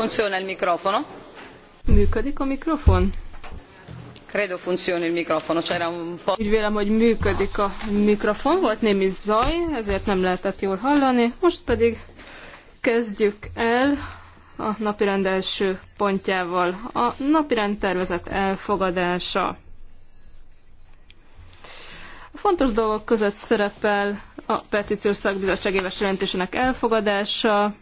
Funziona il microfono? Működik a mikrofon? Credo funzioni il microfono, c'era un po'... Úgy vélem, hogy működik a mikrofon, volt némi zaj, ezért nem lehetett jól hallani. Most pedig kezdjük el a napirend első pontjával. A napirend tervezet elfogadása. A fontos dolgok között szerepel a petíciós szakbizottság éves jelentésének elfogadása,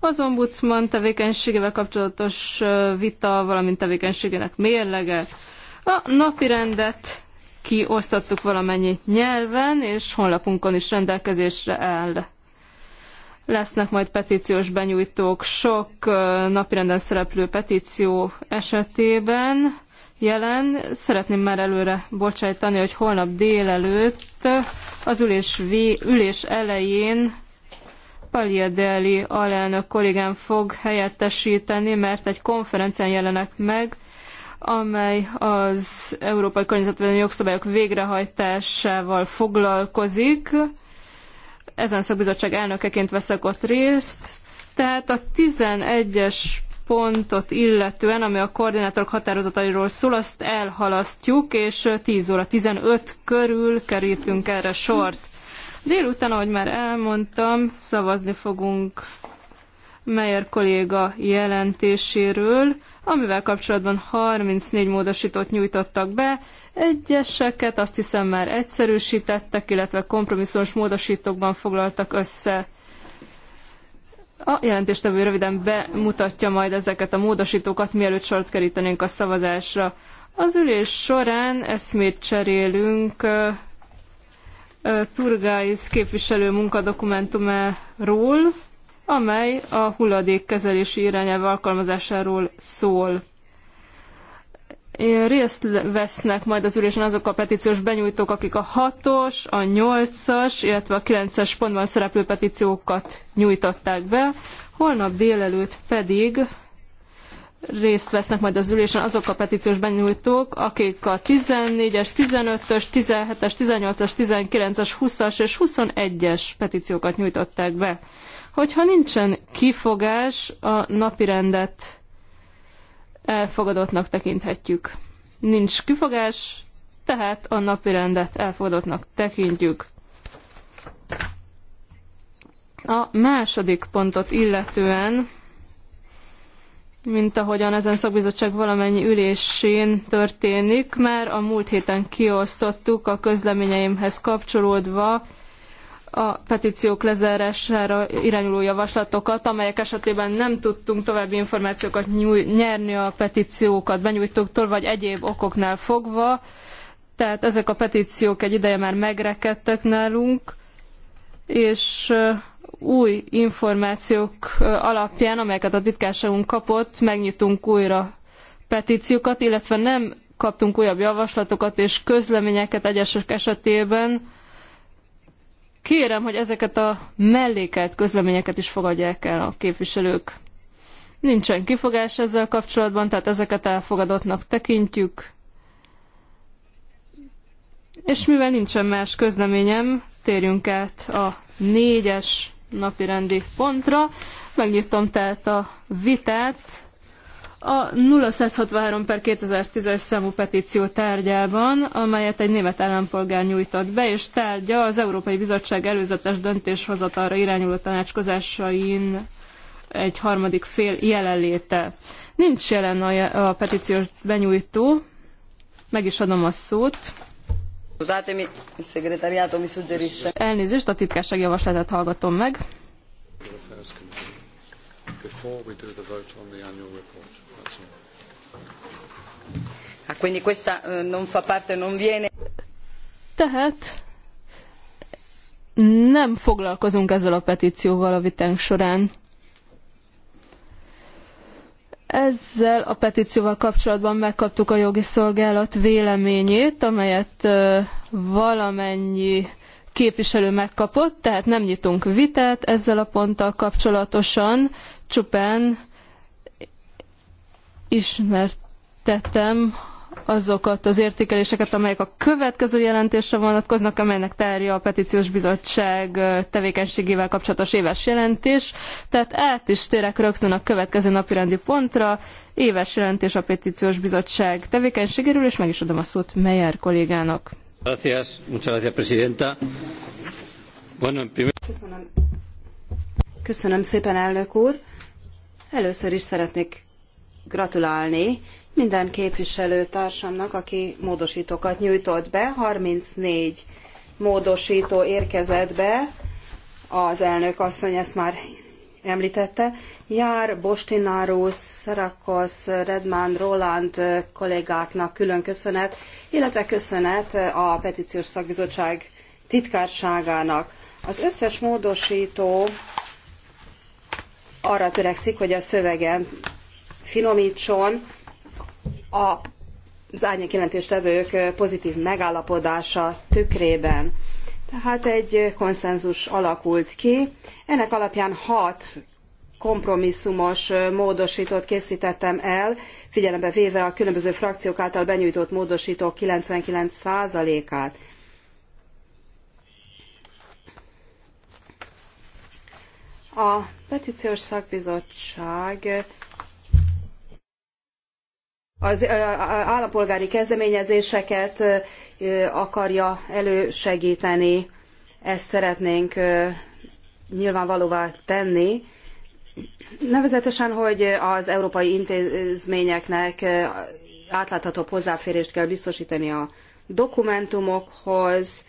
az ombudsman tevékenységével kapcsolatos vita, valamint tevékenységének mérlege. A napirendet kiosztottuk valamennyi nyelven, és honlapunkon is rendelkezésre áll. Lesznek majd petíciós benyújtók sok napirenden szereplő petíció esetében jelen. Szeretném már előre bocsájtani, hogy holnap délelőtt az ülés, vé, ülés elején Paliadeli alelnök kollégám fog helyettesíteni, mert egy konferencián jelenek meg, amely az Európai Környezetvédelmi Jogszabályok végrehajtásával foglalkozik. Ezen szakbizottság elnökeként veszek ott részt. Tehát a 11-es pontot illetően, ami a koordinátorok határozatairól szól, azt elhalasztjuk, és 10 óra 15 körül kerítünk erre sort. Délután, ahogy már elmondtam, szavazni fogunk Meyer kolléga jelentéséről, amivel kapcsolatban 34 módosítót nyújtottak be, egyeseket azt hiszem már egyszerűsítettek, illetve kompromisszumos módosítókban foglaltak össze. A jelentéstevő röviden bemutatja majd ezeket a módosítókat, mielőtt sort kerítenénk a szavazásra. Az ülés során eszmét cserélünk Turgáis képviselő munkadokumentumáról, amely a hulladékkezelési irányelv alkalmazásáról szól. Részt vesznek majd az ülésen azok a petíciós benyújtók, akik a 6-os, a 8-as, illetve a 9-es pontban szereplő petíciókat nyújtották be. Holnap délelőtt pedig részt vesznek majd az ülésen azok a petíciós benyújtók, akik a 14-es, 15-ös, 17-es, 18-as, 19-es, 20-as és 21-es petíciókat nyújtották be. Hogyha nincsen kifogás, a napirendet elfogadottnak tekinthetjük. Nincs kifogás, tehát a napirendet elfogadottnak tekintjük. A második pontot illetően mint ahogyan ezen szakbizottság valamennyi ülésén történik. Már a múlt héten kiosztottuk a közleményeimhez kapcsolódva a petíciók lezárására irányuló javaslatokat, amelyek esetében nem tudtunk további információkat nyerni a petíciókat benyújtóktól, vagy egyéb okoknál fogva. Tehát ezek a petíciók egy ideje már megrekedtek nálunk, és új információk alapján, amelyeket a titkárságunk kapott, megnyitunk újra petíciókat, illetve nem kaptunk újabb javaslatokat és közleményeket egyesek esetében. Kérem, hogy ezeket a mellékelt közleményeket is fogadják el a képviselők. Nincsen kifogás ezzel kapcsolatban, tehát ezeket elfogadottnak tekintjük. És mivel nincsen más közleményem, térjünk át a négyes napi rendi pontra. Megnyitom tehát a vitát a 063 per 2010-es számú petíció tárgyában, amelyet egy német állampolgár nyújtott be, és tárgya az Európai Bizottság előzetes döntéshozatalra irányuló tanácskozásain egy harmadik fél jelenléte. Nincs jelen a, a petíciós benyújtó, meg is adom a szót. Elnézést, a titkárság javaslatát hallgatom meg. Tehát nem foglalkozunk ezzel a petícióval a vitánk során. Ezzel a petícióval kapcsolatban megkaptuk a jogi szolgálat véleményét, amelyet valamennyi képviselő megkapott, tehát nem nyitunk vitát ezzel a ponttal kapcsolatosan, csupán ismertetem, azokat az értékeléseket, amelyek a következő jelentésre vonatkoznak, amelynek tárgya a petíciós bizottság tevékenységével kapcsolatos éves jelentés. Tehát át is térek rögtön a következő napirendi pontra, éves jelentés a petíciós bizottság tevékenységéről, és meg is adom a szót Meyer kollégának. Gracias, muchas gracias, presidenta. Bueno, primer... Köszönöm. Köszönöm szépen, elnök úr. Először is szeretnék gratulálni minden képviselőtársamnak, aki módosítókat nyújtott be, 34 módosító érkezett be, az elnök asszony ezt már említette, Jár, Bostináró, Szerakosz, Redmán, Roland kollégáknak külön köszönet, illetve köszönet a petíciós szakbizottság titkárságának. Az összes módosító arra törekszik, hogy a szövegen finomítson, a az árnyék jelentéstevők pozitív megállapodása tükrében. Tehát egy konszenzus alakult ki. Ennek alapján hat kompromisszumos módosítót készítettem el, figyelembe véve a különböző frakciók által benyújtott módosítók 99%-át. A petíciós szakbizottság az állampolgári kezdeményezéseket akarja elősegíteni, ezt szeretnénk nyilvánvalóvá tenni. Nevezetesen, hogy az európai intézményeknek átláthatóbb hozzáférést kell biztosítani a dokumentumokhoz,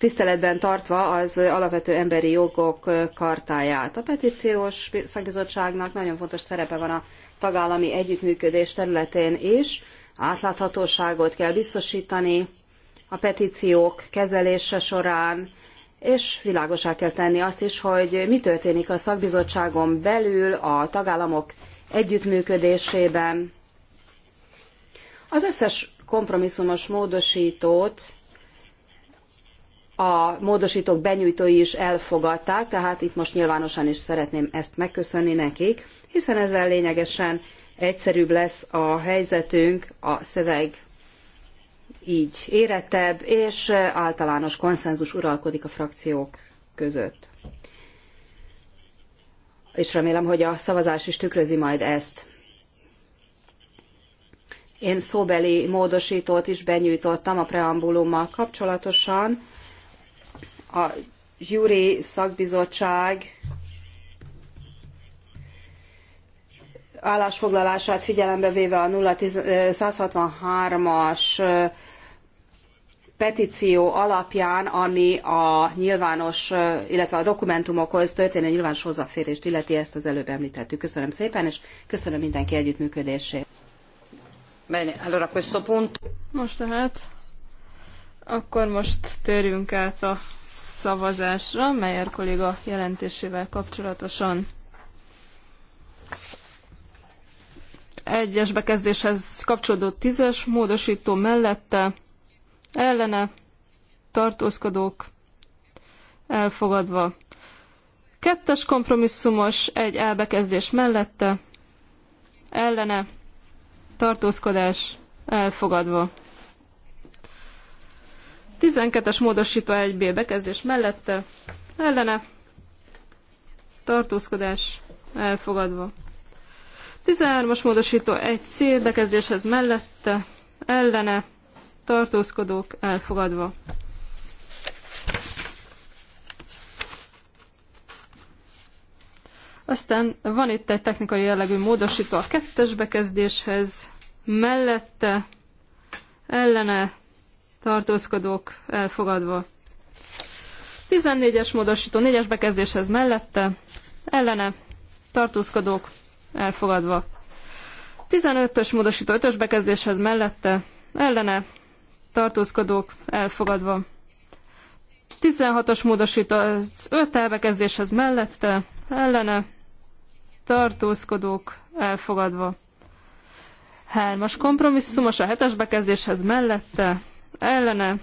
tiszteletben tartva az alapvető emberi jogok kartáját. A petíciós szakbizottságnak nagyon fontos szerepe van a tagállami együttműködés területén is. Átláthatóságot kell biztosítani a petíciók kezelése során, és világosá kell tenni azt is, hogy mi történik a szakbizottságon belül a tagállamok együttműködésében. Az összes kompromisszumos módosítót a módosítók benyújtói is elfogadták, tehát itt most nyilvánosan is szeretném ezt megköszönni nekik, hiszen ezzel lényegesen egyszerűbb lesz a helyzetünk, a szöveg így érettebb, és általános konszenzus uralkodik a frakciók között. És remélem, hogy a szavazás is tükrözi majd ezt. Én szóbeli módosítót is benyújtottam a preambulummal kapcsolatosan, a Júri szakbizottság állásfoglalását figyelembe véve a 163-as petíció alapján, ami a nyilvános, illetve a dokumentumokhoz történő nyilvános hozzáférést illeti, ezt az előbb említettük. Köszönöm szépen, és köszönöm mindenki együttműködését. Bene, allora questo punto. Most tehát, akkor most térjünk át a szavazásra, Meyer kolléga jelentésével kapcsolatosan. Egyes bekezdéshez kapcsolódó tízes módosító mellette ellene tartózkodók elfogadva. Kettes kompromisszumos egy elbekezdés mellette ellene tartózkodás elfogadva. 12-es módosító 1B bekezdés mellette ellene tartózkodás elfogadva. 13-as módosító 1C bekezdéshez mellette ellene tartózkodók elfogadva. Aztán van itt egy technikai jellegű módosító a kettes bekezdéshez, mellette ellene tartózkodók elfogadva. 14-es módosító 4-es bekezdéshez mellette, ellene tartózkodók elfogadva. 15-ös módosító 5-ös bekezdéshez mellette, ellene tartózkodók elfogadva. 16-os módosító az 5 elbekezdéshez mellette, ellene tartózkodók elfogadva. 3-as kompromisszumos a 7-es bekezdéshez mellette, ellene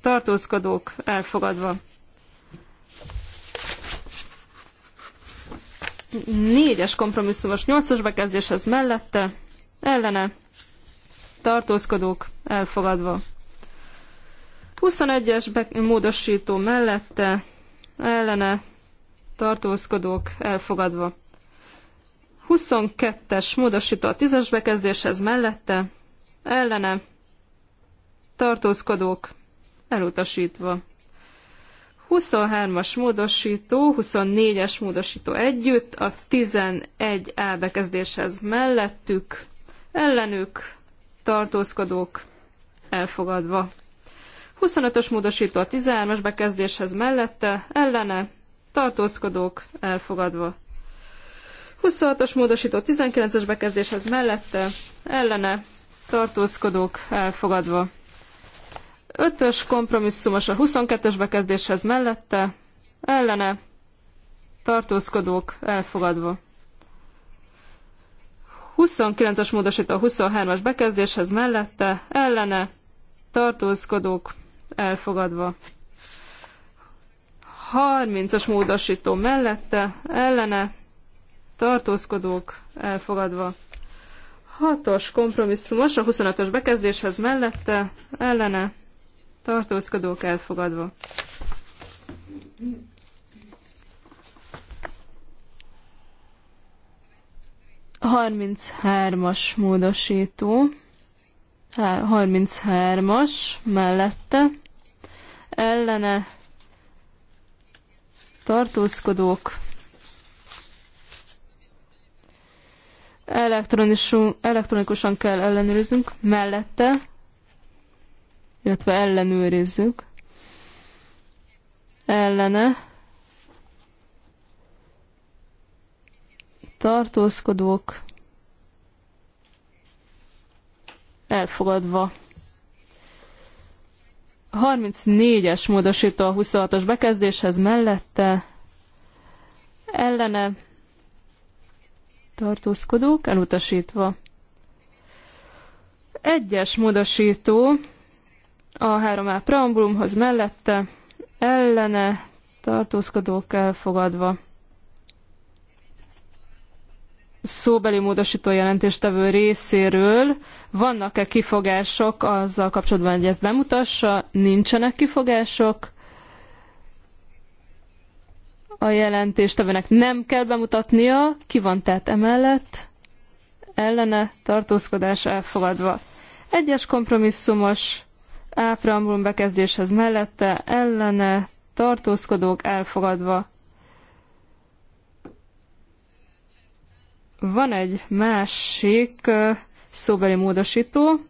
tartózkodók elfogadva. Négyes kompromisszumos nyolcas bekezdéshez mellette ellene tartózkodók elfogadva. 21-es módosító mellette ellene tartózkodók elfogadva. 22-es módosító a 10-es bekezdéshez mellette ellene tartózkodók elutasítva. 23-as módosító, 24-es módosító együtt, a 11 elbekezdéshez bekezdéshez mellettük, ellenük tartózkodók elfogadva. 25-ös módosító a 13-as bekezdéshez mellette, ellene tartózkodók elfogadva. 26-os módosító 19-es bekezdéshez mellette, ellene tartózkodók elfogadva. Ötös kompromisszumos a 22-es bekezdéshez mellette, ellene tartózkodók elfogadva. 29-es módosító a 23-as bekezdéshez mellette, ellene tartózkodók elfogadva. 30-as módosító mellette, ellene tartózkodók elfogadva. 6-os kompromisszumos a 25-ös bekezdéshez mellette, ellene tartózkodók elfogadva. Harminc hármas módosító, 33-as mellette, ellene tartózkodók, elektronikusan kell ellenőriznünk, mellette illetve ellenőrizzük. Ellene. Tartózkodók. Elfogadva. 34-es módosító a 26-os bekezdéshez mellette ellene tartózkodók elutasítva. Egyes módosító a 3A preambulumhoz mellette ellene tartózkodók elfogadva. Szóbeli módosító jelentéstevő részéről vannak-e kifogások azzal kapcsolatban, hogy ezt bemutassa? Nincsenek kifogások? A jelentéstevőnek nem kell bemutatnia, ki van tehát emellett? Ellene tartózkodás elfogadva. Egyes kompromisszumos a preambulum bekezdéshez mellette ellene tartózkodók elfogadva. Van egy másik szóbeli módosító,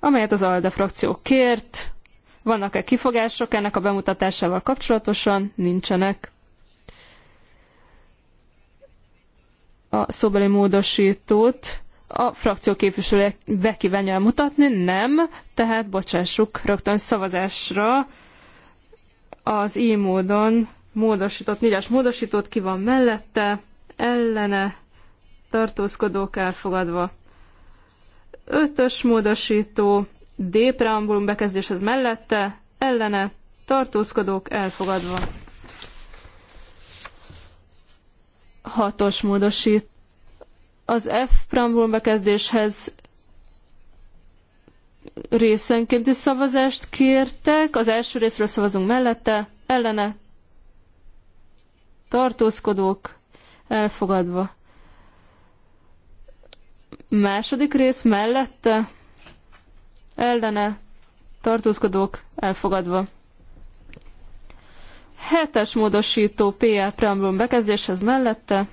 amelyet az ALDE frakció kért. Vannak-e kifogások ennek a bemutatásával kapcsolatosan? Nincsenek. A szóbeli módosítót a frakció képviselője be kívánja mutatni? Nem, tehát bocsássuk rögtön szavazásra az így módon módosított, négyes módosított, ki van mellette, ellene, tartózkodók elfogadva. Ötös módosító, D preambulum bekezdéshez mellette, ellene, tartózkodók elfogadva. Hatos módosító az F preambulum bekezdéshez részenkénti szavazást kértek. Az első részről szavazunk mellette, ellene tartózkodók elfogadva. Második rész mellette, ellene tartózkodók elfogadva. Hetes módosító PL preambulum bekezdéshez mellette,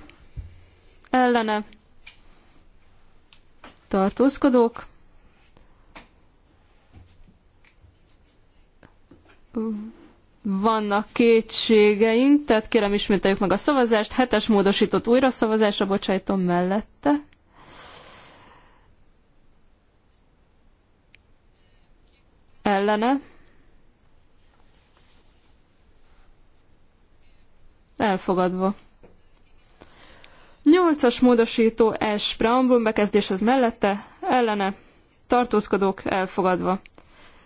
ellene tartózkodók. Vannak kétségeink, tehát kérem ismételjük meg a szavazást. Hetes módosított újra szavazásra bocsájtom mellette. Ellene. Elfogadva. Nyolcas módosító S preambul bekezdéshez mellette, ellene, tartózkodók elfogadva.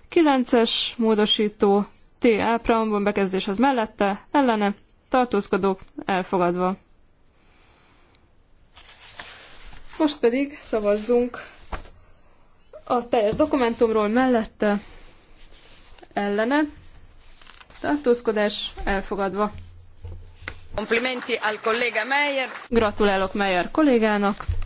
Kilences módosító TA preambul bekezdéshez mellette, ellene, tartózkodók elfogadva. Most pedig szavazzunk a teljes dokumentumról mellette, ellene, tartózkodás elfogadva. Komplimenti al kollega Meyer. Gratulálok Meyer is.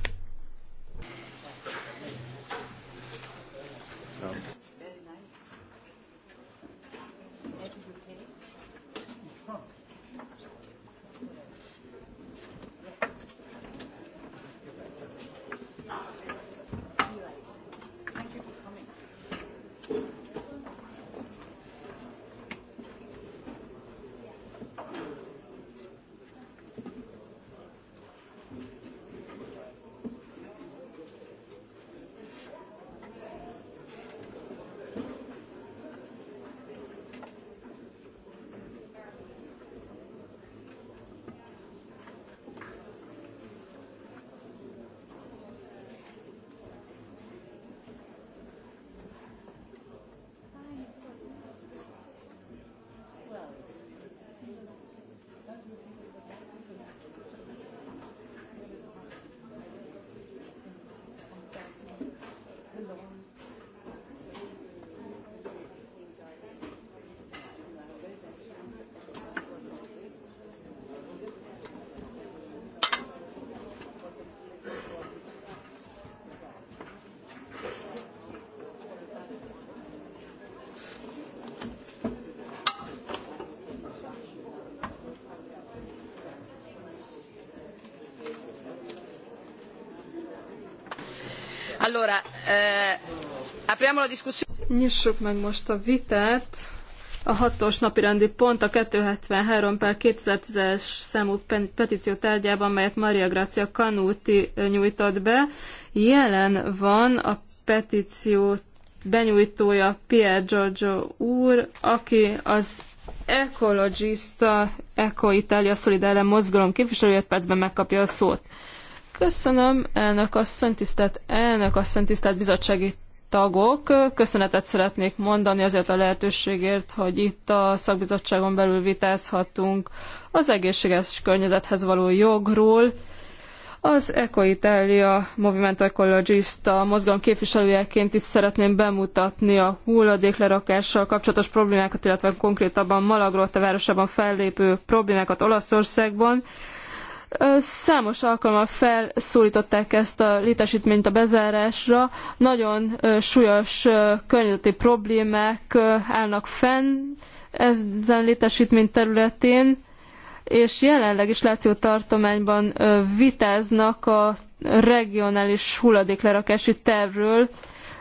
Allora, eh, apriamo la discussione. Nyissuk meg most a vitát. A hatos napirendi pont a 273 per 2010-es számú petíció tárgyában, melyet Maria Grazia Canuti nyújtott be. Jelen van a petíció benyújtója Pierre Giorgio úr, aki az ekologista Eco Italia Solidale mozgalom képviselője, percben megkapja a szót. Köszönöm, elnök asszony, tisztelt elnök asszony, tisztelt bizottsági tagok. Köszönetet szeretnék mondani azért a lehetőségért, hogy itt a szakbizottságon belül vitázhatunk az egészséges környezethez való jogról. Az Eco Italia Movimento Ecologista mozgalom képviselőjeként is szeretném bemutatni a hulladéklerakással kapcsolatos problémákat, illetve konkrétabban Malagrotta városában fellépő problémákat Olaszországban Számos alkalommal felszólították ezt a létesítményt a bezárásra. Nagyon súlyos környezeti problémák állnak fenn ezen létesítmény területén, és jelenleg is Láció tartományban vitáznak a regionális hulladéklerakási tervről.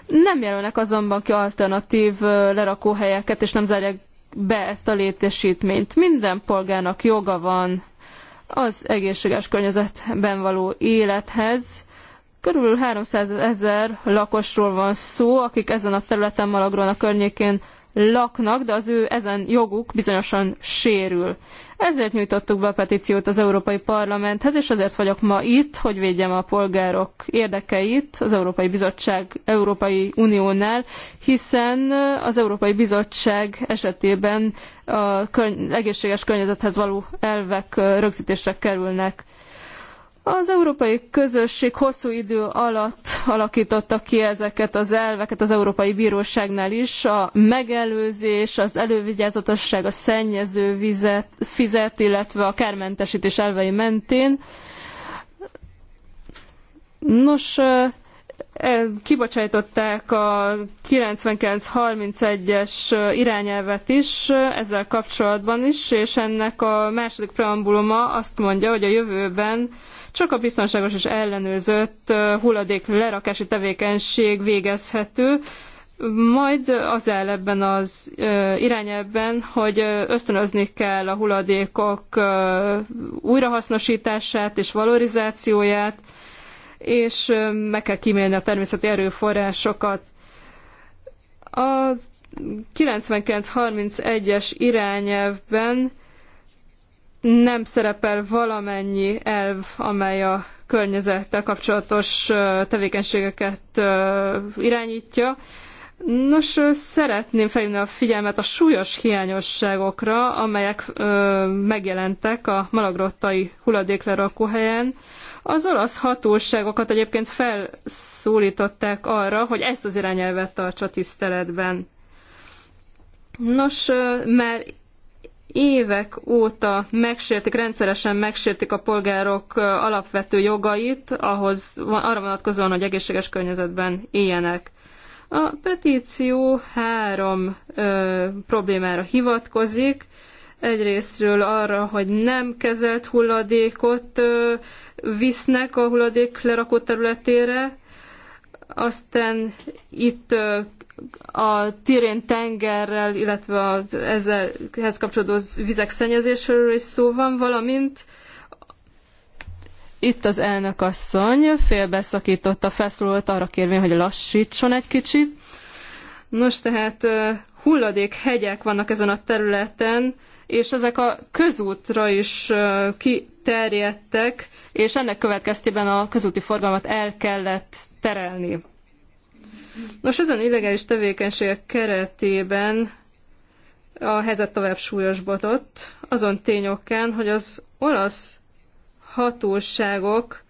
Nem jelölnek azonban ki alternatív lerakóhelyeket, és nem zárják be ezt a létesítményt. Minden polgárnak joga van az egészséges környezetben való élethez. Körülbelül 300 ezer lakosról van szó, akik ezen a területen Malagron a környékén laknak, de az ő ezen joguk bizonyosan sérül. Ezért nyújtottuk be a petíciót az Európai Parlamenthez, és ezért vagyok ma itt, hogy védjem a polgárok érdekeit az Európai Bizottság Európai Uniónál, hiszen az Európai Bizottság esetében a egészséges környezethez való elvek rögzítésre kerülnek. Az európai közösség hosszú idő alatt alakította ki ezeket az elveket az Európai Bíróságnál is. A megelőzés, az elővigyázatosság, a szennyező vizet, fizet, illetve a kármentesítés elvei mentén. Nos, e, kibocsátották a 9931-es irányelvet is ezzel kapcsolatban is, és ennek a második preambuluma azt mondja, hogy a jövőben csak a biztonságos és ellenőrzött hulladék lerakási tevékenység végezhető, majd az áll ebben az irányelben, hogy ösztönözni kell a hulladékok újrahasznosítását és valorizációját, és meg kell kímélni a természeti erőforrásokat. A 9931-es irányelvben nem szerepel valamennyi elv, amely a környezettel kapcsolatos tevékenységeket irányítja. Nos, szeretném felhívni a figyelmet a súlyos hiányosságokra, amelyek megjelentek a malagrottai hulladéklerakóhelyen. Az olasz hatóságokat egyébként felszólították arra, hogy ezt az irányelvet tartsa tiszteletben. Nos, már évek óta megsértik, rendszeresen megsértik a polgárok alapvető jogait, ahhoz, arra vonatkozóan, hogy egészséges környezetben éljenek. A petíció három ö, problémára hivatkozik. Egyrésztről arra, hogy nem kezelt hulladékot ö, visznek a hulladék lerakó területére, aztán itt a Tirén tengerrel, illetve az ezzelhez kapcsolódó vizek szennyezéséről is szó van, valamint itt az elnök asszony félbeszakította felszólalt arra kérvén, hogy lassítson egy kicsit. Nos, tehát hulladék hegyek vannak ezen a területen, és ezek a közútra is kiterjedtek, és ennek következtében a közúti forgalmat el kellett terelni. Nos, ezen illegális tevékenységek keretében a helyzet tovább súlyosbotott, azon tényokán, hogy az olasz hatóságok,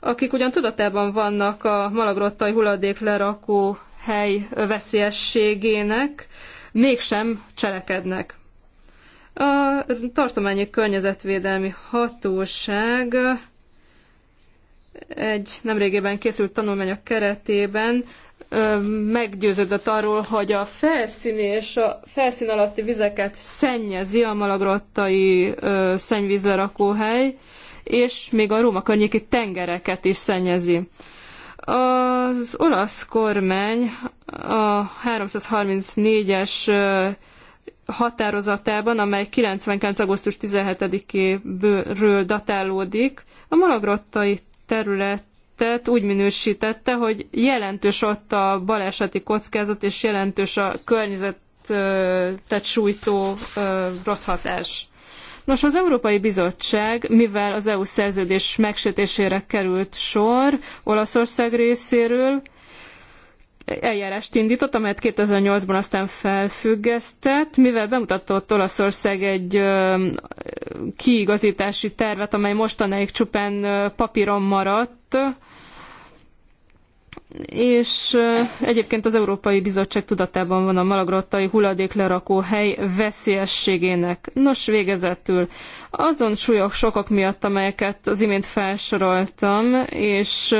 akik ugyan tudatában vannak a malagrottai hulladék lerakó hely veszélyességének, mégsem cselekednek. A tartományi környezetvédelmi hatóság egy nemrégében készült tanulmányok keretében meggyőződött arról, hogy a felszíni és a felszín alatti vizeket szennyezi a malagrottai szennyvízlerakóhely, és még a Róma környéki tengereket is szennyezi. Az olasz kormány a 334-es határozatában, amely 99. augusztus 17-éről datálódik, a malagrottai terület helyzetet úgy minősítette, hogy jelentős ott a baleseti kockázat, és jelentős a környezetet sújtó rossz hatás. Nos, az Európai Bizottság, mivel az EU szerződés megsütésére került sor Olaszország részéről, eljárást indított, amelyet 2008-ban aztán felfüggesztett, mivel bemutatott Olaszország egy kiigazítási tervet, amely mostanáig csupán papíron maradt, és egyébként az Európai Bizottság tudatában van a malagrottai hulladéklerakó hely veszélyességének. Nos, végezetül azon súlyok sokok miatt, amelyeket az imént felsoroltam, és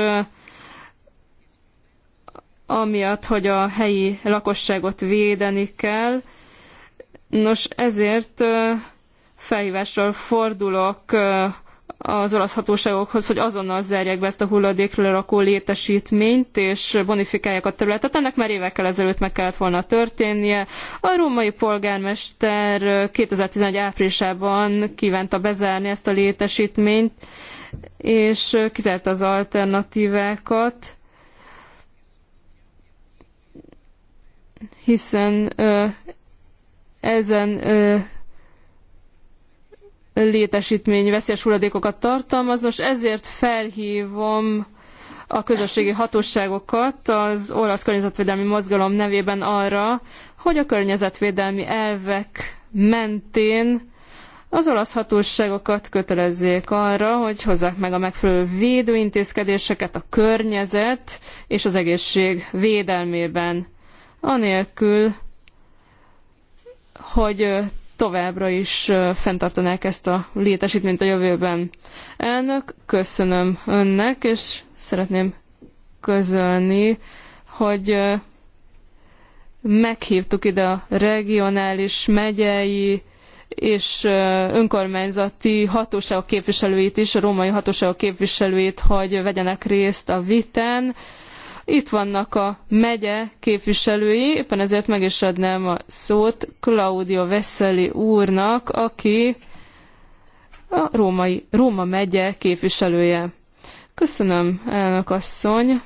amiatt, hogy a helyi lakosságot védeni kell. Nos, ezért felhívással fordulok az olasz hatóságokhoz, hogy azonnal zárják be ezt a hulladékről rakó létesítményt, és bonifikálják a területet. Ennek már évekkel ezelőtt meg kellett volna történnie. A római polgármester 2011 áprilisában kívánta bezárni ezt a létesítményt, és kizárta az alternatívákat hiszen ö, ezen ö, létesítmény veszélyes hulladékokat tartalmaz. Nos, ezért felhívom a közösségi hatóságokat az olasz környezetvédelmi mozgalom nevében arra, hogy a környezetvédelmi elvek mentén az olasz hatóságokat kötelezzék arra, hogy hozzák meg a megfelelő védőintézkedéseket a környezet és az egészség védelmében anélkül, hogy továbbra is fenntartanák ezt a létesítményt a jövőben. Elnök, köszönöm önnek, és szeretném közölni, hogy meghívtuk ide a regionális, megyei és önkormányzati hatóságok képviselőit is, a római hatóságok képviselőit, hogy vegyenek részt a vitán. Itt vannak a megye képviselői, éppen ezért meg is adnám a szót Claudio Veszeli úrnak, aki a római, Róma megye képviselője. Köszönöm, elnök asszony.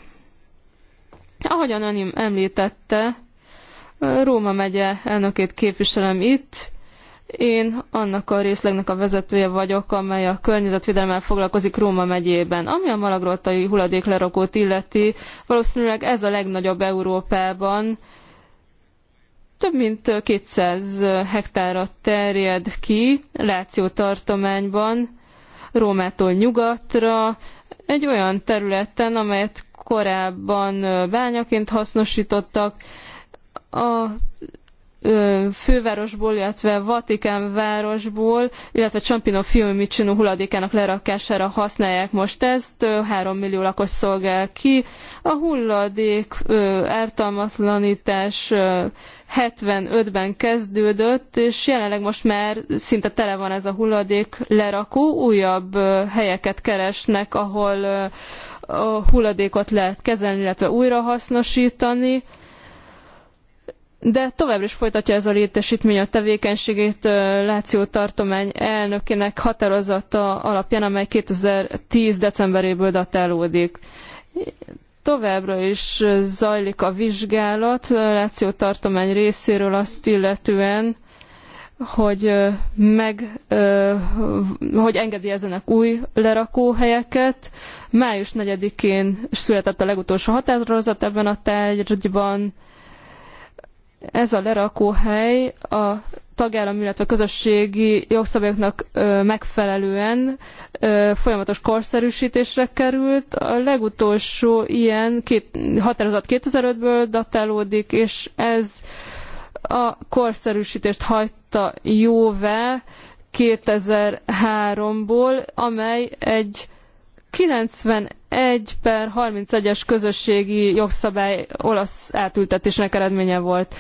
Ahogyan ön említette, Róma megye elnökét képviselem itt, én annak a részlegnek a vezetője vagyok, amely a környezetvédelemmel foglalkozik Róma megyében. Ami a malagrottai hulladéklerakót illeti, valószínűleg ez a legnagyobb Európában. Több mint 200 hektára terjed ki Láció tartományban, Rómától nyugatra, egy olyan területen, amelyet korábban bányaként hasznosítottak. A fővárosból, illetve városból, illetve Csampino Fiumicino hulladékának lerakására használják most ezt, 3 millió lakos szolgál ki. A hulladék ártalmatlanítás 75-ben kezdődött, és jelenleg most már szinte tele van ez a hulladék lerakó, újabb helyeket keresnek, ahol a hulladékot lehet kezelni, illetve újrahasznosítani de továbbra is folytatja ez a létesítmény a tevékenységét Láció tartomány elnökének határozata alapján, amely 2010. decemberéből datálódik. Továbbra is zajlik a vizsgálat Láció tartomány részéről azt illetően, hogy meg, hogy engedélyezenek új lerakóhelyeket. Május 4-én született a legutolsó határozat ebben a tárgyban ez a lerakóhely a tagállam, illetve közösségi jogszabályoknak megfelelően folyamatos korszerűsítésre került. A legutolsó ilyen két, határozat 2005-ből datálódik, és ez a korszerűsítést hagyta jóvá 2003-ból, amely egy 91 per 31-es közösségi jogszabály olasz átültetésnek eredménye volt.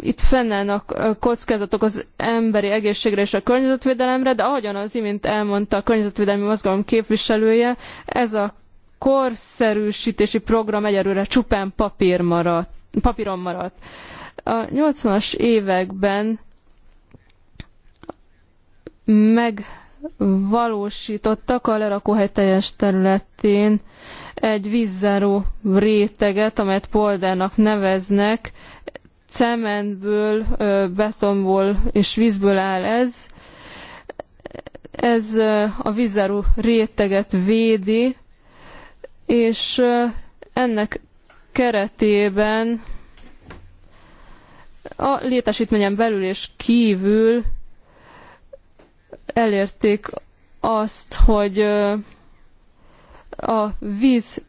Itt fennállnak kockázatok az emberi egészségre és a környezetvédelemre, de ahogyan az imént elmondta a környezetvédelmi mozgalom képviselője, ez a korszerűsítési program egyelőre csupán papír maradt, papíron maradt. A 80-as években meg valósítottak a lerakóhely teljes területén egy vízzáró réteget, amelyet poldernak neveznek. Cementből, betonból és vízből áll ez. Ez a vízzáró réteget védi, és ennek keretében a létesítményen belül és kívül elérték azt, hogy a víz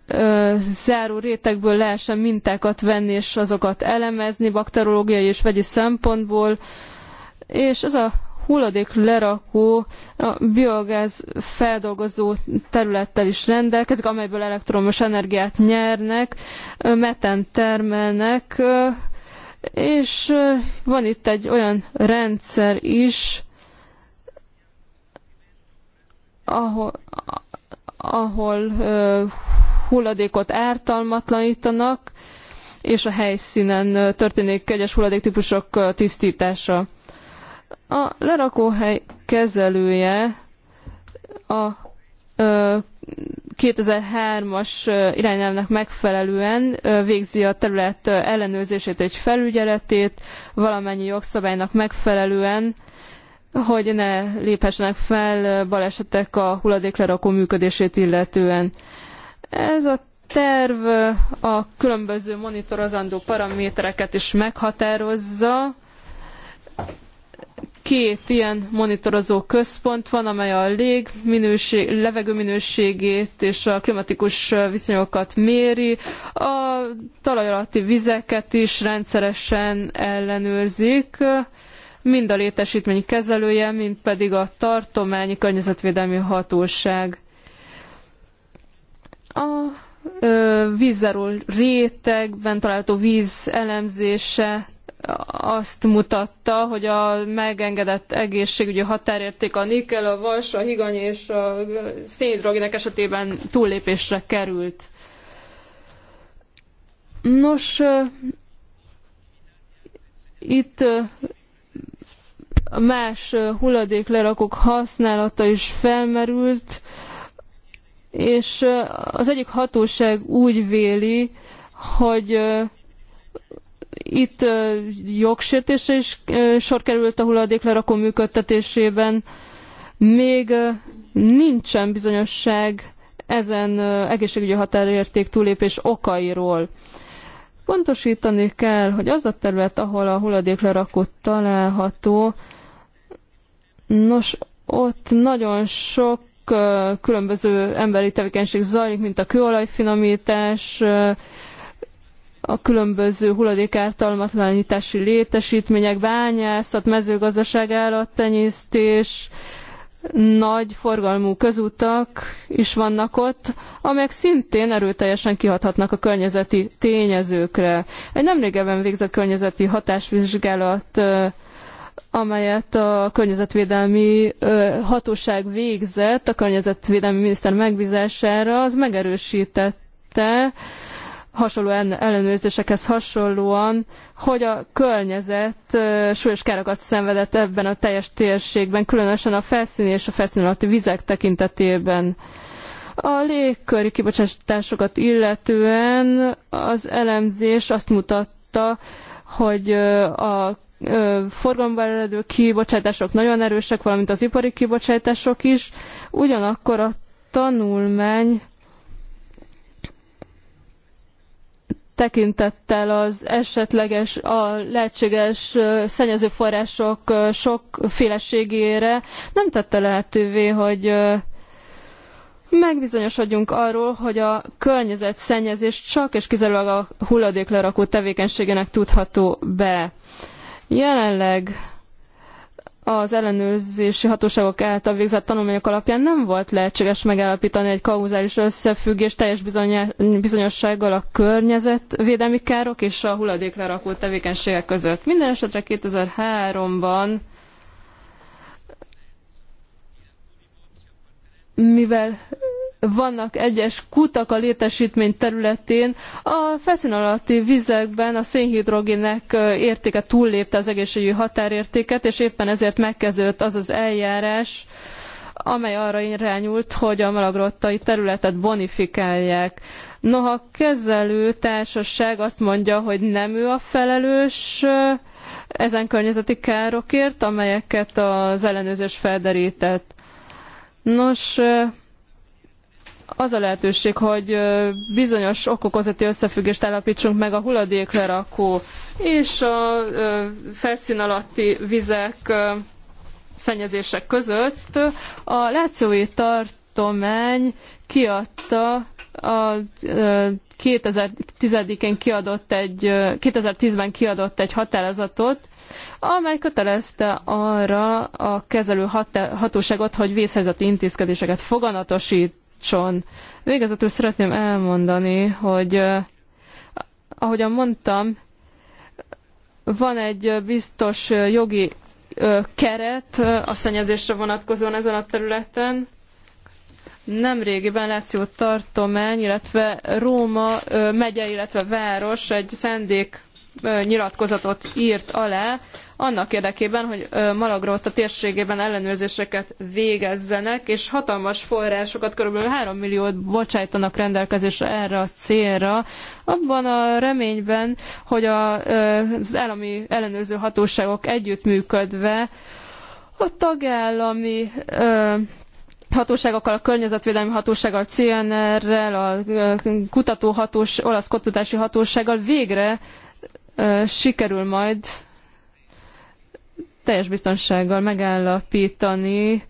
záró rétegből lehessen mintákat venni, és azokat elemezni bakteriológiai és vegyi szempontból, és ez a hulladék lerakó a biogáz feldolgozó területtel is rendelkezik, amelyből elektromos energiát nyernek, meten termelnek, és van itt egy olyan rendszer is, ahol, ahol hulladékot ártalmatlanítanak, és a helyszínen történik kegyes hulladéktípusok tisztítása. A lerakóhely kezelője a 2003-as irányelvnek megfelelően végzi a terület ellenőrzését egy felügyeletét, valamennyi jogszabálynak megfelelően, hogy ne léphessenek fel balesetek a hulladéklerakó működését illetően. Ez a terv a különböző monitorozandó paramétereket is meghatározza. Két ilyen monitorozó központ van, amely a lég minőség, levegő minőségét és a klimatikus viszonyokat méri. A talaj alatti vizeket is rendszeresen ellenőrzik mind a létesítmény kezelője, mind pedig a tartományi környezetvédelmi hatóság. A vízzáró rétegben található víz elemzése azt mutatta, hogy a megengedett egészségügyi határérték a nikkel, a vas, a higany és a szénhidrogének esetében túllépésre került. Nos, itt más hulladéklerakók használata is felmerült, és az egyik hatóság úgy véli, hogy itt jogsértése is sor került a hulladéklerakó működtetésében. Még nincsen bizonyosság ezen egészségügyi határérték túlépés okairól. Pontosítani kell, hogy az a terület, ahol a hulladéklerakó található, Nos, ott nagyon sok különböző emberi tevékenység zajlik, mint a kőolajfinomítás, a különböző hulladékártalmatlanítási létesítmények, bányászat, mezőgazdaság, állattenyésztés, nagy forgalmú közutak is vannak ott, amelyek szintén erőteljesen kihathatnak a környezeti tényezőkre. Egy nemrégeben végzett környezeti hatásvizsgálat amelyet a környezetvédelmi hatóság végzett a környezetvédelmi miniszter megbízására, az megerősítette hasonló ellenőrzésekhez hasonlóan, hogy a környezet súlyos károkat szenvedett ebben a teljes térségben, különösen a felszíni és a felszín alatti vizek tekintetében. A légköri kibocsátásokat illetően az elemzés azt mutatta, hogy a forgalomba eredő kibocsátások nagyon erősek, valamint az ipari kibocsátások is. Ugyanakkor a tanulmány tekintettel az esetleges, a lehetséges források sokféleségére nem tette lehetővé, hogy megbizonyosodjunk arról, hogy a környezetszennyezés csak és kizárólag a hulladéklerakó tevékenységének tudható be. Jelenleg az ellenőrzési hatóságok által végzett tanulmányok alapján nem volt lehetséges megállapítani egy kauzális összefüggés teljes bizonyossággal a környezetvédelmi károk és a hulladéklerakó tevékenységek között. Minden esetre 2003-ban mivel vannak egyes kutak a létesítmény területén, a felszín alatti vizekben a szénhidrogének értéke túllépte az egészségügyi határértéket, és éppen ezért megkezdődött az az eljárás, amely arra irányult, hogy a malagrottai területet bonifikálják. Noha a kezelő társaság azt mondja, hogy nem ő a felelős ezen környezeti károkért, amelyeket az ellenőrzés felderített. Nos, az a lehetőség, hogy bizonyos okokozati összefüggést állapítsunk meg a hulladéklerakó és a felszín alatti vizek szennyezések között. A lációi tartomány kiadta a 2010-ben kiadott egy, 2010-ben kiadott egy határozatot, amely kötelezte arra a kezelő hatóságot, hogy vészhelyzeti intézkedéseket foganatosítson. Végezetül szeretném elmondani, hogy ahogyan mondtam, van egy biztos jogi keret a szennyezésre vonatkozóan ezen a területen, nemrégiben Láció tartomány, illetve Róma megye, illetve város egy szendék nyilatkozatot írt alá, annak érdekében, hogy Malagróta térségében ellenőrzéseket végezzenek, és hatalmas forrásokat, kb. 3 milliót bocsájtanak rendelkezésre erre a célra, abban a reményben, hogy az állami ellenőrző hatóságok együttműködve a tagállami hatóságokkal, a környezetvédelmi hatósággal, a CNR-rel, a kutatóhatós, olasz kutatási hatósággal végre sikerül majd teljes biztonsággal megállapítani,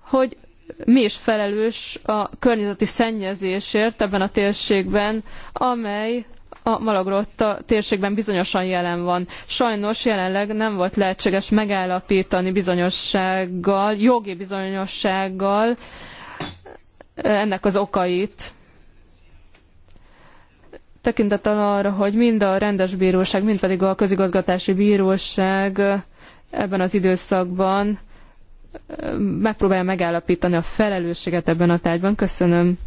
hogy mi is felelős a környezeti szennyezésért ebben a térségben, amely a Malagrotta térségben bizonyosan jelen van. Sajnos jelenleg nem volt lehetséges megállapítani bizonyossággal, jogi bizonyossággal ennek az okait tekintettel arra, hogy mind a rendes bíróság, mind pedig a közigazgatási bíróság ebben az időszakban megpróbálja megállapítani a felelősséget ebben a tárgyban. Köszönöm.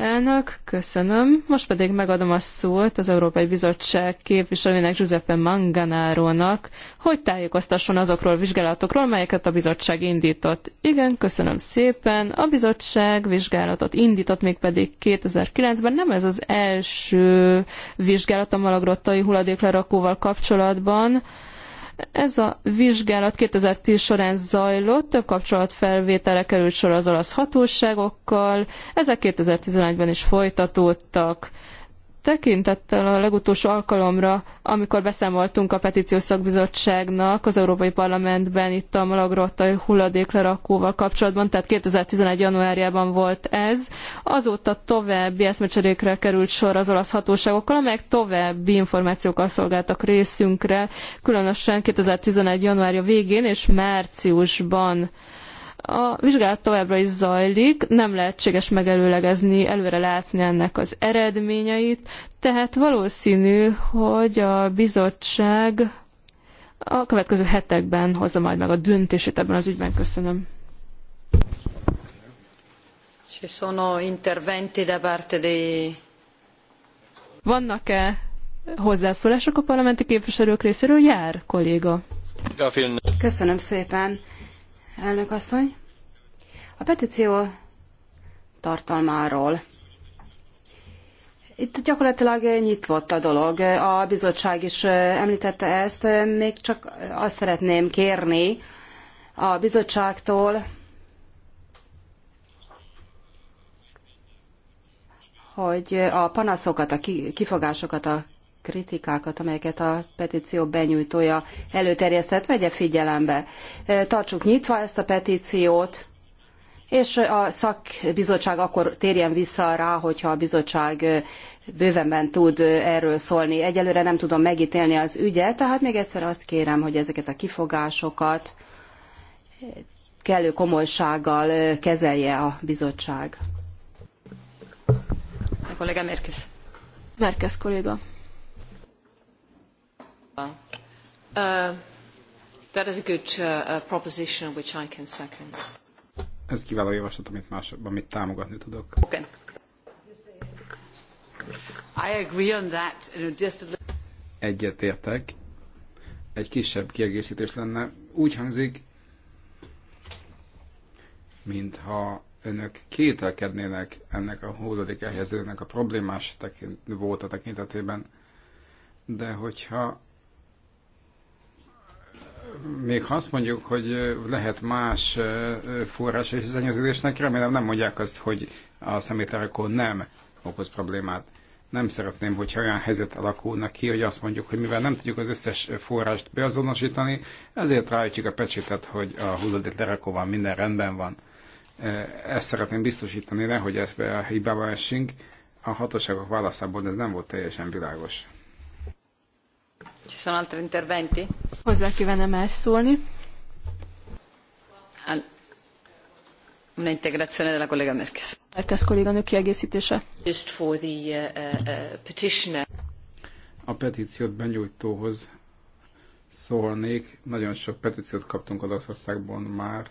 Elnök, köszönöm. Most pedig megadom a szót az Európai Bizottság képviselőjének Giuseppe Manganárónak, hogy tájékoztasson azokról a vizsgálatokról, melyeket a bizottság indított. Igen, köszönöm szépen. A bizottság vizsgálatot indított mégpedig 2009-ben. Nem ez az első vizsgálat a malagrottai hulladéklerakóval kapcsolatban, ez a vizsgálat 2010 során zajlott, több kapcsolatfelvételre került sor az olasz hatóságokkal, ezek 2011-ben is folytatódtak tekintettel a legutolsó alkalomra, amikor beszámoltunk a petíciós szakbizottságnak az Európai Parlamentben itt a malagrottai hulladéklerakóval kapcsolatban, tehát 2011. januárjában volt ez. Azóta további eszmecserékre került sor az olasz hatóságokkal, amelyek további információkkal szolgáltak részünkre, különösen 2011. januárja végén és márciusban a vizsgálat továbbra is zajlik, nem lehetséges megelőlegezni, előre látni ennek az eredményeit, tehát valószínű, hogy a bizottság a következő hetekben hozza majd meg a döntését ebben az ügyben. Köszönöm. Vannak-e hozzászólások a parlamenti képviselők részéről? Jár, kolléga. Köszönöm szépen elnök asszony. A petíció tartalmáról. Itt gyakorlatilag nyitott a dolog. A bizottság is említette ezt. Még csak azt szeretném kérni a bizottságtól, hogy a panaszokat, a kifogásokat, a kritikákat, amelyeket a petíció benyújtója előterjesztett, vegye figyelembe. Tartsuk nyitva ezt a petíciót, és a szakbizottság akkor térjen vissza rá, hogyha a bizottság bővenben tud erről szólni. Egyelőre nem tudom megítélni az ügyet, tehát még egyszer azt kérem, hogy ezeket a kifogásokat kellő komolysággal kezelje a bizottság. A kollega Merkez kolléga. Uh, that is a good uh, uh, proposition which I can second. Ez kiváló javaslat, amit más, amit támogatni tudok. Okay. I agree on that. Just a... little. Egyetértek. Egy kisebb kiegészítés lenne. Úgy hangzik, mintha önök kételkednének ennek a hulladék elhelyezőnek a problémás tekint, volt a tekintetében, de hogyha még ha azt mondjuk, hogy lehet más forrás és zenyőződésnek, remélem nem mondják azt, hogy a szemétárakó nem okoz problémát. Nem szeretném, hogyha olyan helyzet alakulna ki, hogy azt mondjuk, hogy mivel nem tudjuk az összes forrást beazonosítani, ezért ráütjük a pecsétet, hogy a hulladék lerakóval minden rendben van. Ezt szeretném biztosítani, nehogy ebbe a hibába essünk. A hatóságok válaszából ez nem volt teljesen világos. Ci sono altri interventi? Hozzá más szólni. Una della collega kolléganő kiegészítése. Just for the uh, uh, uh, petitioner. A petíciót benyújtóhoz szólnék. Nagyon sok petíciót kaptunk Olaszországban már.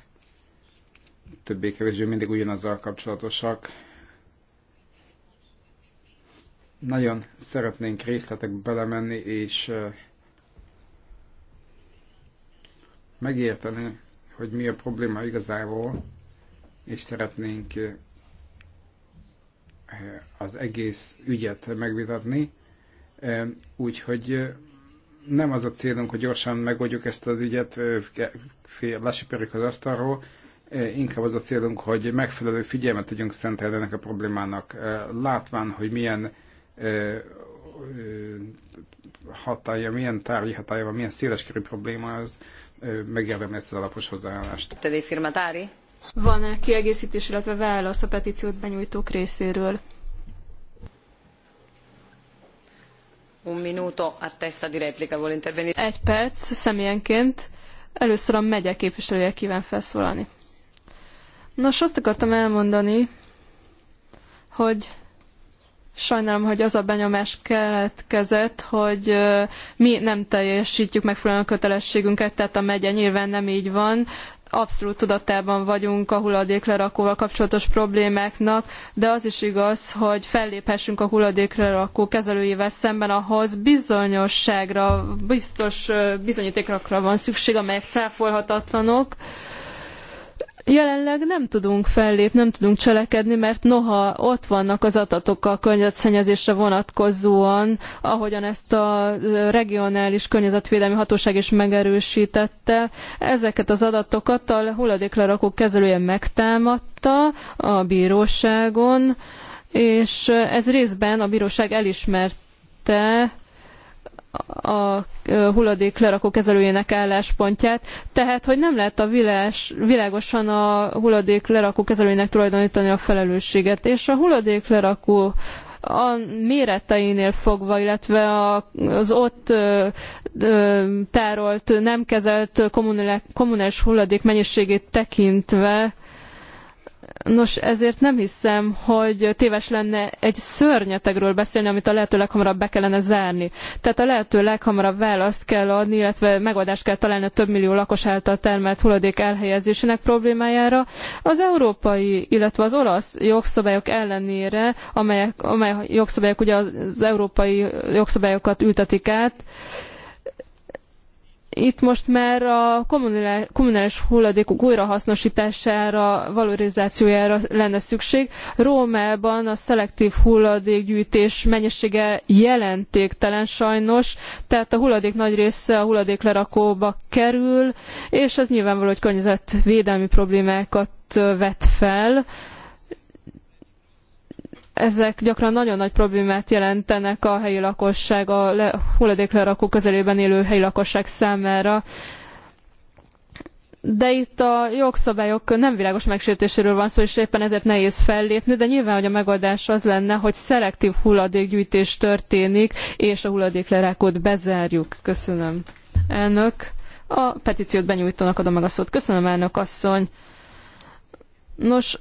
Többé-kevésbé mindig ugyanazzal kapcsolatosak. Nagyon szeretnénk részletek belemenni, és uh, megérteni, hogy mi a probléma igazából, és szeretnénk eh, az egész ügyet megvitatni. Eh, úgyhogy eh, nem az a célunk, hogy gyorsan megoldjuk ezt az ügyet, lesöpörjük az asztalról, inkább az a célunk, hogy megfelelő figyelmet tudjunk szentelni ennek a problémának, látván, hogy milyen hatája, milyen tárgyi hatája van, milyen széleskörű probléma az, megjelölni ezt az alapos hozzáállást. Tevé firmatári? Van-e kiegészítés, illetve válasz a petíciót benyújtók részéről? Un minuto a testa di replica, vuole intervenire. Egy perc személyenként. Először a megye képviselője kíván felszólalni. Nos, azt akartam elmondani, hogy Sajnálom, hogy az a benyomás keletkezett, hogy mi nem teljesítjük megfelelően a kötelességünket, tehát a megye nyilván nem így van abszolút tudatában vagyunk a hulladéklerakóval kapcsolatos problémáknak, de az is igaz, hogy felléphessünk a hulladéklerakó kezelőjével szemben, ahhoz bizonyosságra, biztos bizonyítékrakra van szükség, amelyek cáfolhatatlanok. Jelenleg nem tudunk fellépni, nem tudunk cselekedni, mert noha ott vannak az adatok a környezetszennyezésre vonatkozóan, ahogyan ezt a regionális környezetvédelmi hatóság is megerősítette, ezeket az adatokat a hulladéklerakók kezelője megtámadta a bíróságon, és ez részben a bíróság elismerte, a hulladék lerakó kezelőjének álláspontját, tehát hogy nem lehet a világosan a hulladék lerakó kezelőjének tulajdonítani a felelősséget, és a hulladék lerakó a méreteinél fogva, illetve az ott tárolt, nem kezelt kommunális hulladék mennyiségét tekintve Nos, ezért nem hiszem, hogy téves lenne egy szörnyetegről beszélni, amit a lehető leghamarabb be kellene zárni. Tehát a lehető leghamarabb választ kell adni, illetve megoldást kell találni a több millió lakos által termelt hulladék elhelyezésének problémájára. Az európai, illetve az olasz jogszabályok ellenére, amelyek, amely jogszabályok ugye az európai jogszabályokat ültetik át, itt most már a kommunális hulladékok újrahasznosítására, valorizációjára lenne szükség. Rómában a szelektív hulladékgyűjtés mennyisége jelentéktelen sajnos, tehát a hulladék nagy része a hulladéklerakóba kerül, és ez nyilvánvaló, hogy környezetvédelmi problémákat vet fel ezek gyakran nagyon nagy problémát jelentenek a helyi lakosság, a le, hulladéklerakó közelében élő helyi lakosság számára. De itt a jogszabályok nem világos megsértéséről van szó, és éppen ezért nehéz fellépni, de nyilván, hogy a megoldás az lenne, hogy szelektív hulladékgyűjtés történik, és a hulladéklerákot bezárjuk. Köszönöm, elnök. A petíciót benyújtónak adom meg a szót. Köszönöm, elnök asszony. Nos,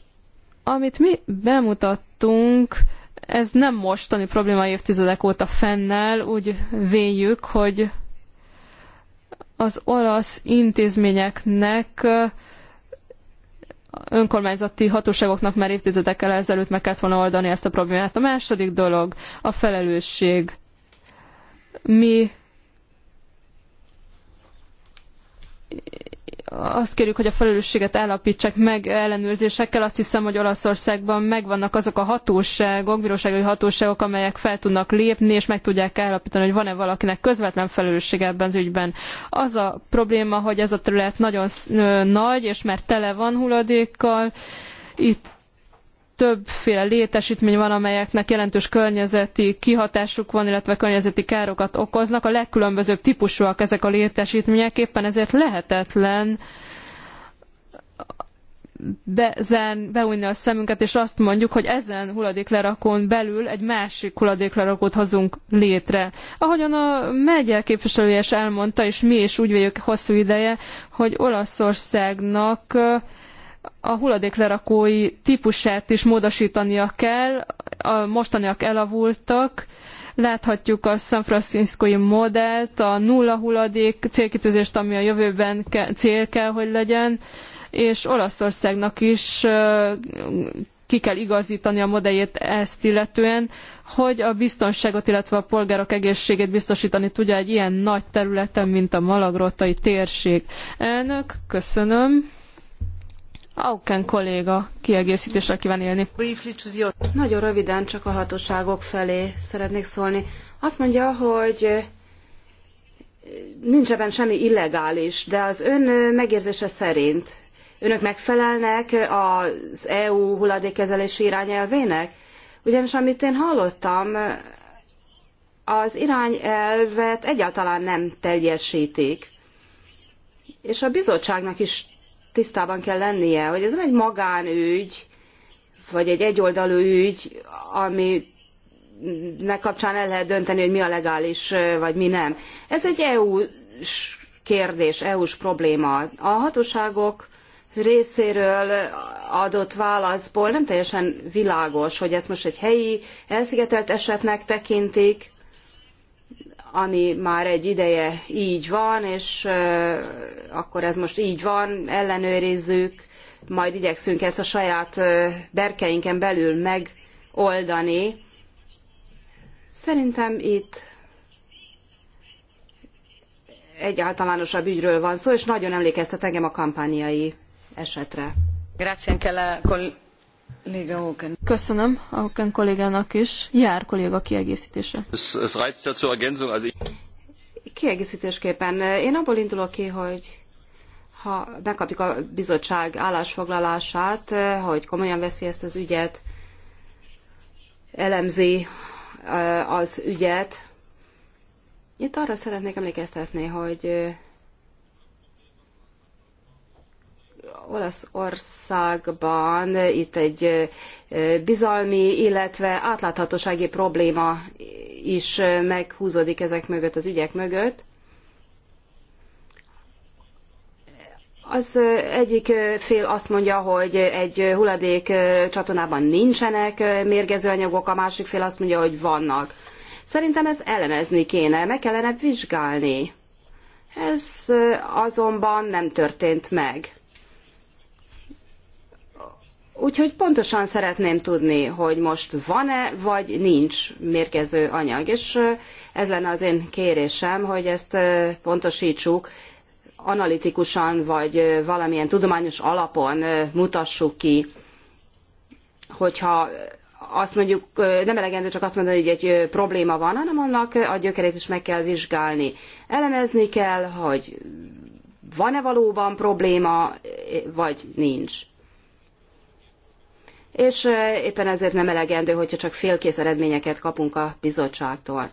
amit mi bemutat láttunk, ez nem mostani probléma évtizedek óta fennáll, úgy véljük, hogy az olasz intézményeknek eh, önkormányzati hatóságoknak már évtizedekkel ezelőtt meg kellett volna oldani ezt a problémát. A második dolog a felelősség. Mi azt kérjük, hogy a felelősséget állapítsák meg ellenőrzésekkel. Azt hiszem, hogy Olaszországban megvannak azok a hatóságok, bírósági hatóságok, amelyek fel tudnak lépni, és meg tudják állapítani, hogy van-e valakinek közvetlen felelőssége ebben az ügyben. Az a probléma, hogy ez a terület nagyon nagy, és mert tele van hulladékkal. Itt többféle létesítmény van, amelyeknek jelentős környezeti kihatásuk van, illetve környezeti károkat okoznak. A legkülönbözőbb típusúak ezek a létesítmények, éppen ezért lehetetlen bezárni, beújni a szemünket, és azt mondjuk, hogy ezen hulladéklerakón belül egy másik hulladéklerakót hozunk létre. Ahogyan a megye képviselője is elmondta, és mi is úgy véljük hosszú ideje, hogy Olaszországnak uh, a hulladéklerakói típusát is módosítania kell, a mostaniak elavultak, láthatjuk a San Franciscoi modellt, a nulla hulladék célkitűzést, ami a jövőben ke- cél kell, hogy legyen, és Olaszországnak is ki kell igazítani a modelljét ezt illetően, hogy a biztonságot, illetve a polgárok egészségét biztosítani tudja egy ilyen nagy területen, mint a Malagrotai térség. Elnök, köszönöm. Auken kolléga kiegészítésre kíván élni. Nagyon röviden csak a hatóságok felé szeretnék szólni. Azt mondja, hogy eh, nincs ebben semmi illegális, de az ön eh, megérzése szerint önök megfelelnek eh, az EU hulladékkezelési irányelvének? Ugyanis amit én hallottam, az irányelvet egyáltalán nem teljesítik. És a bizottságnak is tisztában kell lennie, hogy ez nem egy magánügy, vagy egy egyoldalú ügy, ami ne kapcsán el lehet dönteni, hogy mi a legális, vagy mi nem. Ez egy EU-s kérdés, EU-s probléma. A hatóságok részéről adott válaszból nem teljesen világos, hogy ezt most egy helyi, elszigetelt esetnek tekintik, ami már egy ideje így van, és akkor ez most így van, ellenőrizzük, majd igyekszünk ezt a saját berkeinken belül megoldani. Szerintem itt egy általánosabb ügyről van szó, és nagyon emlékeztet engem a kampányai esetre. Grazie anche Köszönöm Auken kollégának is. Jár kolléga kiegészítése. Kiegészítésképpen én abból indulok ki, hogy ha megkapjuk a bizottság állásfoglalását, hogy komolyan veszi ezt az ügyet, elemzi eh, az ügyet. Itt arra szeretnék emlékeztetni, hogy eh, Olaszországban itt egy bizalmi, illetve átláthatósági probléma is meghúzódik ezek mögött, az ügyek mögött. Az egyik fél azt mondja, hogy egy hulladék csatornában nincsenek mérgező anyagok, a másik fél azt mondja, hogy vannak. Szerintem ezt elemezni kéne, meg kellene vizsgálni. Ez azonban nem történt meg. Úgyhogy pontosan szeretném tudni, hogy most van-e, vagy nincs mérgező anyag. És ez lenne az én kérésem, hogy ezt pontosítsuk, analitikusan, vagy valamilyen tudományos alapon mutassuk ki, hogyha azt mondjuk, nem elegendő csak azt mondani, hogy egy probléma van, hanem annak a gyökerét is meg kell vizsgálni. Elemezni kell, hogy van-e valóban probléma, vagy nincs és éppen ezért nem elegendő, hogyha csak félkész eredményeket kapunk a bizottságtól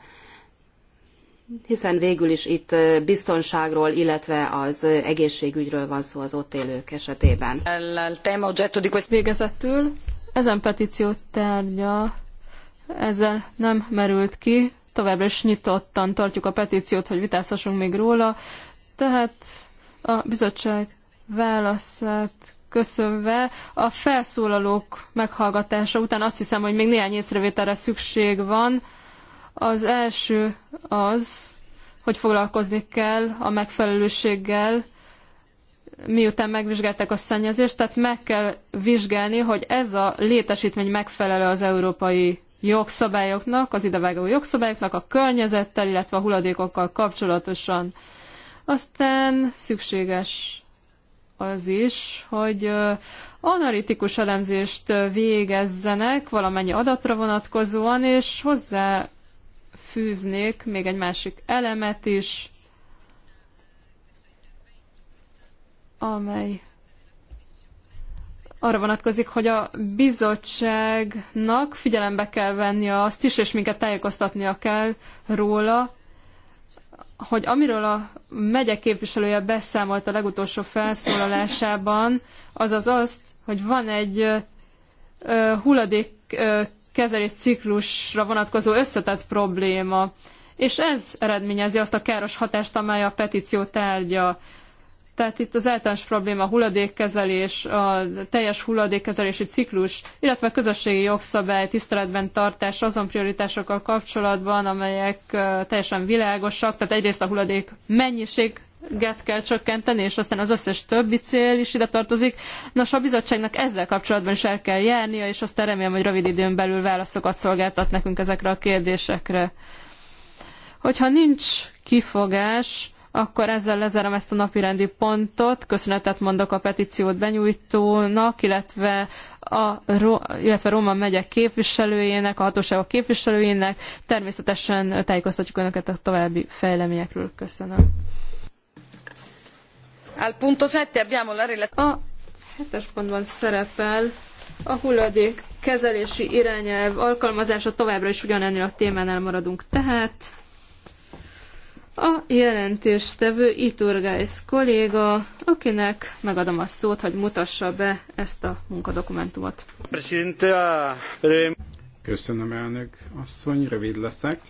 hiszen végül is itt biztonságról, illetve az egészségügyről van szó az ott élők esetében. Végezetül ezen petíció tárgya ezzel nem merült ki, továbbra is nyitottan tartjuk a petíciót, hogy vitázhassunk még róla, tehát a bizottság válaszát köszönve, a felszólalók meghallgatása után azt hiszem, hogy még néhány észrevételre szükség van. Az első az, hogy foglalkozni kell a megfelelőséggel, miután megvizsgálták a szennyezést, tehát meg kell vizsgálni, hogy ez a létesítmény megfelelő az európai jogszabályoknak, az idevágó jogszabályoknak, a környezettel, illetve a hulladékokkal kapcsolatosan. Aztán szükséges az is, hogy analitikus elemzést végezzenek valamennyi adatra vonatkozóan, és hozzá fűznék még egy másik elemet is, amely arra vonatkozik, hogy a bizottságnak figyelembe kell venni azt is, és minket tájékoztatnia kell róla, hogy amiről a megyek képviselője beszámolt a legutolsó felszólalásában, az az azt, hogy van egy hulladékkezelés ciklusra vonatkozó összetett probléma, és ez eredményezi azt a káros hatást, amely a petíció tárgya. Tehát itt az általános probléma a hulladékkezelés, a teljes hulladékkezelési ciklus, illetve a közösségi jogszabály tiszteletben tartás azon prioritásokkal kapcsolatban, amelyek teljesen világosak, tehát egyrészt a hulladék mennyiség get kell csökkenteni, és aztán az összes többi cél is ide tartozik. Nos, a bizottságnak ezzel kapcsolatban is el kell járnia, és aztán remélem, hogy rövid időn belül válaszokat szolgáltat nekünk ezekre a kérdésekre. Hogyha nincs kifogás, akkor ezzel lezárom ezt a napirendi pontot. Köszönetet mondok a petíciót benyújtónak, illetve a, illetve Róma megyek képviselőjének, a hatóságok képviselőjének. Természetesen tájékoztatjuk Önöket a további fejleményekről. Köszönöm. Al punto sette abbiamo la A hetes pontban szerepel a hulladék kezelési irányelv alkalmazása. Továbbra is ugyanennél a témánál maradunk tehát. A jelentéstevő Iturgáis kolléga, akinek megadom a szót, hogy mutassa be ezt a munkadokumentumot. Köszönöm, elnök asszony, rövid leszek.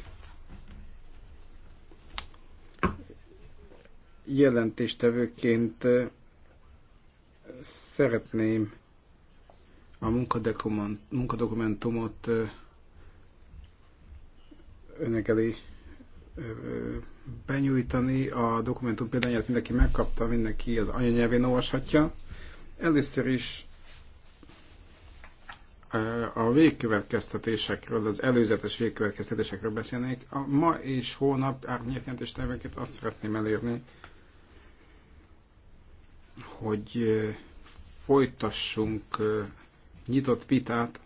Jelentéstevőként szeretném a munkadokumentumot önök elé benyújtani. A dokumentum példányát mindenki megkapta, mindenki az anyanyelvén olvashatja. Először is a végkövetkeztetésekről, az előzetes végkövetkeztetésekről beszélnék. A ma és holnap árnyékjelentés terveket azt szeretném elérni, hogy folytassunk nyitott vitát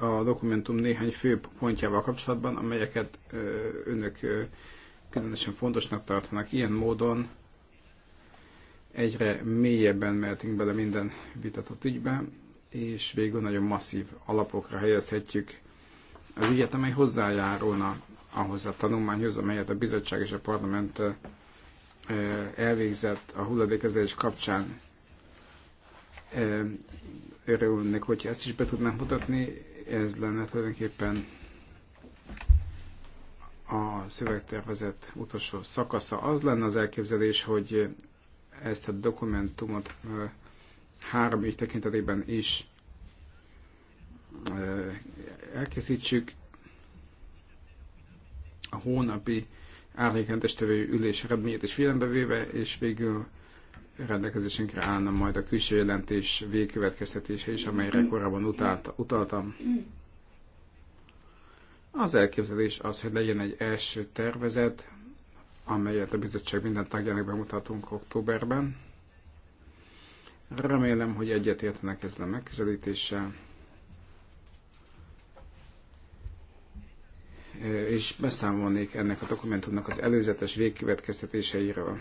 a dokumentum néhány fő pontjával kapcsolatban, amelyeket önök különösen fontosnak tartanak. Ilyen módon egyre mélyebben mehetünk bele minden vitatott ügybe, és végül nagyon masszív alapokra helyezhetjük az ügyet, amely hozzájárulna ahhoz a tanulmányhoz, amelyet a bizottság és a parlament elvégzett a hulladékezelés kapcsán örülnék, hogyha ezt is be tudnánk mutatni. Ez lenne tulajdonképpen a szövegtervezet utolsó szakasza. Az lenne az elképzelés, hogy ezt a dokumentumot három ügy tekintetében is elkészítsük. A hónapi árnyékentestevő ülés eredményét is figyelembe véve, és végül rendelkezésünkre állna majd a külső jelentés végkövetkeztetése is, amelyre korábban utált, utaltam. Az elképzelés az, hogy legyen egy első tervezet, amelyet a bizottság minden tagjának bemutatunk októberben. Remélem, hogy egyetértenek ezzel a megközelítéssel. és beszámolnék ennek a dokumentumnak az előzetes végkövetkeztetéseiről.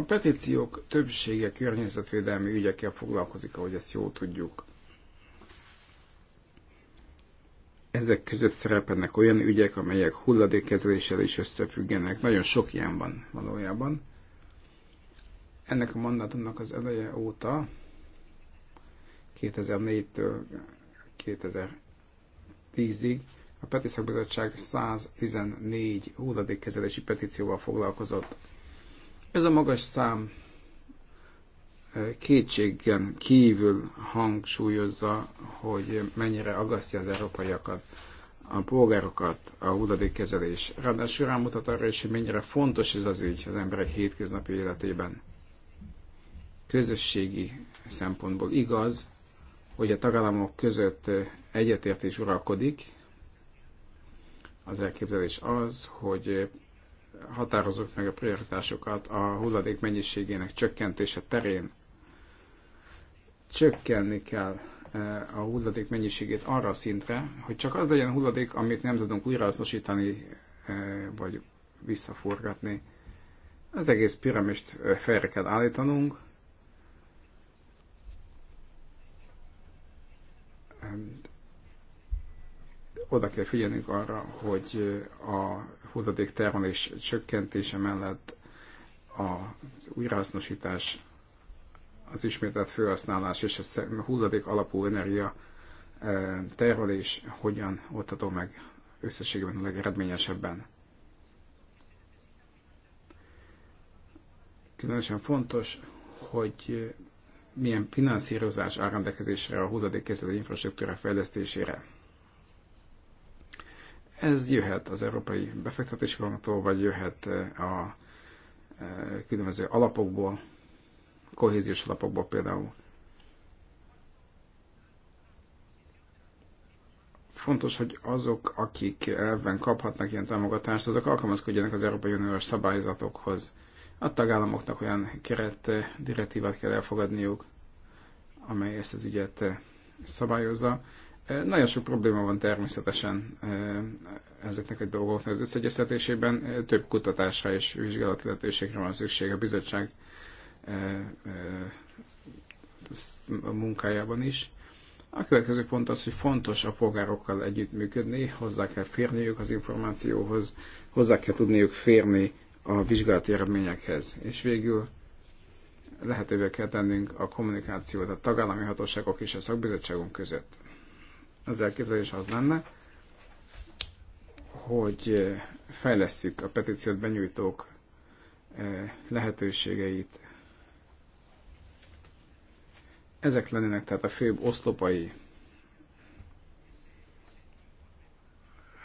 A petíciók többsége környezetvédelmi ügyekkel foglalkozik, ahogy ezt jól tudjuk. Ezek között szerepelnek olyan ügyek, amelyek hulladékkezeléssel is összefüggenek. Nagyon sok ilyen van valójában. Ennek a mandátumnak az eleje óta, 2004-től 2010-ig, a Petiszak Bizottság 114 hulladékkezelési petícióval foglalkozott ez a magas szám kétségen kívül hangsúlyozza, hogy mennyire agasztja az európaiakat, a polgárokat a hulladékkezelés. Ráadásul rámutat arra is, hogy mennyire fontos ez az ügy az emberek hétköznapi életében. Közösségi szempontból igaz, hogy a tagállamok között egyetértés uralkodik. Az elképzelés az, hogy határozzuk meg a prioritásokat a hulladék mennyiségének csökkentése terén. Csökkenni kell e, a hulladék mennyiségét arra a szintre, hogy csak az legyen hulladék, amit nem tudunk újrahasznosítani e, vagy visszaforgatni. Az egész piramist e, felre kell állítanunk. Oda kell figyelnünk arra, hogy a termelés csökkentése mellett az újrahasznosítás, az ismételt felhasználás és a hulladék alapú energia e, termelés hogyan oldható meg összességében a legeredményesebben. Különösen fontos, hogy milyen finanszírozás áll rendelkezésre a hulladékkezelő infrastruktúra fejlesztésére. Ez jöhet az Európai Befektetési Banktól, vagy jöhet eh, a eh, különböző alapokból, kohéziós alapokból például. Fontos, hogy azok, akik elven kaphatnak ilyen támogatást, azok alkalmazkodjanak az Európai Uniós szabályzatokhoz. A tagállamoknak olyan keret eh, direktívát kell elfogadniuk, amely ezt az ügyet szabályozza. Nagyon sok probléma van természetesen ezeknek a dolgoknak az összegyeztetésében. Több kutatásra és vizsgálati lehetőségre van szükség a bizottság a munkájában is. A következő pont az, hogy fontos a polgárokkal együttműködni, hozzá kell férniük az információhoz, hozzá kell tudniuk férni a vizsgálati eredményekhez. És végül lehetővé kell tennünk a kommunikációt a tagállami hatóságok és a szakbizottságunk között. Az elképzelés az lenne, hogy eh, fejlesztjük a petíciót benyújtók eh, lehetőségeit. Ezek lennének tehát a főbb oszlopai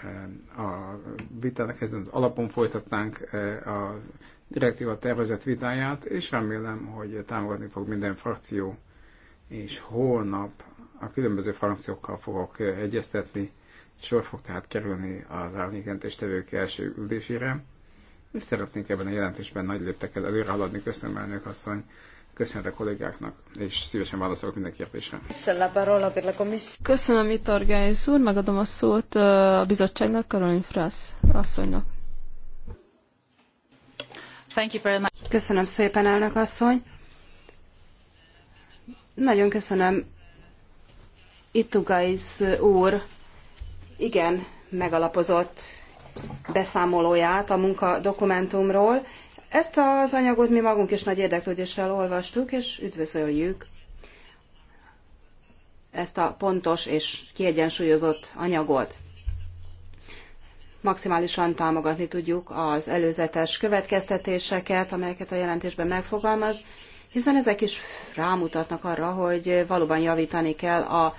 eh, a vitának ezen az alapon folytatnánk a direktíva tervezett vitáját, és remélem, hogy támogatni fog minden frakció, és holnap a különböző frakciókkal fogok egyeztetni, sor fog tehát kerülni az tevők első üldésére, és szeretnénk ebben a jelentésben nagy léptekkel előre haladni. Köszönöm, elnök asszony, köszönöm a kollégáknak, és szívesen válaszolok minden kérdésre. Köszönöm, Vitor Gájz úr, megadom a szót a bizottságnak, Karolin Frász asszonynak. Köszönöm szépen, elnök asszony. Nagyon köszönöm Itugais úr igen megalapozott beszámolóját a munka dokumentumról. Ezt az anyagot mi magunk is nagy érdeklődéssel olvastuk, és üdvözöljük ezt a pontos és kiegyensúlyozott anyagot. Maximálisan támogatni tudjuk az előzetes következtetéseket, amelyeket a jelentésben megfogalmaz, hiszen ezek is rámutatnak arra, hogy valóban javítani kell a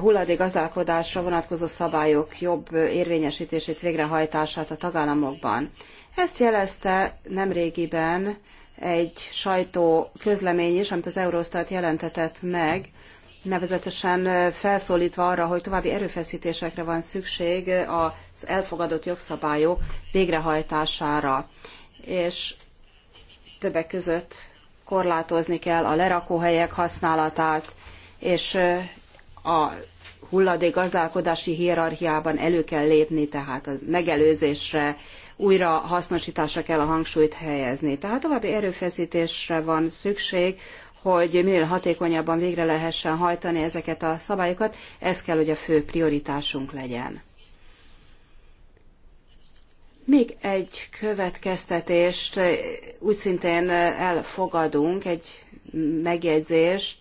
hulladékgazdálkodásra vonatkozó szabályok jobb érvényesítését, végrehajtását a tagállamokban. Ezt jelezte nemrégiben egy sajtó közlemény is, amit az Eurostat jelentetett meg, nevezetesen felszólítva arra, hogy további erőfeszítésekre van szükség az elfogadott jogszabályok végrehajtására. És többek között korlátozni kell a lerakóhelyek használatát, és a hulladék gazdálkodási hierarchiában elő kell lépni, tehát a megelőzésre, újra hasznosításra kell a hangsúlyt helyezni. Tehát további erőfeszítésre van szükség, hogy minél hatékonyabban végre lehessen hajtani ezeket a szabályokat, ez kell, hogy a fő prioritásunk legyen. Még egy következtetést úgy szintén elfogadunk, egy megjegyzést,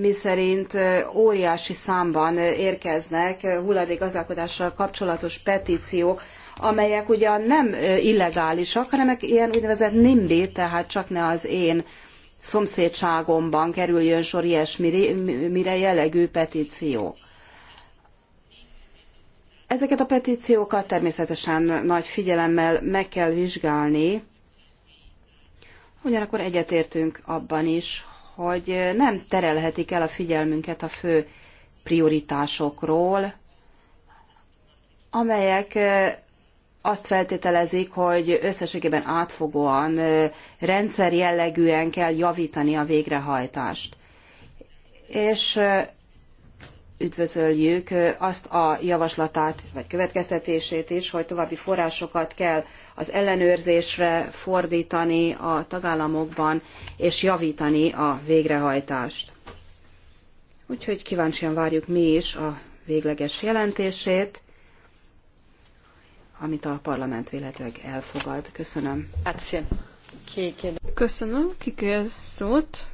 miszerint óriási számban érkeznek hulladékgazdálkodással kapcsolatos petíciók, amelyek ugyan nem illegálisak, hanem ilyen úgynevezett NIMBY, tehát csak ne az én szomszédságomban kerüljön sor ilyesmire jellegű petíció. Ezeket a petíciókat természetesen nagy figyelemmel meg kell vizsgálni, ugyanakkor egyetértünk abban is, hogy nem terelhetik el a figyelmünket a fő prioritásokról, amelyek azt feltételezik, hogy összességében átfogóan, rendszer jellegűen kell javítani a végrehajtást. És üdvözöljük azt a javaslatát, vagy következtetését is, hogy további forrásokat kell az ellenőrzésre fordítani a tagállamokban, és javítani a végrehajtást. Úgyhogy kíváncsian várjuk mi is a végleges jelentését, amit a parlament véletleg elfogad. Köszönöm. Köszönöm. Ki szót?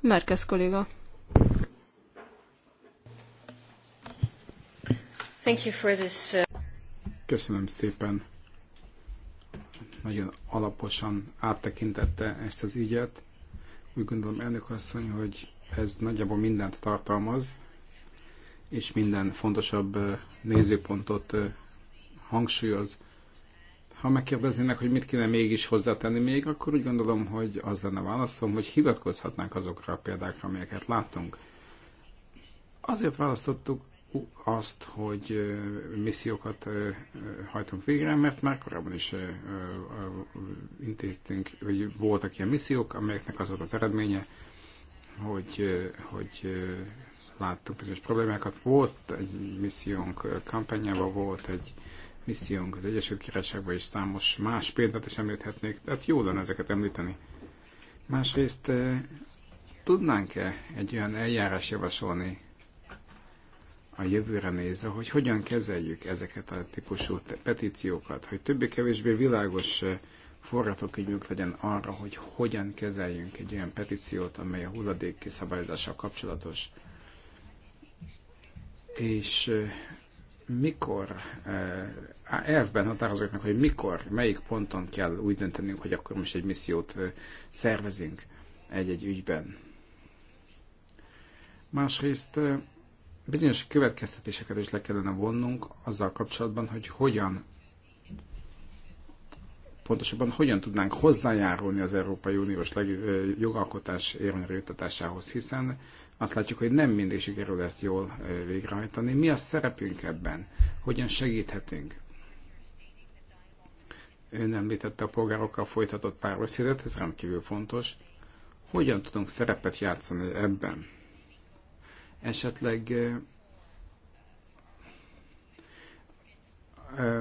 Merkez kolléga. Thank you for this, uh, Köszönöm szépen. Nagyon alaposan áttekintette ezt az ügyet. Úgy gondolom, elnök asszony, hogy ez nagyjából mindent tartalmaz, és minden fontosabb uh, nézőpontot uh, hangsúlyoz. Ha megkérdeznének, hogy mit kéne mégis hozzátenni még, akkor úgy gondolom, hogy az lenne a válaszom, hogy hivatkozhatnánk azokra a példákra, amelyeket láttunk. Azért választottuk azt, hogy missziókat hajtunk végre, mert már korábban is intéztünk, hogy voltak ilyen missziók, amelyeknek az volt az eredménye, hogy, hogy láttuk bizonyos problémákat. Volt egy missziónk kampányában, volt egy missziónk az Egyesült Királyságban, és számos más példát is említhetnék, tehát jó lenne ezeket említeni. Másrészt tudnánk-e egy olyan eljárás javasolni, a jövőre nézve, hogy hogyan kezeljük ezeket a típusú petíciókat, hogy többé-kevésbé világos forgatókönyvünk legyen arra, hogy hogyan kezeljünk egy olyan petíciót, amely a hulladék kiszabályozással kapcsolatos. És mikor, elvben határozok meg, hogy mikor, melyik ponton kell úgy döntenünk, hogy akkor most egy missziót szervezünk egy-egy ügyben. Másrészt bizonyos következtetéseket is le kellene vonnunk azzal kapcsolatban, hogy hogyan pontosabban hogyan tudnánk hozzájárulni az Európai Uniós jogalkotás érvényre juttatásához, hiszen azt látjuk, hogy nem mindig sikerül ezt jól végrehajtani. Mi a szerepünk ebben? Hogyan segíthetünk? Ön említette a polgárokkal folytatott párbeszédet, ez rendkívül fontos. Hogyan tudunk szerepet játszani ebben? esetleg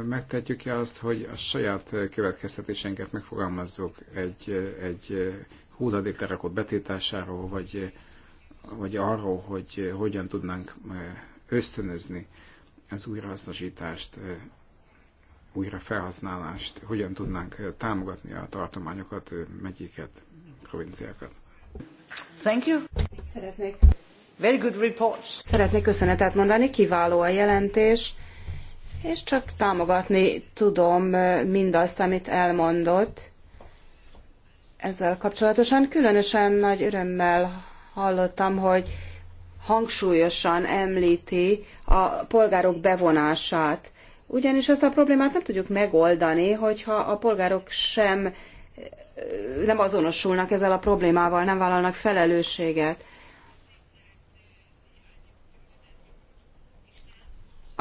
megtehetjük-e azt, hogy a saját következtetésenket megfogalmazzuk egy, egy hulladéklerakott betétásáról, vagy, vagy arról, hogy hogyan tudnánk ösztönözni az újrahasznosítást, újrafelhasználást, hogyan tudnánk támogatni a tartományokat, megyéket, provinciákat. Thank you. Szeretnék Very good reports. Szeretnék köszönetet mondani, kiváló a jelentés, és csak támogatni tudom mindazt, amit elmondott ezzel kapcsolatosan. Különösen nagy örömmel hallottam, hogy hangsúlyosan említi a polgárok bevonását. Ugyanis azt a problémát nem tudjuk megoldani, hogyha a polgárok sem nem azonosulnak ezzel a problémával, nem vállalnak felelősséget.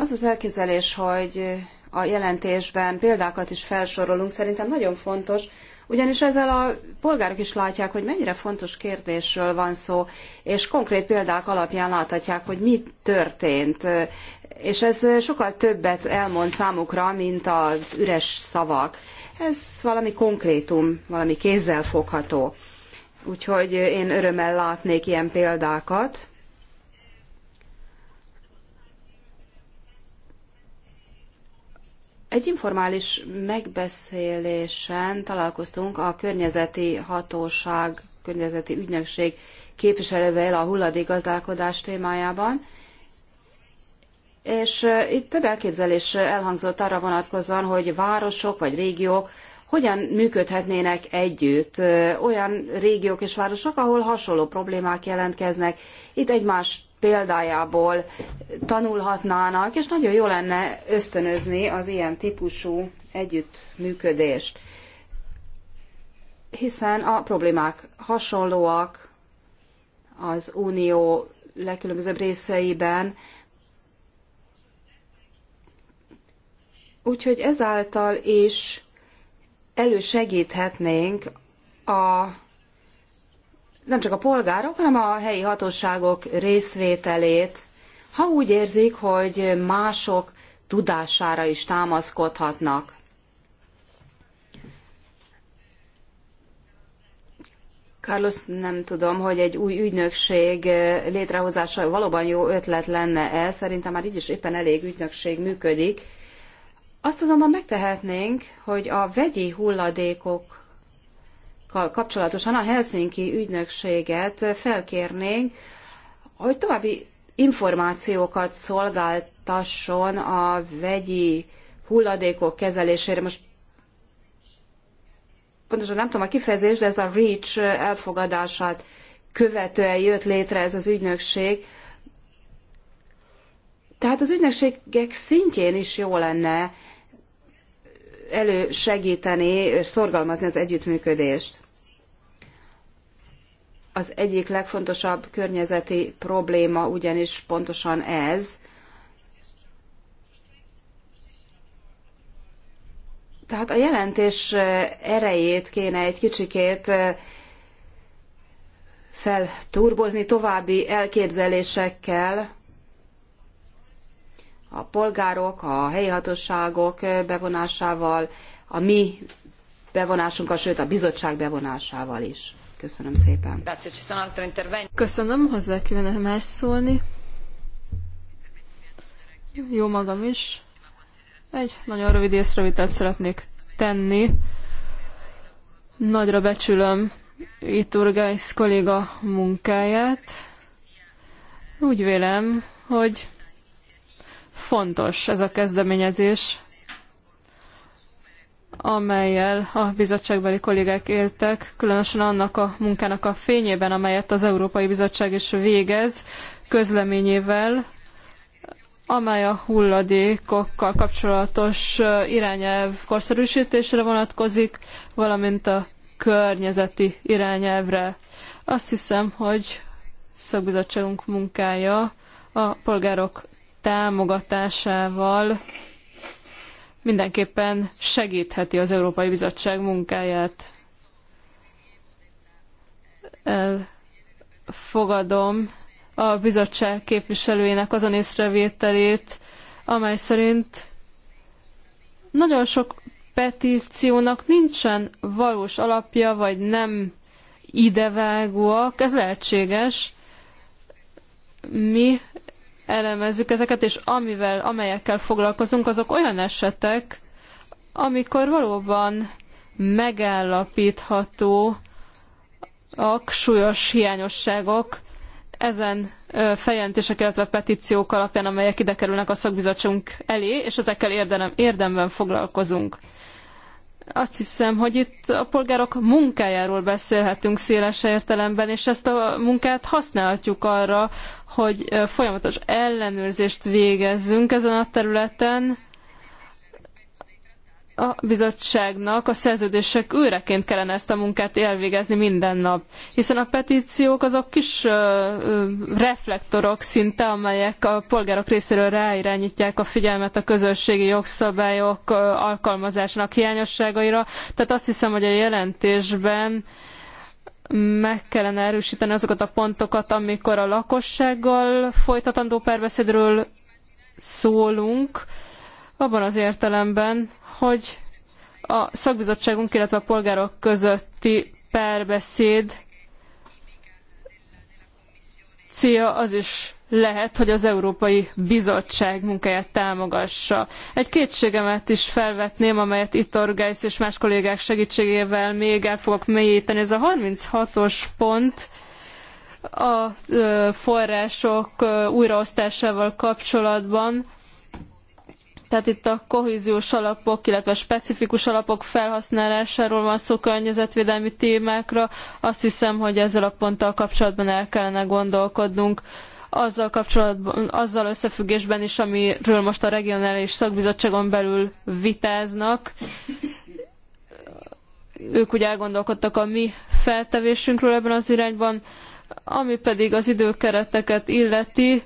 Az az elképzelés, hogy a jelentésben példákat is felsorolunk, szerintem nagyon fontos, ugyanis ezzel a polgárok is látják, hogy mennyire fontos kérdésről van szó, és konkrét példák alapján láthatják, hogy mi történt. És ez sokkal többet elmond számukra, mint az üres szavak. Ez valami konkrétum, valami kézzelfogható. Úgyhogy én örömmel látnék ilyen példákat. Egy informális megbeszélésen találkoztunk a környezeti hatóság, környezeti ügynökség képviselővel a gazdálkodás témájában, és itt több elképzelés elhangzott arra vonatkozóan, hogy városok vagy régiók hogyan működhetnének együtt olyan régiók és városok, ahol hasonló problémák jelentkeznek. Itt egymást példájából tanulhatnának, és nagyon jó lenne ösztönözni az ilyen típusú együttműködést, hiszen a problémák hasonlóak az unió legkülönbözőbb részeiben, úgyhogy ezáltal is elősegíthetnénk a nem csak a polgárok, hanem a helyi hatóságok részvételét, ha úgy érzik, hogy mások tudására is támaszkodhatnak. Carlos, nem tudom, hogy egy új ügynökség létrehozása valóban jó ötlet lenne-e. Szerintem már így is éppen elég ügynökség működik. Azt azonban megtehetnénk, hogy a vegyi hulladékok kapcsolatosan a Helsinki ügynökséget felkérnénk, hogy további információkat szolgáltasson a vegyi hulladékok kezelésére. Most pontosan nem tudom a kifejezést, de ez a REACH elfogadását követően jött létre ez az ügynökség. Tehát az ügynökségek szintjén is jó lenne elősegíteni és szorgalmazni az együttműködést. Az egyik legfontosabb környezeti probléma ugyanis pontosan ez. Tehát a jelentés eh, erejét kéne egy kicsikét eh, felturbozni további elképzelésekkel, a polgárok, a helyi hatóságok eh, bevonásával, a mi bevonásunkkal sőt a bizottság bevonásával is. Köszönöm szépen. Köszönöm, hozzá kívánok más szólni. Jó magam is. Egy nagyon rövid észrevételt szeretnék tenni. Nagyra becsülöm Iturgáis kolléga munkáját. Úgy vélem, hogy fontos ez a kezdeményezés, amelyel a bizottságbeli kollégák éltek, különösen annak a munkának a fényében, amelyet az Európai Bizottság is végez közleményével, amely a hulladékokkal kapcsolatos irányelv korszerűsítésre vonatkozik, valamint a környezeti irányelvre. Azt hiszem, hogy szakbizottságunk munkája a polgárok támogatásával mindenképpen segítheti az Európai Bizottság munkáját. Elfogadom a bizottság képviselőjének azon észrevételét, amely szerint nagyon sok petíciónak nincsen valós alapja, vagy nem idevágóak, ez lehetséges. Mi elemezzük ezeket, és amivel, amelyekkel foglalkozunk, azok olyan esetek, amikor valóban megállapítható súlyos hiányosságok ezen feljelentések, illetve petíciók alapján, amelyek ide kerülnek a szakbizottságunk elé, és ezekkel érdemben foglalkozunk. Azt hiszem, hogy itt a polgárok munkájáról beszélhetünk széles értelemben, és ezt a munkát használhatjuk arra, hogy folyamatos ellenőrzést végezzünk ezen a területen, a bizottságnak a szerződések őreként kellene ezt a munkát elvégezni minden nap, hiszen a petíciók azok kis reflektorok szinte, amelyek a polgárok részéről ráirányítják a figyelmet a közösségi jogszabályok alkalmazásának hiányosságaira. Tehát azt hiszem, hogy a jelentésben meg kellene erősíteni azokat a pontokat, amikor a lakossággal folytatandó párbeszédről szólunk, abban az értelemben, hogy a szakbizottságunk, illetve a polgárok közötti párbeszéd célja az is lehet, hogy az Európai Bizottság munkáját támogassa. Egy kétségemet is felvetném, amelyet itt Orgász és más kollégák segítségével még el fogok mélyíteni. Ez a 36-os pont a források újraosztásával kapcsolatban tehát itt a kohéziós alapok, illetve specifikus alapok felhasználásáról van szó környezetvédelmi témákra. Azt hiszem, hogy ezzel a ponttal kapcsolatban el kellene gondolkodnunk azzal kapcsolatban, azzal összefüggésben is, amiről most a regionális szakbizottságon belül vitáznak. Ők ugye elgondolkodtak a mi feltevésünkről ebben az irányban, ami pedig az időkereteket illeti,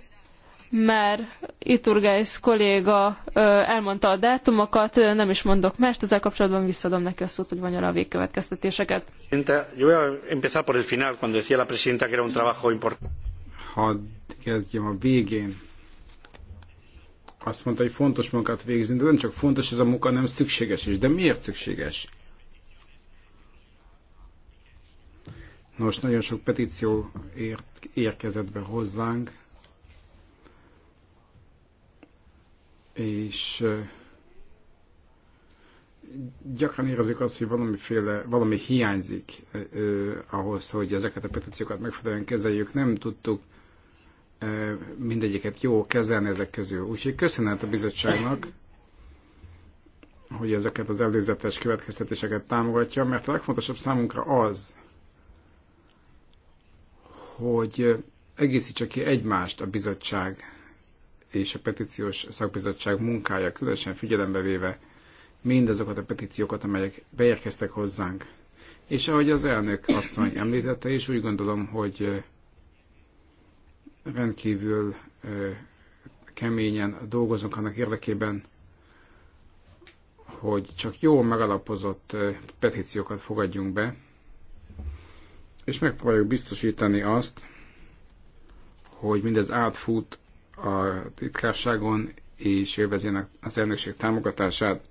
már Iturgáis kolléga elmondta a dátumokat, nem is mondok mást, ezzel kapcsolatban visszadom neki a szót, hogy vonja a végkövetkeztetéseket. Hadd kezdjem a végén. Azt mondta, hogy fontos munkát végzünk, de nem csak fontos ez a munka, nem szükséges is. De miért szükséges? Nos, nagyon sok petíció ért, érkezett be hozzánk, és gyakran érezzük azt, hogy valamiféle, valami hiányzik ahhoz, hogy ezeket a petíciókat megfelelően kezeljük. Nem tudtuk eh, mindegyiket jó kezelni ezek közül. Úgyhogy köszönet a bizottságnak, hogy ezeket az előzetes következtetéseket támogatja, mert a legfontosabb számunkra az, hogy egészítse ki egymást a bizottság és a petíciós szakbizottság munkája, különösen figyelembe véve mindazokat a petíciókat, amelyek beérkeztek hozzánk. És ahogy az elnök asszony említette, és úgy gondolom, hogy rendkívül keményen dolgozunk annak érdekében, hogy csak jó megalapozott petíciókat fogadjunk be, és megpróbáljuk biztosítani azt, hogy mindez átfut a titkárságon, és élvezének az elnökség támogatását.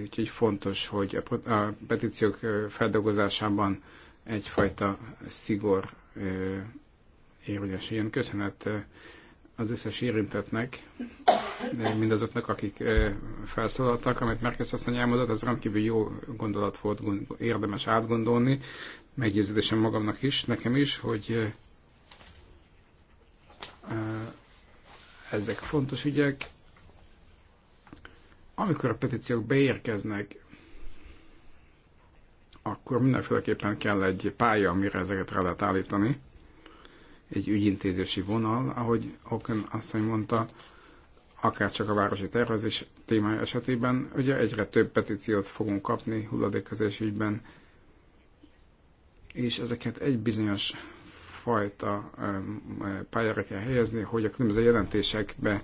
Úgyhogy fontos, hogy a petíciók feldolgozásában egyfajta szigor érvényesüljön. Köszönet az összes érintetnek, mindazoknak, akik felszólaltak, amit Merkez asszony elmondott, az rendkívül jó gondolat volt, érdemes átgondolni, meggyőződésem magamnak is, nekem is, hogy ezek fontos ügyek. Amikor a petíciók beérkeznek, akkor mindenféleképpen kell egy pálya, amire ezeket rá lehet állítani. Egy ügyintézési vonal, ahogy Oken asszony mondta, akár csak a városi tervezés témája esetében, ugye egyre több petíciót fogunk kapni hulladékezés ügyben, és ezeket egy bizonyos fajta pályára kell helyezni, hogy a különböző jelentésekbe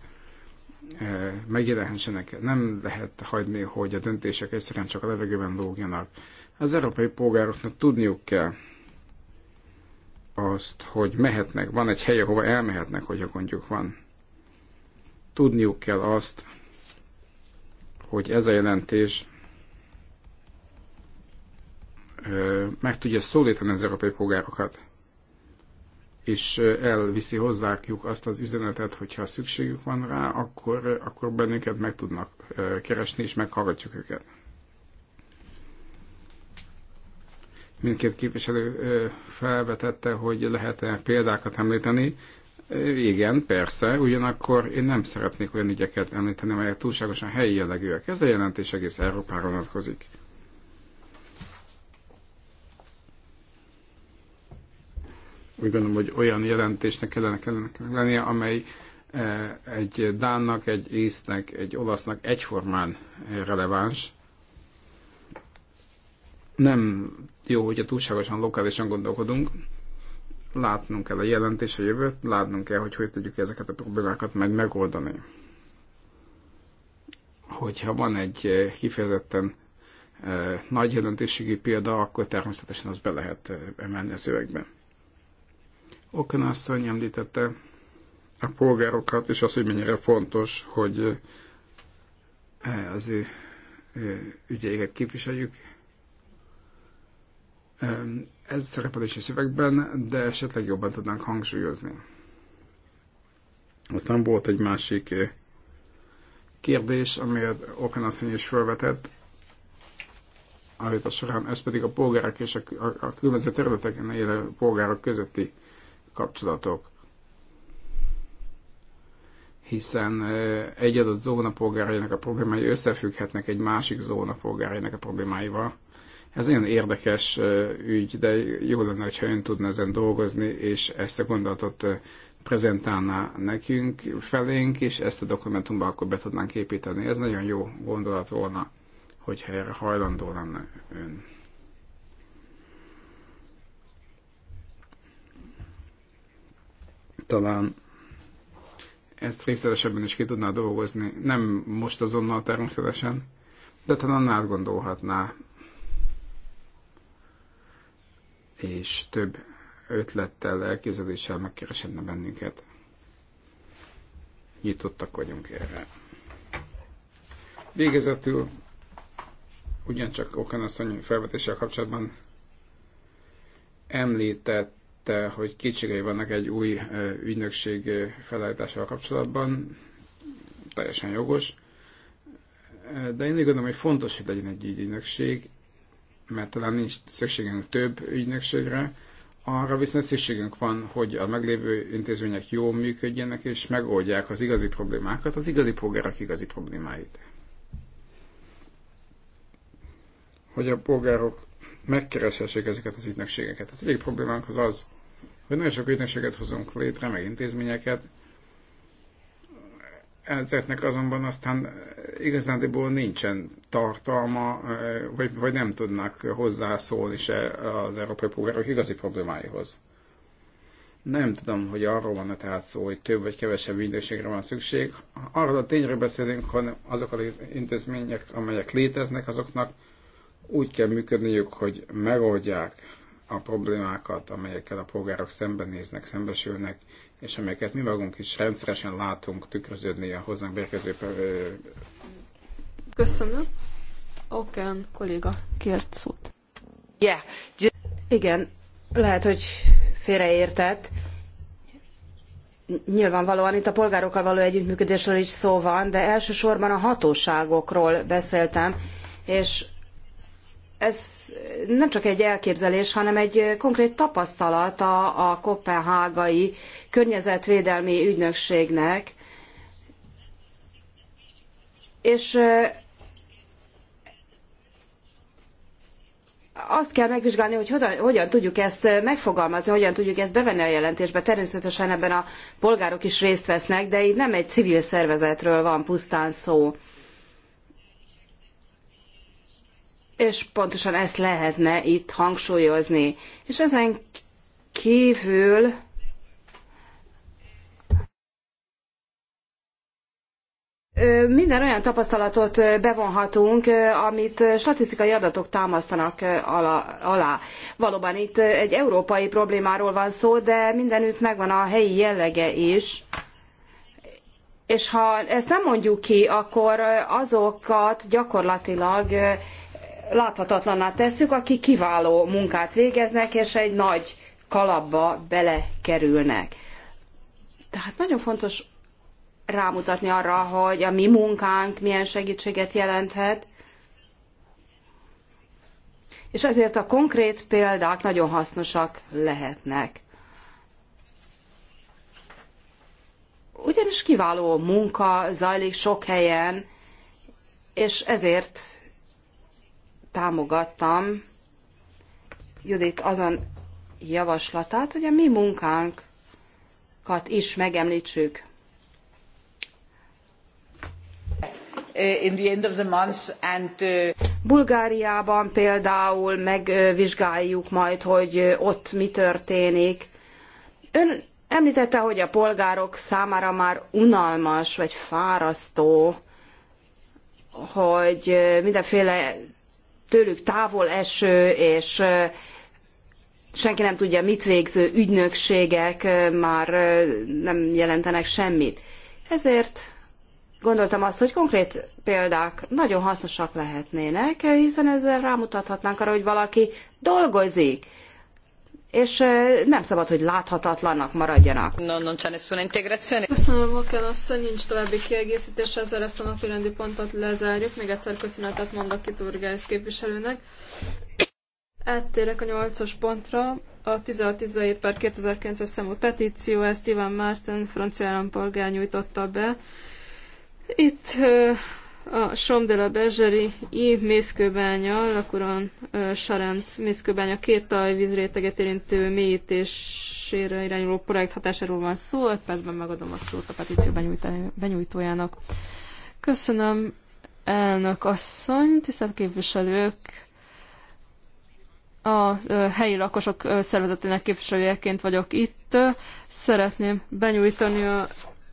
megjelenhessenek. Nem lehet hagyni, hogy a döntések egyszerűen csak a levegőben lógjanak. Az európai polgároknak tudniuk kell azt, hogy mehetnek, van egy hely, ahova elmehetnek, hogyha gondjuk van. Tudniuk kell azt, hogy ez a jelentés meg tudja szólítani az európai polgárokat és elviszi hozzájuk azt az üzenetet, hogyha szükségük van rá, akkor, akkor bennünket meg tudnak keresni, és meghallgatjuk őket. Mindkét képviselő felvetette, hogy lehet-e példákat említeni. Igen, persze, ugyanakkor én nem szeretnék olyan ügyeket említeni, amelyek túlságosan helyi jellegűek. Ez a jelentés egész Európára vonatkozik. úgy gondolom, hogy olyan jelentésnek kellene, kellene lennie, amely eh, egy dánnak, egy észnek, egy olasznak egyformán eh, releváns. Nem jó, hogyha túlságosan lokálisan gondolkodunk. Látnunk kell a jelentés a jövőt, látnunk kell, hogy hogy tudjuk ezeket a problémákat meg megoldani. Hogyha van egy eh, kifejezetten nagy jelentőségi példa, akkor természetesen az be lehet emelni a szövegbe asszony említette a polgárokat, és az, hogy mennyire fontos, hogy eh, az ő, eh, ügyeiket képviseljük. Eh, ez szerepel is a szövegben, de esetleg jobban tudnánk hangsúlyozni. Aztán volt egy másik kérdés, amelyet Okan asszony is felvetett a során, ez pedig a polgárok és a, a, a különböző területeken élő polgárok közötti kapcsolatok. Hiszen egy adott zóna a problémái összefügghetnek egy másik zóna a problémáival. Ez nagyon érdekes ügy, de jó lenne, ha ön tudna ezen dolgozni, és ezt a gondolatot prezentálná nekünk, felénk, és ezt a dokumentumba akkor be tudnánk építeni. Ez nagyon jó gondolat volna, hogyha erre hajlandó lenne ön. talán ezt részletesebben is ki tudná dolgozni. Nem most azonnal természetesen, de talán átgondolhatná. És több ötlettel, elképzeléssel megkeresedne bennünket. Nyitottak vagyunk erre. Végezetül ugyancsak Okanasszony felvetéssel kapcsolatban említett említette, hogy kétségei vannak egy új ügynökség felállításával kapcsolatban, teljesen jogos, de én úgy gondolom, hogy fontos, hogy legyen egy ügynökség, mert talán nincs szükségünk több ügynökségre, arra viszont szükségünk van, hogy a meglévő intézmények jól működjenek, és megoldják az igazi problémákat, az igazi polgárok igazi problémáit. Hogy a polgárok megkereshessék ezeket az ügynökségeket. Az egyik problémánk az az, hogy nagyon sok ügynökséget hozunk létre, meg intézményeket, ezeknek azonban aztán igazándiból nincsen tartalma, vagy, vagy nem tudnak hozzászólni se az európai polgárok igazi problémáihoz. Nem tudom, hogy arról van-e tehát szó, hogy több vagy kevesebb ügynökségre van szükség. Arról a tényről beszélünk, hogy azok az intézmények, amelyek léteznek, azoknak úgy kell működniük, hogy megoldják a problémákat, amelyekkel a polgárok szembenéznek, szembesülnek, és amelyeket mi magunk is rendszeresen látunk tükröződni a hozzánk beérkező... Köszönöm. oké, kolléga kért szót. Yeah. Igen, lehet, hogy félreértett. Nyilvánvalóan itt a polgárokkal való együttműködésről is szó van, de elsősorban a hatóságokról beszéltem, és ez nem csak egy elképzelés, hanem egy konkrét tapasztalat a, a kopenhágai környezetvédelmi ügynökségnek. És azt kell megvizsgálni, hogy hogyan, hogyan, tudjuk ezt megfogalmazni, hogyan tudjuk ezt bevenni a jelentésbe. Természetesen ebben a polgárok is részt vesznek, de itt nem egy civil szervezetről van pusztán szó. és pontosan ezt lehetne itt hangsúlyozni. És ezen kívül Minden olyan tapasztalatot bevonhatunk, amit statisztikai adatok támasztanak alá. Valóban itt egy európai problémáról van szó, de mindenütt megvan a helyi jellege is. És ha ezt nem mondjuk ki, akkor azokat gyakorlatilag láthatatlaná tesszük, akik kiváló munkát végeznek, és egy nagy kalapba belekerülnek. Tehát nagyon fontos rámutatni arra, hogy a mi munkánk milyen segítséget jelenthet, és ezért a konkrét példák nagyon hasznosak lehetnek. Ugyanis kiváló munka zajlik sok helyen, és ezért támogattam Judit azon javaslatát, hogy a mi munkánkat is megemlítsük. In the end of the month and, uh... Bulgáriában például megvizsgáljuk majd, hogy ott mi történik. Ön említette, hogy a polgárok számára már unalmas vagy fárasztó, hogy mindenféle tőlük távol eső és senki nem tudja mit végző ügynökségek már nem jelentenek semmit. Ezért gondoltam azt, hogy konkrét példák nagyon hasznosak lehetnének, hiszen ezzel rámutathatnánk arra, hogy valaki dolgozik, és nem szabad, hogy láthatatlannak maradjanak. No, non c'è nessuna integrazione. Köszönöm, Oken asszony, nincs további kiegészítés, ezzel ezt a napi rendi pontot lezárjuk. Még egyszer köszönetet mondok ki Turgász képviselőnek. Áttérek a nyolcas pontra. A 1617 per 2009-es számú petíció, ezt Ivan Márten, francia állampolgár nyújtotta be. Itt a Somdela Bezseri i mészkőbánya, Lakuran Sarent mészkőbánya két talajvízréteget érintő mélyítésére irányuló projekt hatásáról van szó. 5 percben megadom a szót a petíció benyújtójának. Köszönöm, elnök asszony, tisztelt képviselők, a helyi lakosok szervezetének képviselőjeként vagyok itt. Szeretném benyújtani a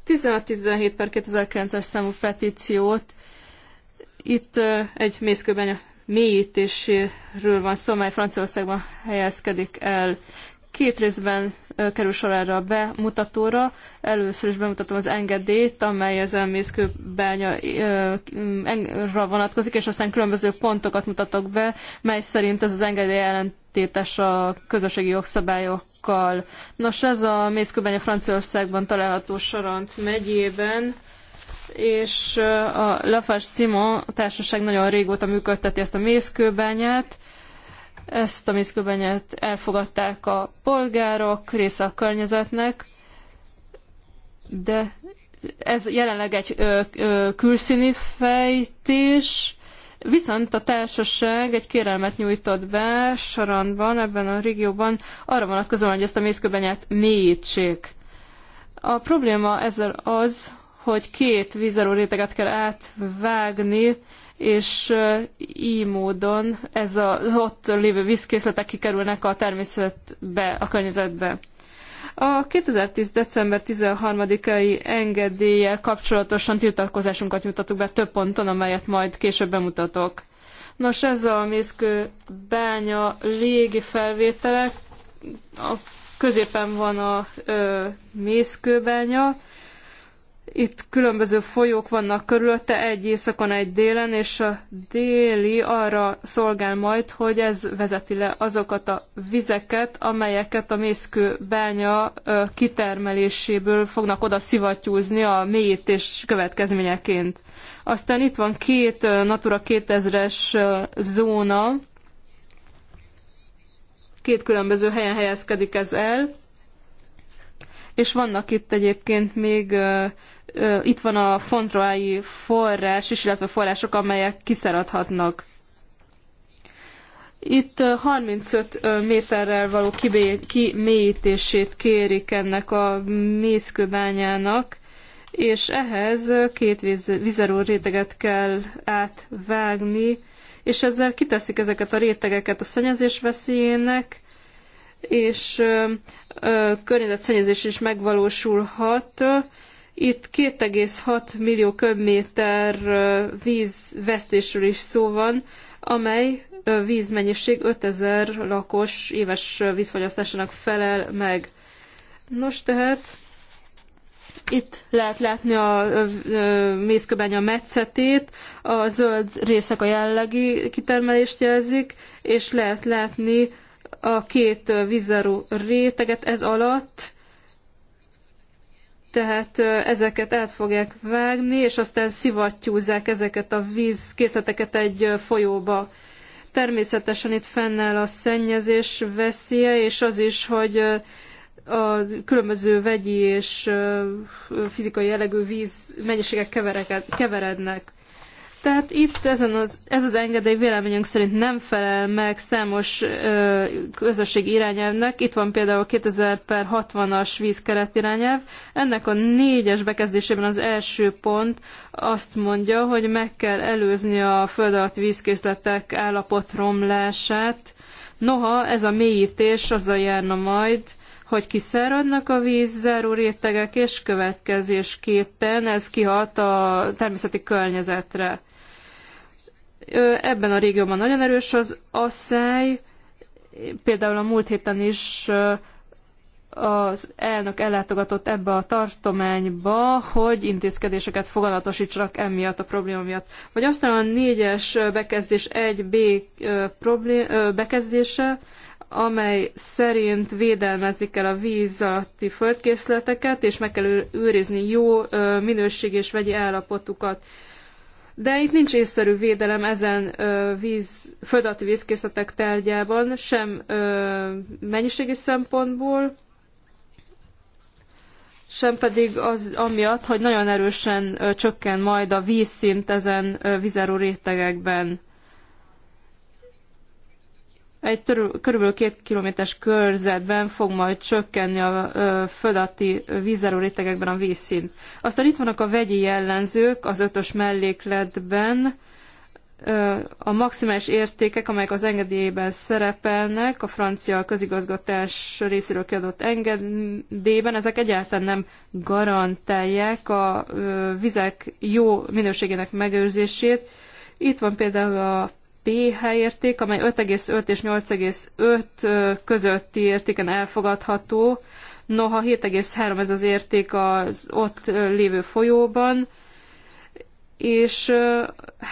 1617 per 2009-es számú petíciót, itt egy mészkőben mélyítéséről van szó, mely Franciaországban helyezkedik el. Két részben kerül sor erre a bemutatóra. Először is bemutatom az engedélyt, amely ezen mészkőbányra vonatkozik, és aztán különböző pontokat mutatok be, mely szerint ez az engedély ellentétes a közösségi jogszabályokkal. Nos, ez a mészkőbánya Franciaországban található Sarant megyében és a Lafarge Simon társaság nagyon régóta működteti ezt a mészkőbányát. Ezt a mészkőbányát elfogadták a polgárok, része a környezetnek, de ez jelenleg egy ö, ö, külszíni fejtés, Viszont a társaság egy kérelmet nyújtott be Sarandban, ebben a régióban, arra vonatkozóan, hogy ezt a mészköbenyát mélyítsék. A probléma ezzel az, hogy két vízerő réteget kell átvágni, és így módon ez az ott lévő vízkészletek kikerülnek a természetbe, a környezetbe. A 2010. december 13-ai engedéllyel kapcsolatosan tiltakozásunkat nyújtottuk be több ponton, amelyet majd később bemutatok. Nos, ez a mészkő bánya légi felvételek. A középen van a ö, mészkőbánya, itt különböző folyók vannak körülötte, egy éjszakon, egy délen, és a déli arra szolgál majd, hogy ez vezeti le azokat a vizeket, amelyeket a mészkő bánya kitermeléséből fognak oda szivattyúzni a mélyítés következményeként. Aztán itt van két Natura 2000-es zóna, két különböző helyen helyezkedik ez el, és vannak itt egyébként még itt van a fontrolai forrás is, illetve források, amelyek kiszáradhatnak. Itt 35 méterrel való kimélyítését kérik ennek a mészkőbányának, és ehhez két vizeró réteget kell átvágni, és ezzel kiteszik ezeket a rétegeket a szennyezés veszélyének, és környezetszennyezés is megvalósulhat, itt 2,6 millió köbméter vízvesztésről is szó van, amely vízmennyiség 5000 lakos éves vízfogyasztásának felel meg. Nos tehát, itt lehet látni a mészköbeny a metszetét, a zöld részek a jellegi kitermelést jelzik, és lehet látni a két vízzáró réteget ez alatt, tehát ezeket át fogják vágni, és aztán szivattyúzzák ezeket a vízkészleteket egy folyóba. Természetesen itt fennáll a szennyezés veszélye, és az is, hogy a különböző vegyi és fizikai jellegű víz mennyiségek keverednek. Tehát itt ezen az, ez az engedély véleményünk szerint nem felel meg számos ö, közösség irányelvnek. Itt van például 2000 per 60-as vízkeret irányelv. Ennek a négyes bekezdésében az első pont azt mondja, hogy meg kell előzni a föld alatt vízkészletek állapotromlását. Noha ez a mélyítés azzal járna majd, hogy kiszáradnak a vízzáró rétegek, és következésképpen ez kihat a természeti környezetre. Ebben a régióban nagyon erős az asszály, például a múlt héten is az elnök ellátogatott ebbe a tartományba, hogy intézkedéseket foganatosítsanak emiatt a probléma miatt. Vagy aztán a négyes bekezdés 1B bekezdése, amely szerint védelmezni kell a víz alatti földkészleteket, és meg kell őrizni jó minőség és vegyi állapotukat. De itt nincs észszerű védelem ezen víz, alatti vízkészletek tárgyában, sem mennyiségi szempontból, sem pedig az amiatt, hogy nagyon erősen csökken majd a vízszint ezen vizerő rétegekben egy körülbelül két kilométeres körzetben fog majd csökkenni a ö, földatti rétegekben a vízszint. Aztán itt vannak a vegyi jellemzők az ötös mellékletben, a maximális értékek, amelyek az engedélyben szerepelnek, a francia közigazgatás részéről kiadott engedélyben, ezek egyáltalán nem garantálják a vizek jó minőségének megőrzését. Itt van például a pH érték, amely 5,5 és 8,5 közötti értéken elfogadható, noha 7,3 ez az érték az ott lévő folyóban, és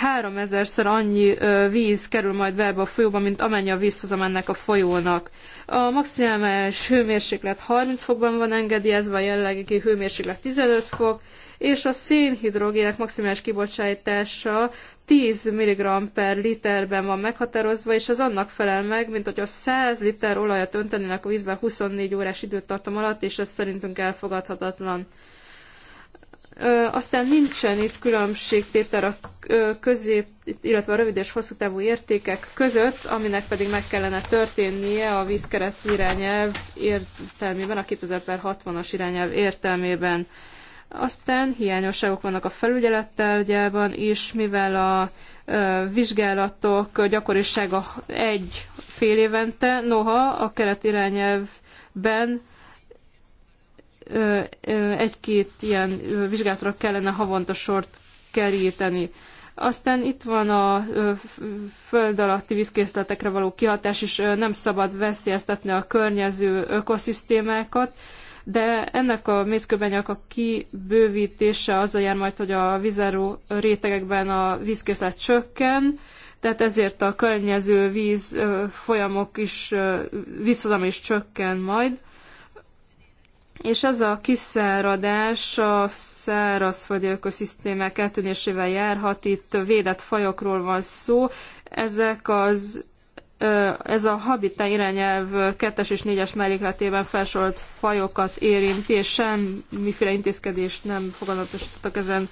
3000-szer annyi víz kerül majd be ebbe a folyóba, mint amennyi a vízhozam ennek a folyónak. A maximális hőmérséklet 30 fokban van engedélyezve, a jelenlegi hőmérséklet 15 fok, és a szénhidrogének maximális kibocsátása 10 mg per literben van meghatározva, és ez annak felel meg, mint hogy a 100 liter olajat öntenének a vízbe 24 órás időtartam alatt, és ez szerintünk elfogadhatatlan. Aztán nincsen itt különbségtétel a közép, illetve a rövid és hosszú távú értékek között, aminek pedig meg kellene történnie a vízkeret irányelv értelmében, a 2060-as irányelv értelmében. Aztán hiányosságok vannak a felügyelettárgyában is, mivel a vizsgálatok gyakorisága egy fél évente, noha a keret irányelvben egy-két ilyen vizsgálatra kellene havonta sort keríteni. Aztán itt van a föld alatti vízkészletekre való kihatás, és nem szabad veszélyeztetni a környező ökoszisztémákat, de ennek a mészkőbenyak a kibővítése az jár majd, hogy a vizeró rétegekben a vízkészlet csökken, tehát ezért a környező víz folyamok is, vízhozam is csökken majd és ez a kiszáradás a szárazföldi ökoszisztémák eltűnésével járhat, itt védett fajokról van szó, ezek az ez a Habitat irányelv 2-es és 4-es mellékletében felsorolt fajokat érinti, és semmiféle intézkedést nem fogadatosítottak ezen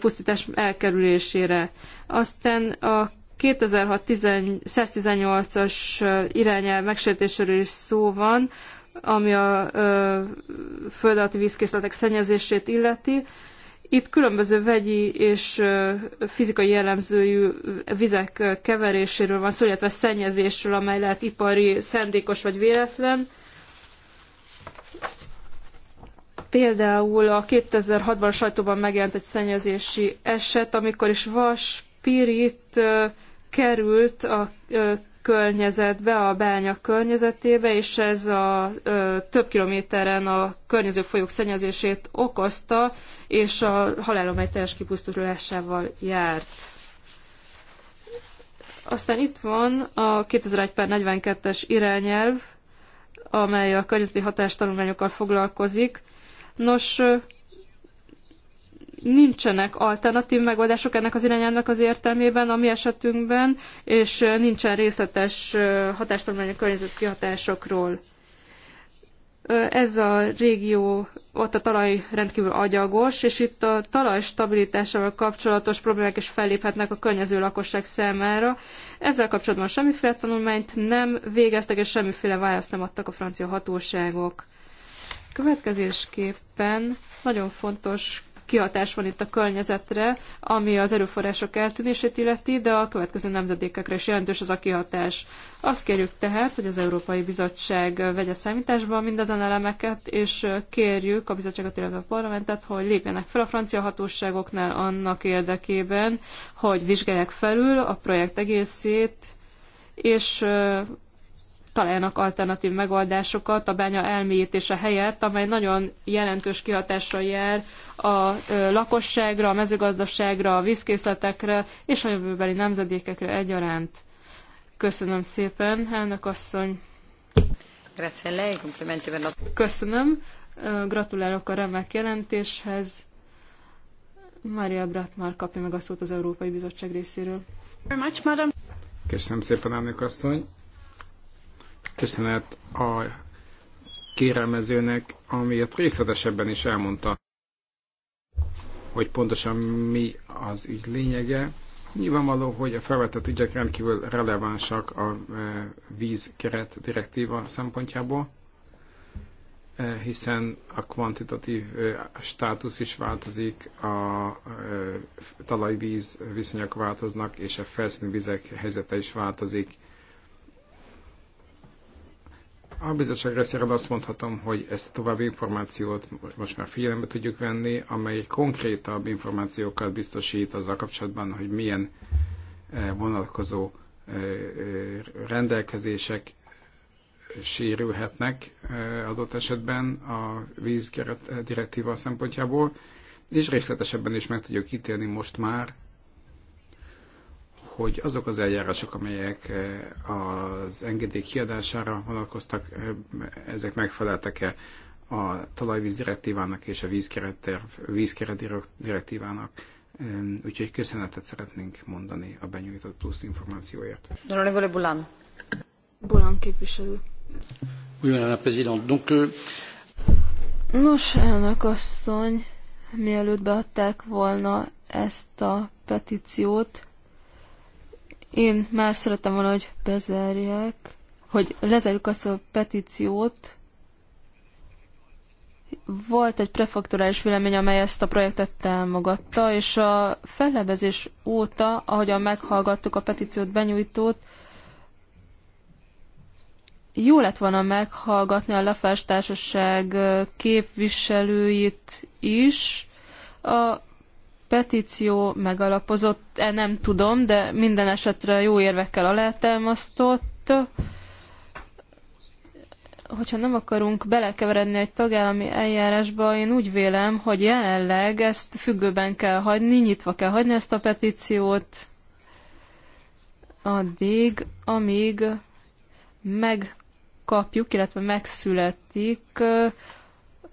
pusztítás elkerülésére. Aztán a 2016 118 as irányelv megsértéséről is szó van, ami a földalatti vízkészletek szennyezését illeti. Itt különböző vegyi és fizikai jellemzőjű vizek keveréséről van szó, illetve szennyezésről, amely lehet ipari, szendékos vagy véletlen. Például a 2006-ban sajtóban megjelent egy szennyezési eset, amikor is vas, pirit került a környezetbe, a bánya környezetébe, és ez a ö, több kilométeren a környező folyók szennyezését okozta, és a halálomely teljes kipusztulásával járt. Aztán itt van a 2001 per 42-es irányelv, amely a környezeti hatástanulmányokkal foglalkozik. Nos, nincsenek alternatív megoldások ennek az irányának az értelmében, a mi esetünkben, és nincsen részletes hatástanulmány a környezeti hatásokról. Ez a régió, ott a talaj rendkívül agyagos, és itt a talaj stabilitásával kapcsolatos problémák is felléphetnek a környező lakosság számára. Ezzel kapcsolatban semmiféle tanulmányt nem végeztek, és semmiféle választ nem adtak a francia hatóságok. Következésképpen nagyon fontos kihatás van itt a környezetre, ami az erőforrások eltűnését illeti, de a következő nemzedékekre is jelentős az a kihatás. Azt kérjük tehát, hogy az Európai Bizottság vegye számításba mindezen elemeket, és kérjük a bizottságot, illetve a parlamentet, hogy lépjenek fel a francia hatóságoknál annak érdekében, hogy vizsgálják felül a projekt egészét, és találjanak alternatív megoldásokat a bánya elmélyítése helyett, amely nagyon jelentős kihatással jár a lakosságra, a mezőgazdaságra, a vízkészletekre és a jövőbeli nemzedékekre egyaránt. Köszönöm szépen, elnök asszony! Köszönöm, gratulálok a remek jelentéshez. Maria Bratmar kapja meg a szót az Európai Bizottság részéről. Köszönöm szépen, elnök asszony! köszönet a kérelmezőnek, amiért részletesebben is elmondta, hogy pontosan mi az ügy lényege. Nyilvánvaló, hogy a felvetett ügyek rendkívül relevánsak a e, vízkeret direktíva szempontjából, e, hiszen a kvantitatív e, státusz is változik, a talajvíz viszonyok változnak, és a felszíni vizek helyzete is változik a bizottság részéről azt mondhatom, hogy ezt a további információt most már figyelembe tudjuk venni, amely konkrétabb információkat biztosít azzal kapcsolatban, hogy milyen eh, vonatkozó eh, eh, rendelkezések sérülhetnek adott esetben a vízkeret direktíva szempontjából, és részletesebben is meg tudjuk ítélni most már hogy azok az eljárások, amelyek eh, az engedély kiadására vonatkoztak, eh, ezek megfeleltek-e a talajvíz direktívának és a vízkeret direktívának. Úgyhogy köszönetet szeretnénk mondani a benyújtott plusz információért. Honorable Bulán. Bulán képviselő. Bulán a prezident. Donc, euh, Nos, elnök asszony, mielőtt beadták volna ezt a petíciót, én már szerettem volna, hogy bezárják, hogy lezárjuk azt a petíciót. Volt egy prefaktorális vélemény, amely ezt a projektet támogatta, és a fellebezés óta, ahogyan meghallgattuk a petíciót benyújtót, jó lett volna meghallgatni a Lafás Társaság képviselőit is. A petíció megalapozott, -e, nem tudom, de minden esetre jó érvekkel alátámasztott. Hogyha nem akarunk belekeveredni egy tagállami eljárásba, én úgy vélem, hogy jelenleg ezt függőben kell hagyni, nyitva kell hagyni ezt a petíciót addig, amíg megkapjuk, illetve megszületik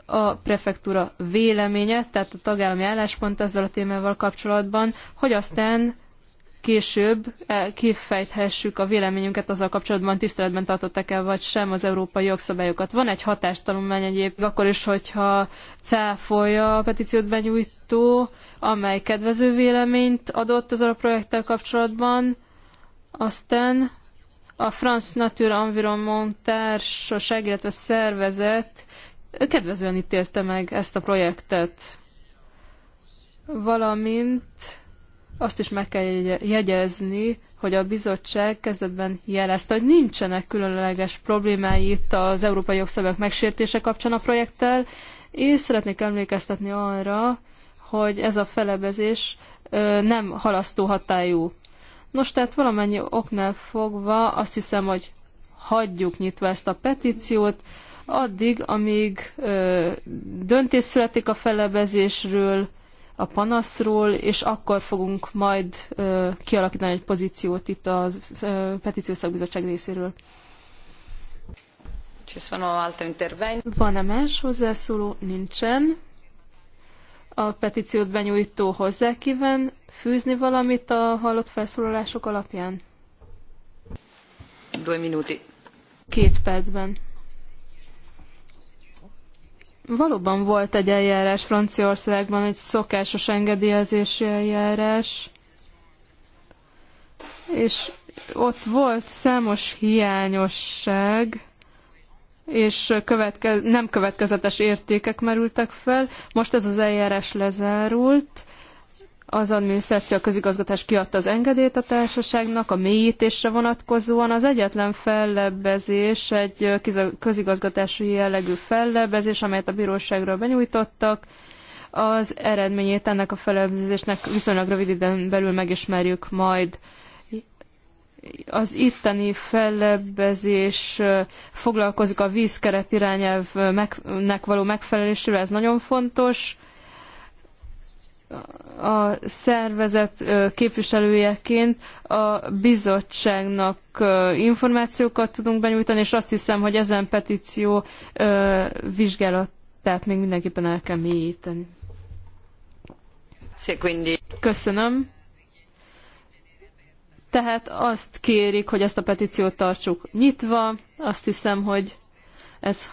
a prefektúra véleménye, tehát a tagállami álláspont ezzel a témával kapcsolatban, hogy aztán később e, kifejthessük a véleményünket azzal kapcsolatban, tiszteletben tartottak-e vagy sem az európai jogszabályokat. Van egy hatástanulmány egyéb, akkor is, hogyha cáfolja a petíciót benyújtó, amely kedvező véleményt adott az a projekttel kapcsolatban, aztán a France Nature Environment társaság, illetve szervezet kedvezően ítélte meg ezt a projektet. Valamint azt is meg kell jegyezni, hogy a bizottság kezdetben jelezte, hogy nincsenek különleges problémái itt az európai jogszabályok megsértése kapcsán a projekttel, és szeretnék emlékeztetni arra, hogy ez a felebezés nem halasztó hatályú. Nos, tehát valamennyi oknál fogva azt hiszem, hogy hagyjuk nyitva ezt a petíciót, addig, amíg ö, döntés születik a felebezésről, a panaszról, és akkor fogunk majd ö, kialakítani egy pozíciót itt a petíciós szakbizottság részéről. Van-e más hozzászóló? Nincsen. A petíciót benyújtó hozzá kíván fűzni valamit a hallott felszólalások alapján? Két percben. Valóban volt egy eljárás Franciaországban, egy szokásos engedélyezési eljárás, és ott volt számos hiányosság, és követke, nem következetes értékek merültek fel. Most ez az eljárás lezárult, az adminisztráció a közigazgatás kiadta az engedélyt a társaságnak, a mélyítésre vonatkozóan az egyetlen fellebbezés egy közigazgatási jellegű fellebbezés, amelyet a bíróságra benyújtottak. Az eredményét ennek a fellebbezésnek viszonylag rövid időn belül megismerjük majd az itteni fellebbezés foglalkozik a vízkeret irányelvnek való megfelelésével, ez nagyon fontos a szervezet képviselőjeként a bizottságnak információkat tudunk benyújtani, és azt hiszem, hogy ezen petíció vizsgálatát még mindenképpen el kell mélyíteni. Köszönöm. Tehát azt kérik, hogy ezt a petíciót tartsuk nyitva. Azt hiszem, hogy ez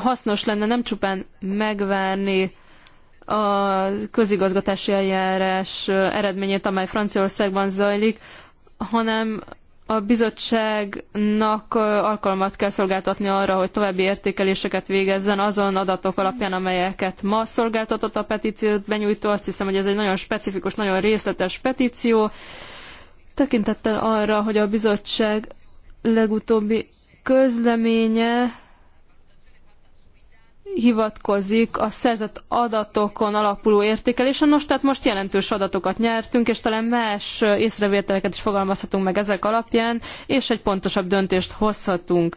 hasznos lenne nem csupán megvárni, a közigazgatási eljárás eredményét, amely Franciaországban zajlik, hanem a bizottságnak alkalmat kell szolgáltatni arra, hogy további értékeléseket végezzen azon adatok alapján, amelyeket ma szolgáltatott a petíciót benyújtó. Azt hiszem, hogy ez egy nagyon specifikus, nagyon részletes petíció. Tekintettel arra, hogy a bizottság legutóbbi közleménye hivatkozik a szerzett adatokon alapuló értékelésen. Nos, tehát most jelentős adatokat nyertünk, és talán más észrevételeket is fogalmazhatunk meg ezek alapján, és egy pontosabb döntést hozhatunk.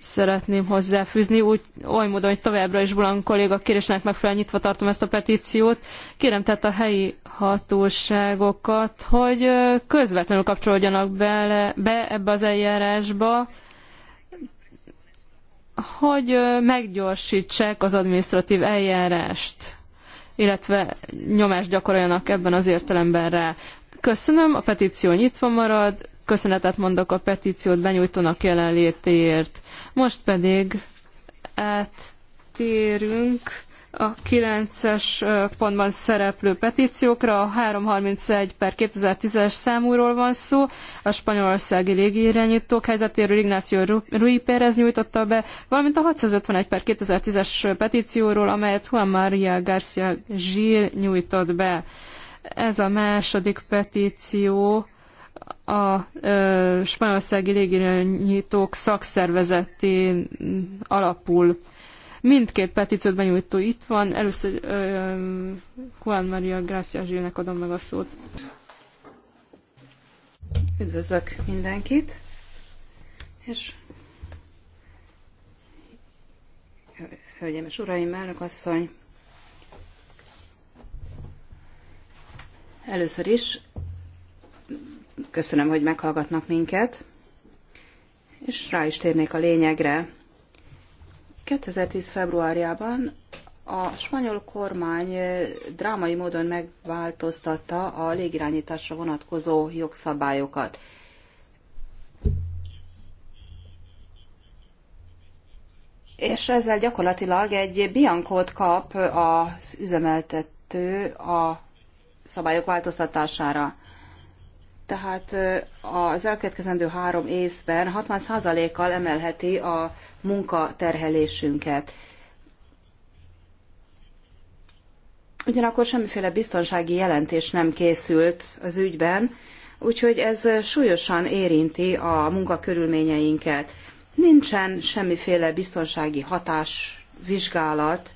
Szeretném hozzáfűzni, úgy oly módon, hogy továbbra is Bulan kolléga kérésnek megfelelően nyitva tartom ezt a petíciót. Kérem tehát a helyi hatóságokat, hogy közvetlenül kapcsolódjanak bele, be ebbe az eljárásba, hogy meggyorsítsák az administratív eljárást, illetve nyomást gyakoroljanak ebben az értelemben rá. Köszönöm, a petíció nyitva marad, köszönetet mondok a petíciót benyújtónak jelenlétéért. Most pedig áttérünk a 9-es pontban szereplő petíciókra. A 331 per 2010-es számúról van szó. A spanyolországi légirányítók helyzetéről Ignacio Rui Pérez nyújtotta be, valamint a 651 per 2010-es petícióról, amelyet Juan María García Gil nyújtott be. Ez a második petíció a ö, spanyolországi légirányítók szakszervezetén alapul Mindkét petíciót benyújtó itt van. Először ö, Juan Maria Gracia Zsilnek adom meg a szót. Üdvözlök mindenkit, és Hölgyeim és Uraim, elnök asszony! Először is köszönöm, hogy meghallgatnak minket, és rá is térnék a lényegre. 2010. februárjában a spanyol kormány eh, drámai módon megváltoztatta a légirányításra vonatkozó jogszabályokat. És ezzel gyakorlatilag egy biankót kap az üzemeltető a szabályok változtatására tehát az elkövetkezendő három évben 60%-kal emelheti a munkaterhelésünket. Ugyanakkor semmiféle biztonsági jelentés nem készült az ügyben, úgyhogy ez súlyosan érinti a munkakörülményeinket. Nincsen semmiféle biztonsági hatásvizsgálat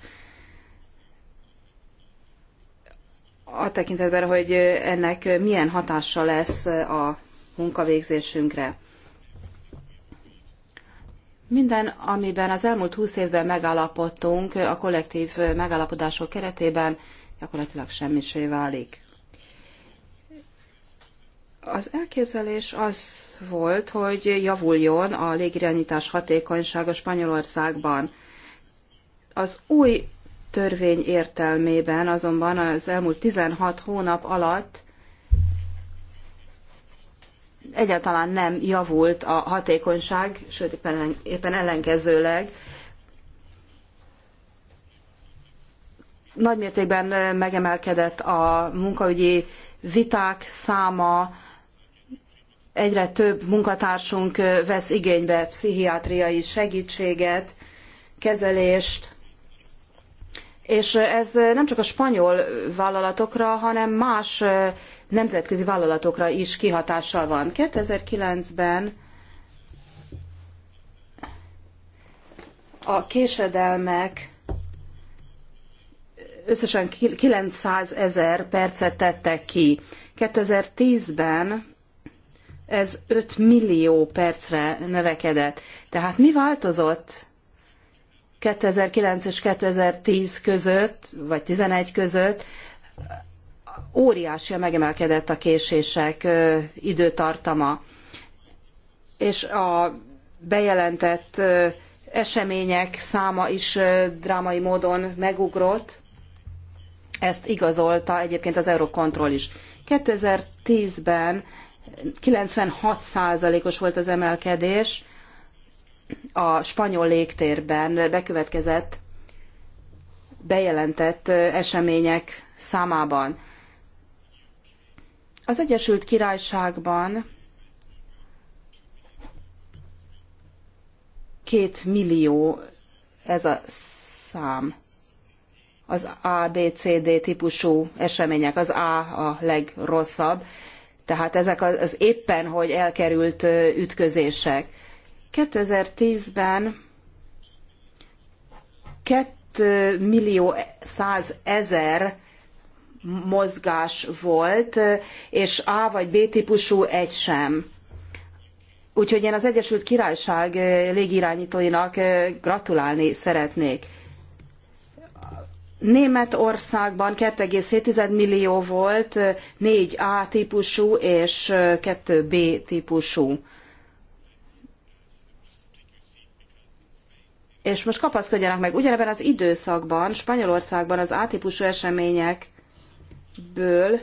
a tekintetben, hogy ennek milyen hatása lesz a munkavégzésünkre. Minden, amiben az elmúlt húsz évben megállapodtunk, a kollektív megállapodások keretében gyakorlatilag semmisé válik. Az elképzelés az volt, hogy javuljon a légirányítás hatékonysága Spanyolországban. Az új törvény értelmében azonban az elmúlt 16 hónap alatt egyáltalán nem javult a hatékonyság, sőt éppen, éppen ellenkezőleg. Nagymértékben megemelkedett a munkaügyi viták száma, egyre több munkatársunk vesz igénybe pszichiátriai segítséget, kezelést, és ez nem csak a spanyol vállalatokra, hanem más nemzetközi vállalatokra is kihatással van. 2009-ben a késedelmek összesen 900 ezer percet tettek ki. 2010-ben ez 5 millió percre növekedett. Tehát mi változott 2009 és 2010 között, vagy 11 között óriási a megemelkedett a késések időtartama. És a bejelentett események száma is drámai módon megugrott. Ezt igazolta egyébként az Eurocontrol is. 2010-ben 96%-os volt az emelkedés, a spanyol légtérben bekövetkezett, bejelentett események számában. Az Egyesült Királyságban két millió ez a szám. Az A, B, C, D típusú események, az A a legrosszabb, tehát ezek az éppen, hogy elkerült ütközések. 2010-ben 2 millió 100 ezer mozgás volt, és A vagy B típusú egy sem. Úgyhogy én az Egyesült Királyság légirányítóinak gratulálni szeretnék. Németországban 2,7 millió volt, 4A típusú és 2B típusú és most kapaszkodjanak meg. Ugyanebben az időszakban, Spanyolországban az átípusú eseményekből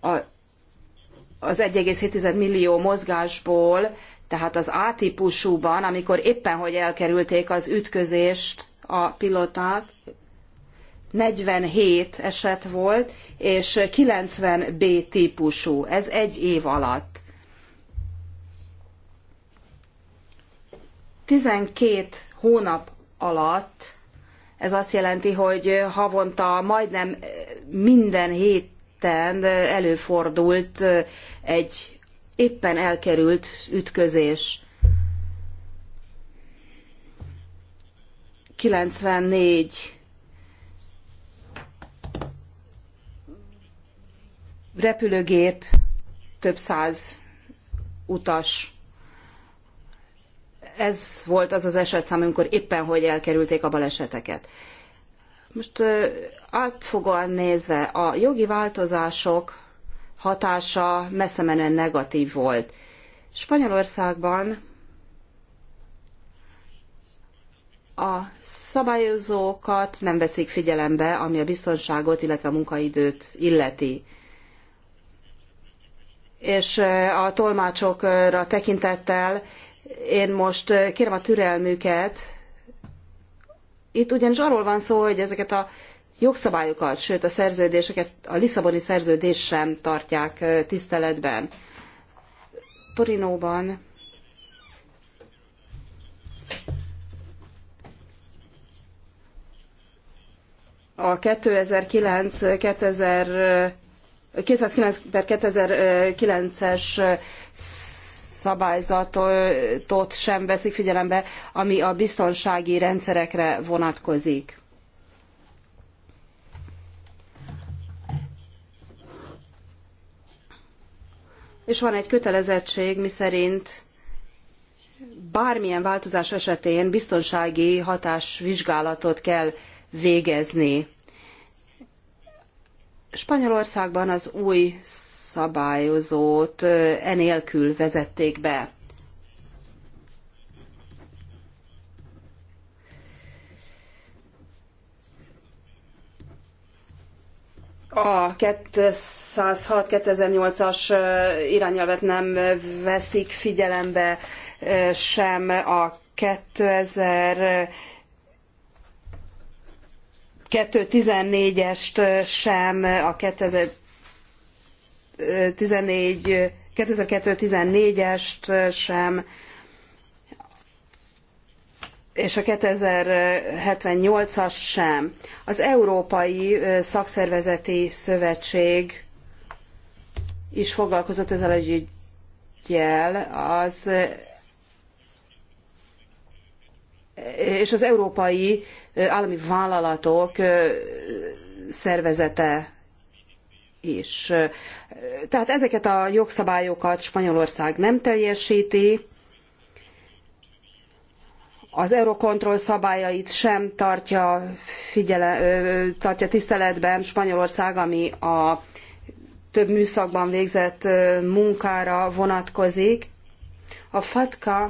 a, az 1,7 millió mozgásból, tehát az átípusúban, amikor éppen hogy elkerülték az ütközést a piloták, 47 eset volt, és 90 B típusú. Ez egy év alatt. 12 hónap alatt ez azt jelenti, hogy havonta majdnem eh, minden héten eh, előfordult eh, egy éppen elkerült ütközés. 94 repülőgép, több száz utas ez volt az az esetszám, amikor éppen hogy elkerülték a baleseteket. Most átfogóan nézve, a jogi változások hatása messze menően negatív volt. Spanyolországban a szabályozókat nem veszik figyelembe, ami a biztonságot, illetve a munkaidőt illeti. És a tolmácsokra tekintettel én most eh, kérem a türelmüket. Itt ugyanis arról van szó, hogy ezeket a jogszabályokat, sőt a szerződéseket, a Lisszaboni szerződés sem tartják eh, tiszteletben. Torinóban a 2009-2009-es szabályzatot sem veszik figyelembe, ami a biztonsági rendszerekre vonatkozik. És van egy kötelezettség, miszerint bármilyen változás esetén biztonsági hatásvizsgálatot kell végezni. Spanyolországban az új szabályozót enélkül vezették be. a 206-2008-as irányelvet nem veszik figyelembe sem a 2000 214-est sem, a 14, 2002-14-est sem, és a 2078-as sem. Az Európai Szakszervezeti Szövetség is foglalkozott ezzel egy ügyjel, az és az európai állami vállalatok szervezete is. Tehát ezeket a jogszabályokat Spanyolország nem teljesíti, az Eurocontrol szabályait sem tartja, figyele, tartja tiszteletben Spanyolország, ami a több műszakban végzett munkára vonatkozik. A FATCA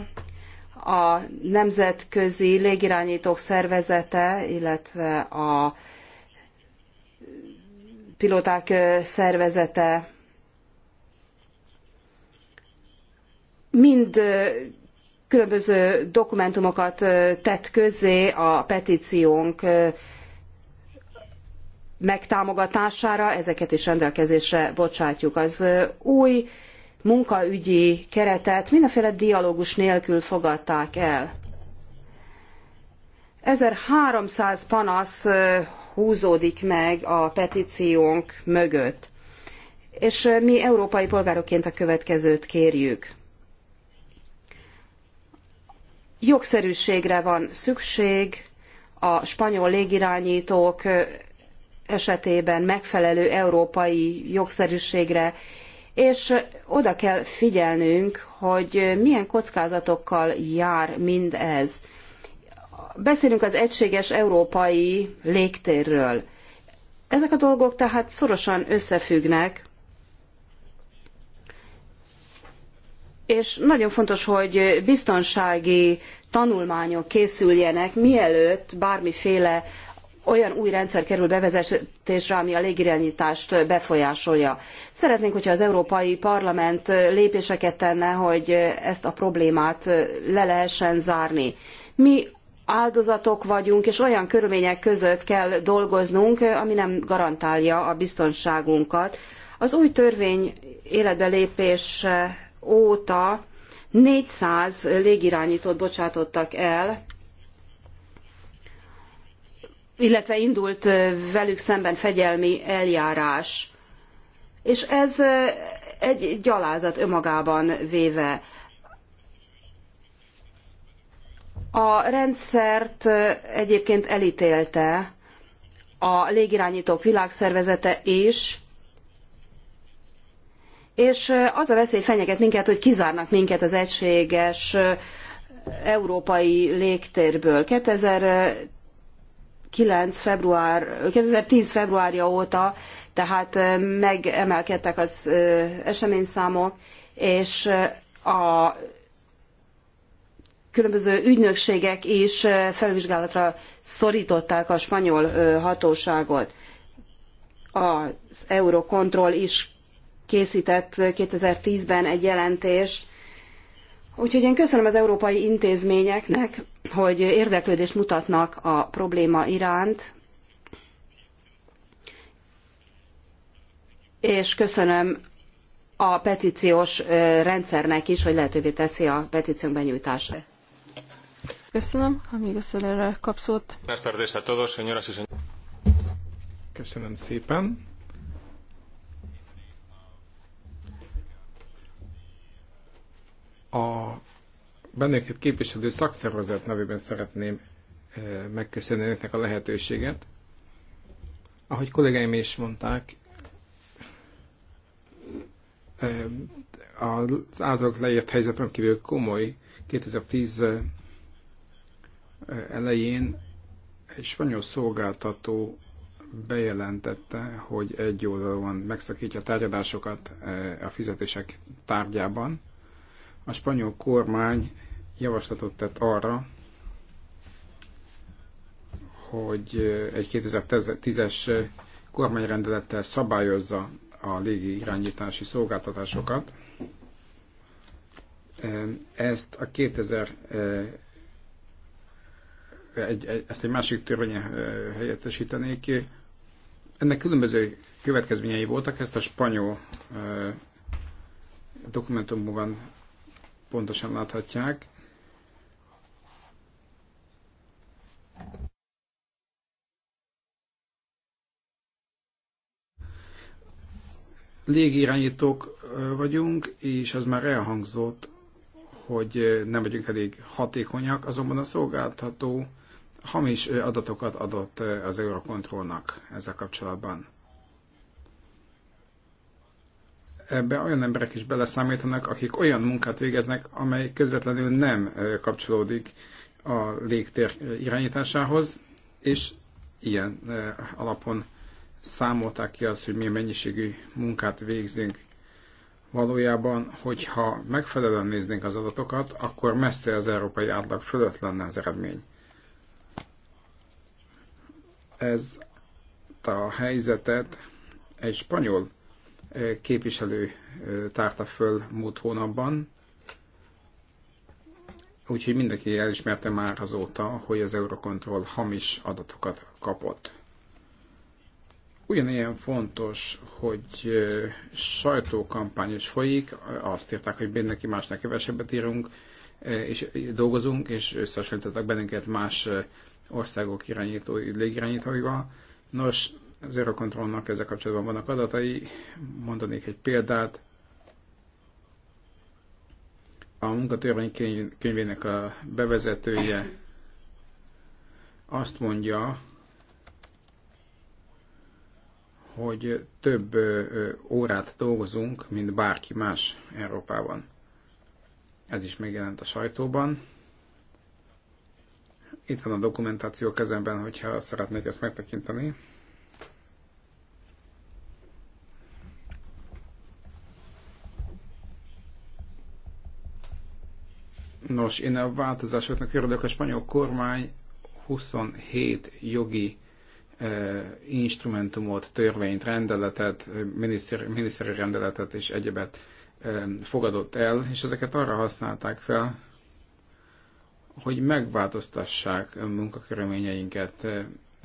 a nemzetközi légirányítók szervezete, illetve a pilóták szervezete, mind különböző dokumentumokat tett közzé a petíciónk megtámogatására, ezeket is rendelkezésre bocsátjuk. Az új munkaügyi keretet mindenféle dialógus nélkül fogadták el. 1300 panasz húzódik meg a petíciónk mögött. És mi európai polgárokként a következőt kérjük. Jogszerűségre van szükség, a spanyol légirányítók esetében megfelelő európai jogszerűségre, és oda kell figyelnünk, hogy milyen kockázatokkal jár mindez beszélünk az egységes európai légtérről. Ezek a dolgok tehát szorosan összefüggnek, és nagyon fontos, hogy biztonsági tanulmányok készüljenek, mielőtt bármiféle olyan új rendszer kerül bevezetésre, ami a légirányítást befolyásolja. Szeretnénk, hogyha az Európai Parlament lépéseket tenne, hogy ezt a problémát le lehessen zárni. Mi áldozatok vagyunk, és olyan körülmények között kell dolgoznunk, ami nem garantálja a biztonságunkat. Az új törvény életbe lépés óta 400 légirányítót bocsátottak el, illetve indult velük szemben fegyelmi eljárás. És ez egy gyalázat önmagában véve. A rendszert egyébként elítélte a légirányítók világszervezete is, és az a veszély fenyeget minket, hogy kizárnak minket az egységes európai légtérből. 2009. február, 2010. februárja óta tehát megemelkedtek az eseményszámok, és a különböző ügynökségek is felvizsgálatra szorították a spanyol hatóságot. Az Eurocontrol is készített 2010-ben egy jelentést, Úgyhogy én köszönöm az európai intézményeknek, hogy érdeklődést mutatnak a probléma iránt, és köszönöm a petíciós rendszernek is, hogy lehetővé teszi a petíciónk benyújtását. Köszönöm, amíg a kap szót. Köszönöm szépen. A bennünket képviselő szakszervezet nevében szeretném eh, megköszönni önöknek a lehetőséget. Ahogy kollégáim is mondták, eh, az általuk leírt helyzetben kívül komoly 2010 elején egy spanyol szolgáltató bejelentette, hogy egy oldalon megszakítja a tárgyalásokat e, a fizetések tárgyában. A spanyol kormány javaslatot tett arra, hogy egy 2010-es kormányrendelettel szabályozza a légi irányítási szolgáltatásokat. E, ezt a 2000 egy, ezt egy másik törvénye helyettesítenék. Ennek különböző következményei voltak, ezt a spanyol dokumentumban pontosan láthatják. légirányítók vagyunk, és az már elhangzott, hogy nem vagyunk elég hatékonyak, azonban a szolgáltató hamis adatokat adott az Eurocontrolnak ezzel kapcsolatban. Ebben olyan emberek is beleszámítanak, akik olyan munkát végeznek, amely közvetlenül nem kapcsolódik a légtér irányításához, és ilyen alapon számolták ki azt, hogy milyen mennyiségű munkát végzünk. Valójában, hogyha megfelelően néznénk az adatokat, akkor messze az európai átlag fölött lenne az eredmény. Ez a helyzetet egy spanyol eh, képviselő eh, tárta föl múlt hónapban, úgyhogy mindenki elismerte már azóta, hogy az Eurocontrol hamis adatokat kapott. Ugyanilyen fontos, hogy eh, sajtókampány is folyik, azt írták, hogy mindenki másnak kevesebbet írunk, és dolgozunk, és összehasonlítottak bennünket más országok irányítói, légirányítóival. Nos, az Eurocontrolnak ezzel kapcsolatban vannak adatai. Mondanék egy példát. A munkatörvény könyvének a bevezetője azt mondja, hogy több órát dolgozunk, mint bárki más Európában. Ez is megjelent a sajtóban. Itt van a dokumentáció kezemben, hogyha szeretnék ezt megtekinteni. Nos, én a változásoknak örülök, a spanyol kormány 27 jogi eh, instrumentumot, törvényt, rendeletet, eh, miniszteri, miniszteri rendeletet és egyebet eh, fogadott el, és ezeket arra használták fel, hogy megváltoztassák munkakörülményeinket,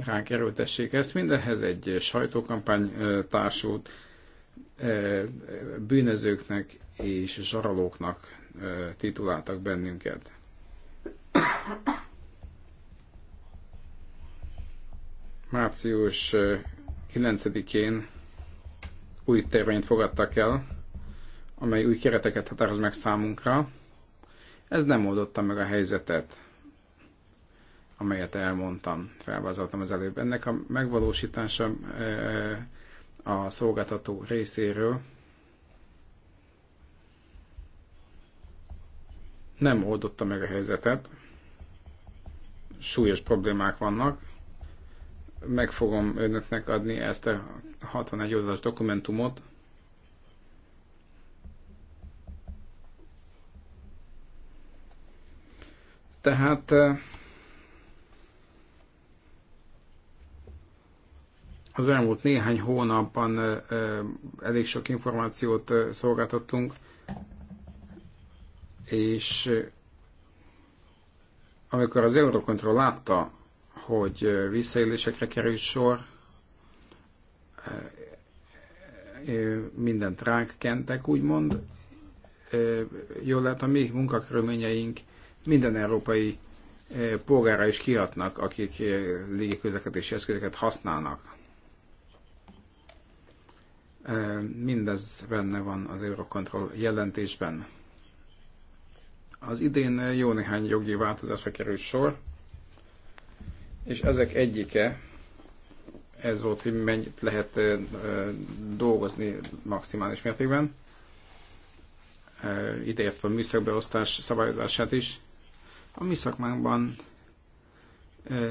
ránk erőltessék ezt. Mindenhez egy sajtókampány társult bűnözőknek és zsaralóknak tituláltak bennünket. Március 9-én új törvényt fogadtak el, amely új kereteket határoz meg számunkra, ez nem oldotta meg a helyzetet, amelyet elmondtam, felvázoltam az előbb. Ennek a megvalósítása eh, a szolgáltató részéről nem oldotta meg a helyzetet, súlyos problémák vannak, meg fogom önöknek adni ezt a 61 oldalas dokumentumot, Tehát az elmúlt néhány hónapban elég sok információt szolgáltattunk, és amikor az Eurocontrol látta, hogy visszaélésekre kerül sor, mindent ránk kentek, úgymond, jól lehet a mi munkakörülményeink minden európai e, polgára is kihatnak, akik e, légiközlekedési eszközöket használnak. E, mindez benne van az Eurocontrol jelentésben. Az idén jó néhány jogi változásra került sor, és ezek egyike ez volt, hogy mennyit lehet dolgozni maximális mértékben, ideértve a műszakbeosztás szabályozását is a mi szakmánkban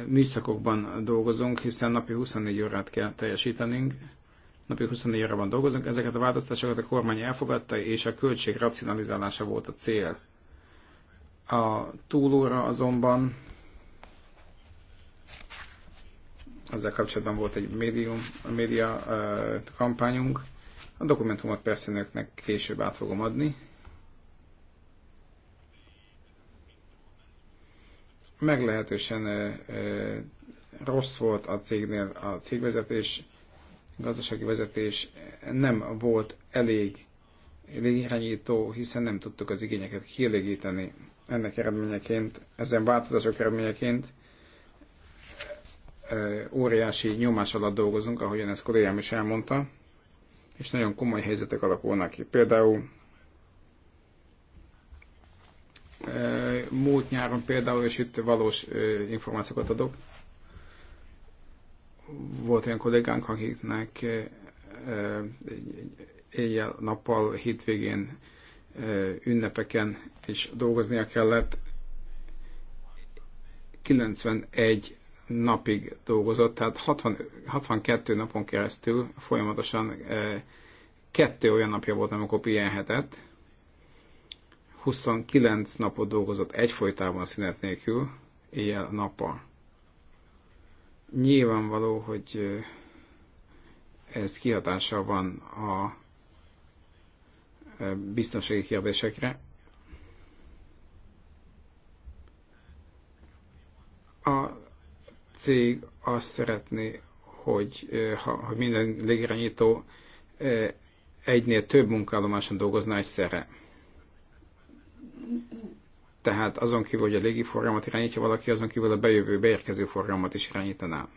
műszakokban dolgozunk, hiszen napi 24 órát kell teljesítenünk, napi 24 órában dolgozunk. Ezeket a változtatásokat a kormány elfogadta, és a költség racionalizálása volt a cél. A túlóra azonban ezzel kapcsolatban volt egy médium, a média uh, kampányunk. A dokumentumot persze nőknek később át fogom adni, meglehetősen rossz volt a cégnél a cégvezetés, a gazdasági vezetés nem volt elég elég irányító, hiszen nem tudtuk az igényeket kielégíteni ennek eredményeként, ezen változások eredményeként óriási nyomás alatt dolgozunk, ahogyan ezt kollégám is elmondta, és nagyon komoly helyzetek alakulnak ki. Például Múlt nyáron például, és itt valós információkat adok, volt olyan kollégánk, akiknek éjjel-nappal, hétvégén, ünnepeken is dolgoznia kellett. 91 napig dolgozott, tehát 60, 62 napon keresztül folyamatosan kettő olyan napja volt, amikor pihenhetett, 29 napot dolgozott egyfolytában szünet nélkül, éjjel napa. Nyilvánvaló, hogy ez kihatása van a biztonsági kérdésekre. A cég azt szeretné, hogy, ha, hogy minden légirányító egynél több munkállomáson dolgozna egyszerre tehát azon kívül, hogy a forgalmat irányítja valaki, azon kívül a bejövő, beérkező forgalmat is irányítaná.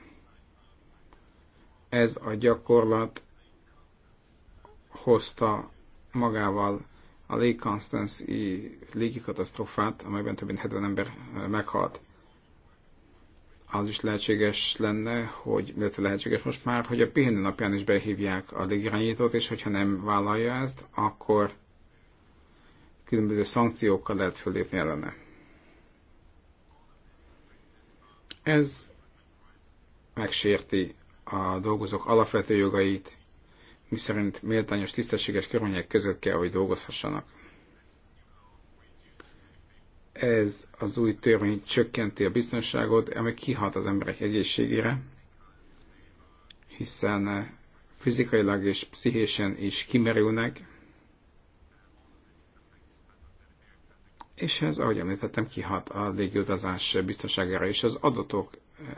Ez a gyakorlat hozta magával a Lake Constance katasztrofát, amelyben több mint 70 ember eh, meghalt. Az is lehetséges lenne, hogy, illetve lehetséges most már, hogy a pihenő napján is behívják a légirányítót, és hogyha nem vállalja ezt, akkor különböző szankciókkal lehet fölépni ellene. Ez megsérti a dolgozók alapvető jogait, miszerint méltányos, tisztességes körülmények között kell, hogy dolgozhassanak. Ez az új törvény csökkenti a biztonságot, ami kihat az emberek egészségére, hiszen fizikailag és pszichésen is kimerülnek, és ez, ahogy említettem, kihat a légiutazás biztonságára és Az adatok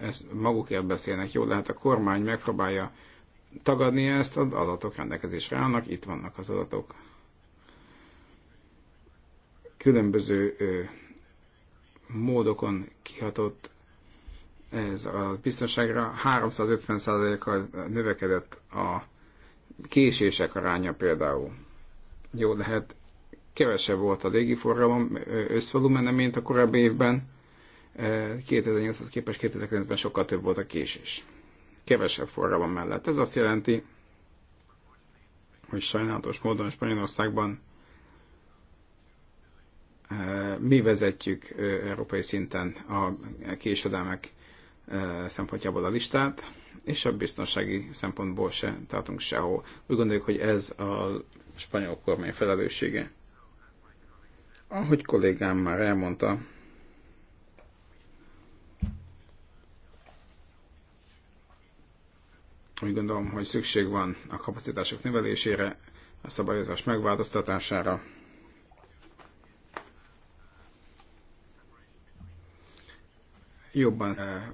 ezt magukért beszélnek, jó lehet a kormány megpróbálja tagadni ezt, az adatok rendelkezésre állnak, itt vannak az adatok. Különböző ö, módokon kihatott ez a biztonságra 350%-kal növekedett a késések aránya például. Jó lehet, kevesebb volt a légiforgalom összvolumene, mint a korábbi évben. 2008-hoz képest 2009-ben sokkal több volt a késés. Kevesebb forgalom mellett. Ez azt jelenti, hogy sajnálatos módon Spanyolországban mi vezetjük európai szinten a késedelmek szempontjából a listát, és a biztonsági szempontból se tartunk sehol. Úgy gondoljuk, hogy ez a spanyol kormány felelőssége. Ahogy kollégám már elmondta, úgy gondolom, hogy szükség van a kapacitások növelésére, a szabályozás megváltoztatására, jobban, eh,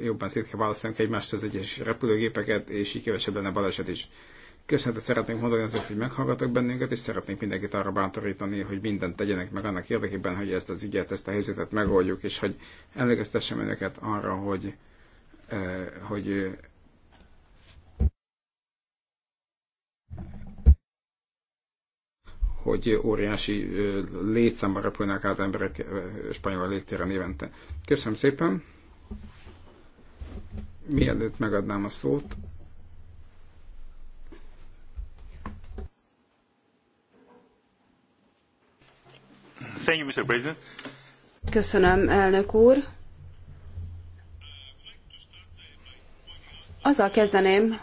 jobban szét kell választanunk egymást az egyes repülőgépeket, és így kevesebb lenne baleset is. Köszönetet szeretnénk mondani azért, hogy meghallgatok bennünket, és szeretnénk mindenkit arra bántorítani, hogy mindent tegyenek meg annak érdekében, hogy ezt az ügyet, ezt a helyzetet megoldjuk, és hogy emlékeztessem önöket arra, hogy, eh, hogy hogy óriási eh, létszámban repülnek át emberek eh, spanyol légtéren évente. Köszönöm szépen! Mielőtt megadnám a szót, Thank you, Mr. President. Köszönöm, elnök úr. Azzal kezdeném,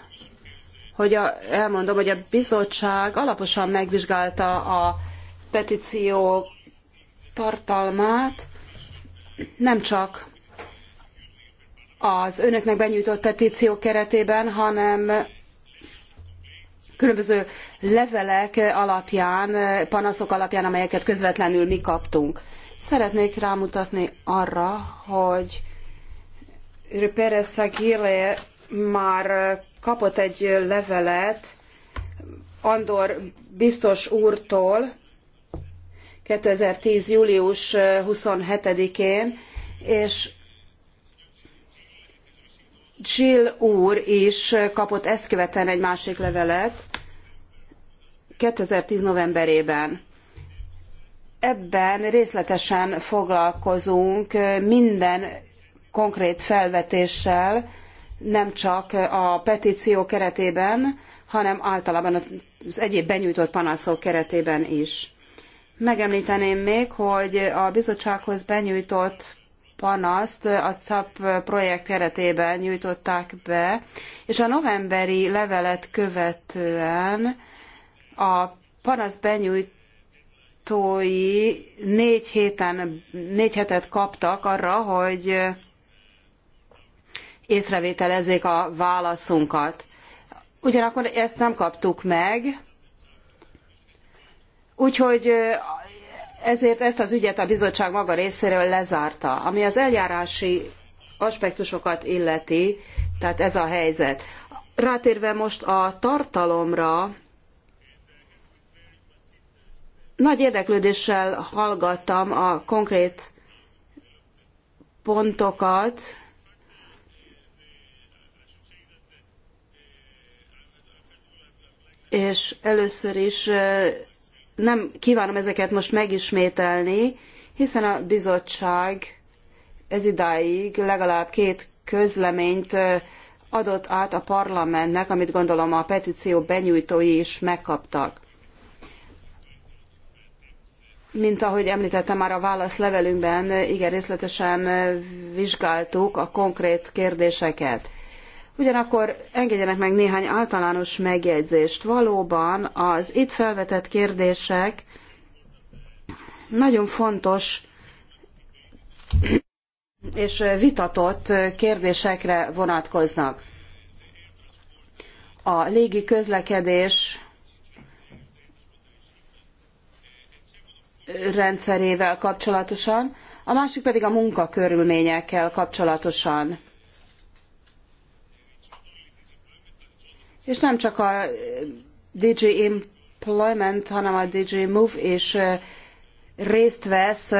hogy a, elmondom, hogy a bizottság alaposan megvizsgálta a petíció tartalmát, nem csak az önöknek benyújtott petíció keretében, hanem különböző levelek alapján, panaszok alapján, amelyeket közvetlenül mi kaptunk. Szeretnék rámutatni arra, hogy Pérez Szagirle már kapott egy levelet Andor biztos úrtól 2010. július 27-én, és Jill úr is kapott ezt követően egy másik levelet 2010. novemberében. Ebben részletesen foglalkozunk minden konkrét felvetéssel, nem csak a petíció keretében, hanem általában az egyéb benyújtott panaszok keretében is. Megemlíteném még, hogy a bizottsághoz benyújtott panaszt a CAP projekt keretében nyújtották be, és a novemberi levelet követően a panasz benyújtói négy, héten, négy hetet kaptak arra, hogy észrevételezzék a válaszunkat. Ugyanakkor ezt nem kaptuk meg, úgyhogy ezért ezt az ügyet a bizottság maga részéről lezárta. Ami az eljárási aspektusokat illeti, tehát ez a helyzet. Rátérve most a tartalomra, nagy érdeklődéssel hallgattam a konkrét pontokat, és először is nem kívánom ezeket most megismételni, hiszen a bizottság ez idáig legalább két közleményt adott át a parlamentnek, amit gondolom a petíció benyújtói is megkaptak. Mint ahogy említettem már a válaszlevelünkben, igen részletesen vizsgáltuk a konkrét kérdéseket. Ugyanakkor engedjenek meg néhány általános megjegyzést. Valóban az itt felvetett kérdések nagyon fontos és vitatott kérdésekre vonatkoznak. A légi közlekedés rendszerével kapcsolatosan, a másik pedig a munkakörülményekkel kapcsolatosan. és nem csak a DG Employment, hanem a DG Move is részt vesz,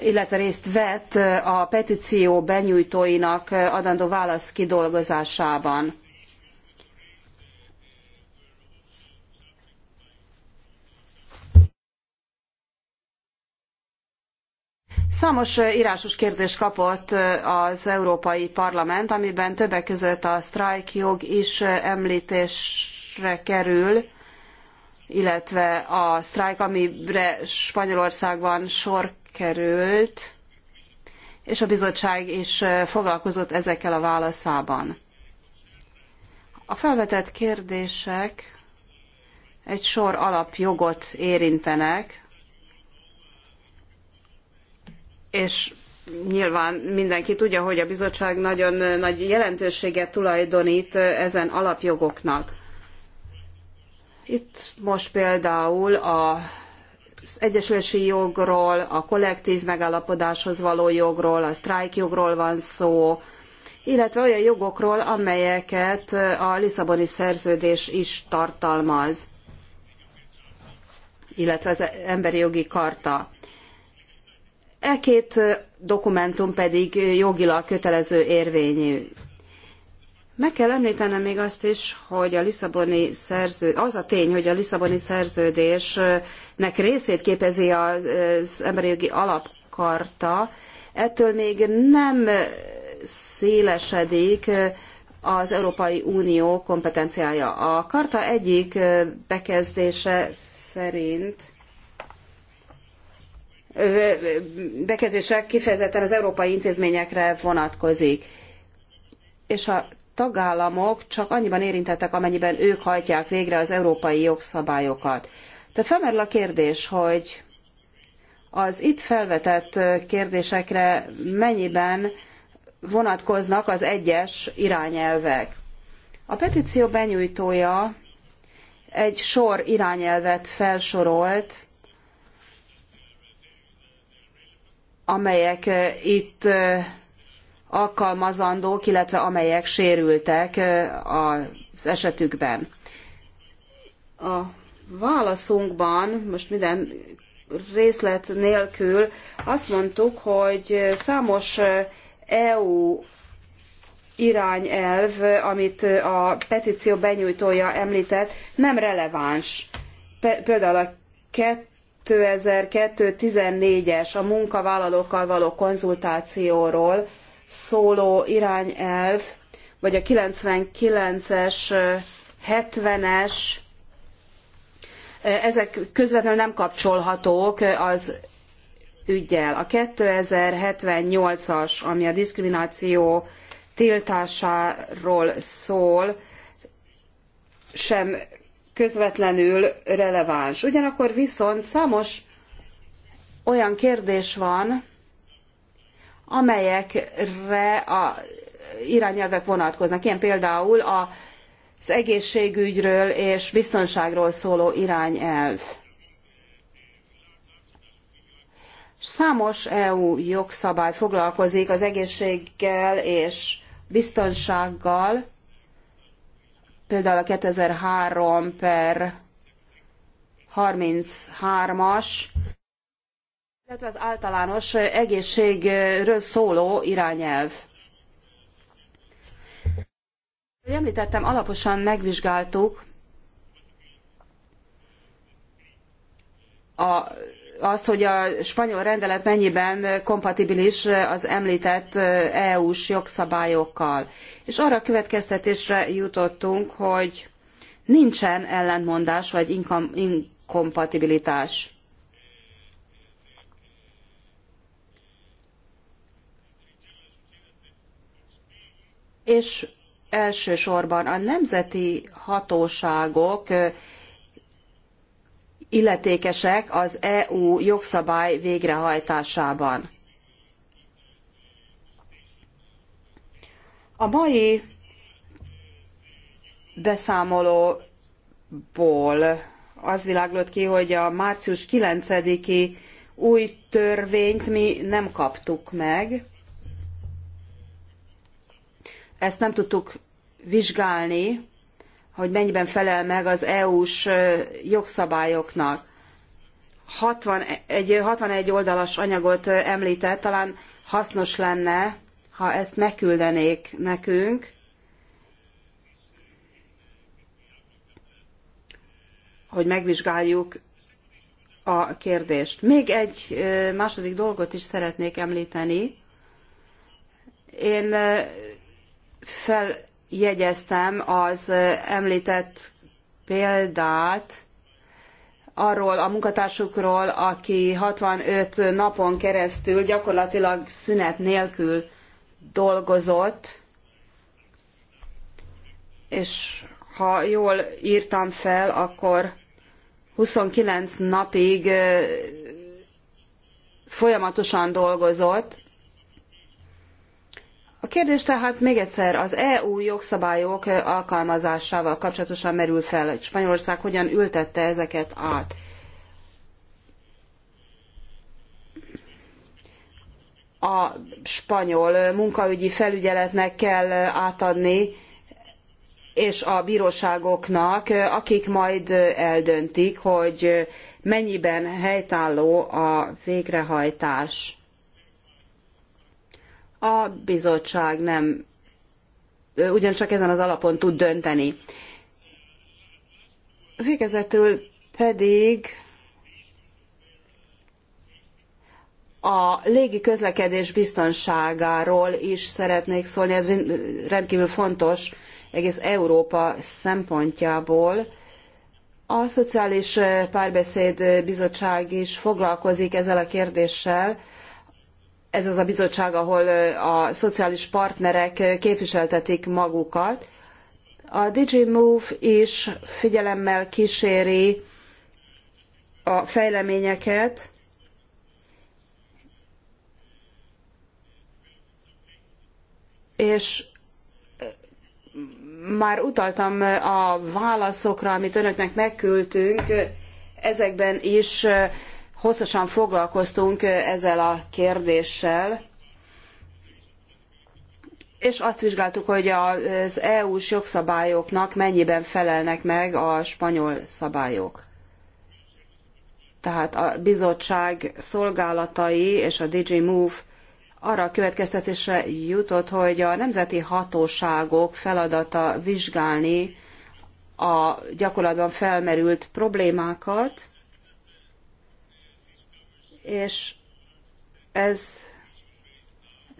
illetve részt vett a petíció benyújtóinak adandó válasz kidolgozásában. Számos írásos kérdést kapott az Európai Parlament, amiben többek között a sztrájkjog is említésre kerül, illetve a sztrájk, amire Spanyolországban sor került, és a bizottság is foglalkozott ezekkel a válaszában. A felvetett kérdések egy sor alapjogot érintenek, és nyilván mindenki tudja, hogy a bizottság nagyon nagy jelentőséget tulajdonít ezen alapjogoknak. Itt most például a az egyesülési jogról, a kollektív megállapodáshoz való jogról, a sztrájkjogról van szó, illetve olyan jogokról, amelyeket a Lisszaboni szerződés is tartalmaz, illetve az emberi jogi karta. E két dokumentum pedig jogilag kötelező érvényű. Meg kell említenem még azt is, hogy a Lisszaboni szerző, az a tény, hogy a Lisszaboni szerződésnek részét képezi az emberi jogi alapkarta, ettől még nem szélesedik az Európai Unió kompetenciája. A karta egyik bekezdése szerint bekezdések kifejezetten az európai intézményekre vonatkozik. És a tagállamok csak annyiban érintettek, amennyiben ők hajtják végre az európai jogszabályokat. Tehát felmerül a kérdés, hogy az itt felvetett kérdésekre mennyiben vonatkoznak az egyes irányelvek. A petíció benyújtója egy sor irányelvet felsorolt, amelyek eh, itt eh, alkalmazandók, illetve amelyek sérültek eh, az esetükben. A válaszunkban, most minden részlet nélkül azt mondtuk, hogy számos EU e irányelv, amit a petíció benyújtója említett, nem releváns. Például a 2002-14-es a munkavállalókkal való konzultációról szóló irányelv, vagy a 99-es, 70-es, ezek közvetlenül nem kapcsolhatók az ügyel. A 2078-as, ami a diszkrimináció tiltásáról szól, sem közvetlenül releváns. Ugyanakkor viszont számos olyan kérdés van, amelyekre a irányelvek vonatkoznak. Ilyen például az egészségügyről és biztonságról szóló irányelv. Számos EU jogszabály foglalkozik az egészséggel és biztonsággal, például a 2003 per 33-as, illetve az általános egészségről szóló irányelv. Ahogy említettem, alaposan megvizsgáltuk a, azt, hogy a spanyol rendelet mennyiben kompatibilis az említett EU-s jogszabályokkal és arra a következtetésre jutottunk, hogy nincsen ellentmondás vagy inkom- inkompatibilitás. És elsősorban a nemzeti hatóságok illetékesek az EU jogszabály végrehajtásában. A mai beszámolóból az világlott ki, hogy a március 9-i új törvényt mi nem kaptuk meg. Ezt nem tudtuk vizsgálni, hogy mennyiben felel meg az EU-s jogszabályoknak. 60, egy 61 oldalas anyagot említett, talán hasznos lenne ha ezt megküldenék nekünk, hogy megvizsgáljuk a kérdést. Még egy második dolgot is szeretnék említeni. Én feljegyeztem az említett példát arról a munkatársukról, aki 65 napon keresztül gyakorlatilag szünet nélkül dolgozott, és ha jól írtam fel, akkor 29 napig folyamatosan dolgozott. A kérdés tehát még egyszer az EU jogszabályok alkalmazásával kapcsolatosan merül fel, hogy Spanyolország hogyan ültette ezeket át. a spanyol munkaügyi felügyeletnek kell átadni, és a bíróságoknak, akik majd eldöntik, hogy mennyiben helytálló a végrehajtás. A bizottság nem ugyancsak ezen az alapon tud dönteni. Végezetül pedig a légi közlekedés biztonságáról is szeretnék szólni, ez rendkívül fontos egész Európa szempontjából. A Szociális Párbeszéd Bizottság is foglalkozik ezzel a kérdéssel. Ez az a bizottság, ahol a szociális partnerek képviseltetik magukat. A DigiMove is figyelemmel kíséri a fejleményeket, és már utaltam a válaszokra, amit önöknek megküldtünk, ezekben is hosszasan foglalkoztunk ezzel a kérdéssel, és azt vizsgáltuk, hogy az EU-s jogszabályoknak mennyiben felelnek meg a spanyol szabályok. Tehát a bizottság szolgálatai és a DG Move arra a következtetésre jutott, hogy a nemzeti hatóságok feladata vizsgálni a gyakorlatban felmerült problémákat, és ez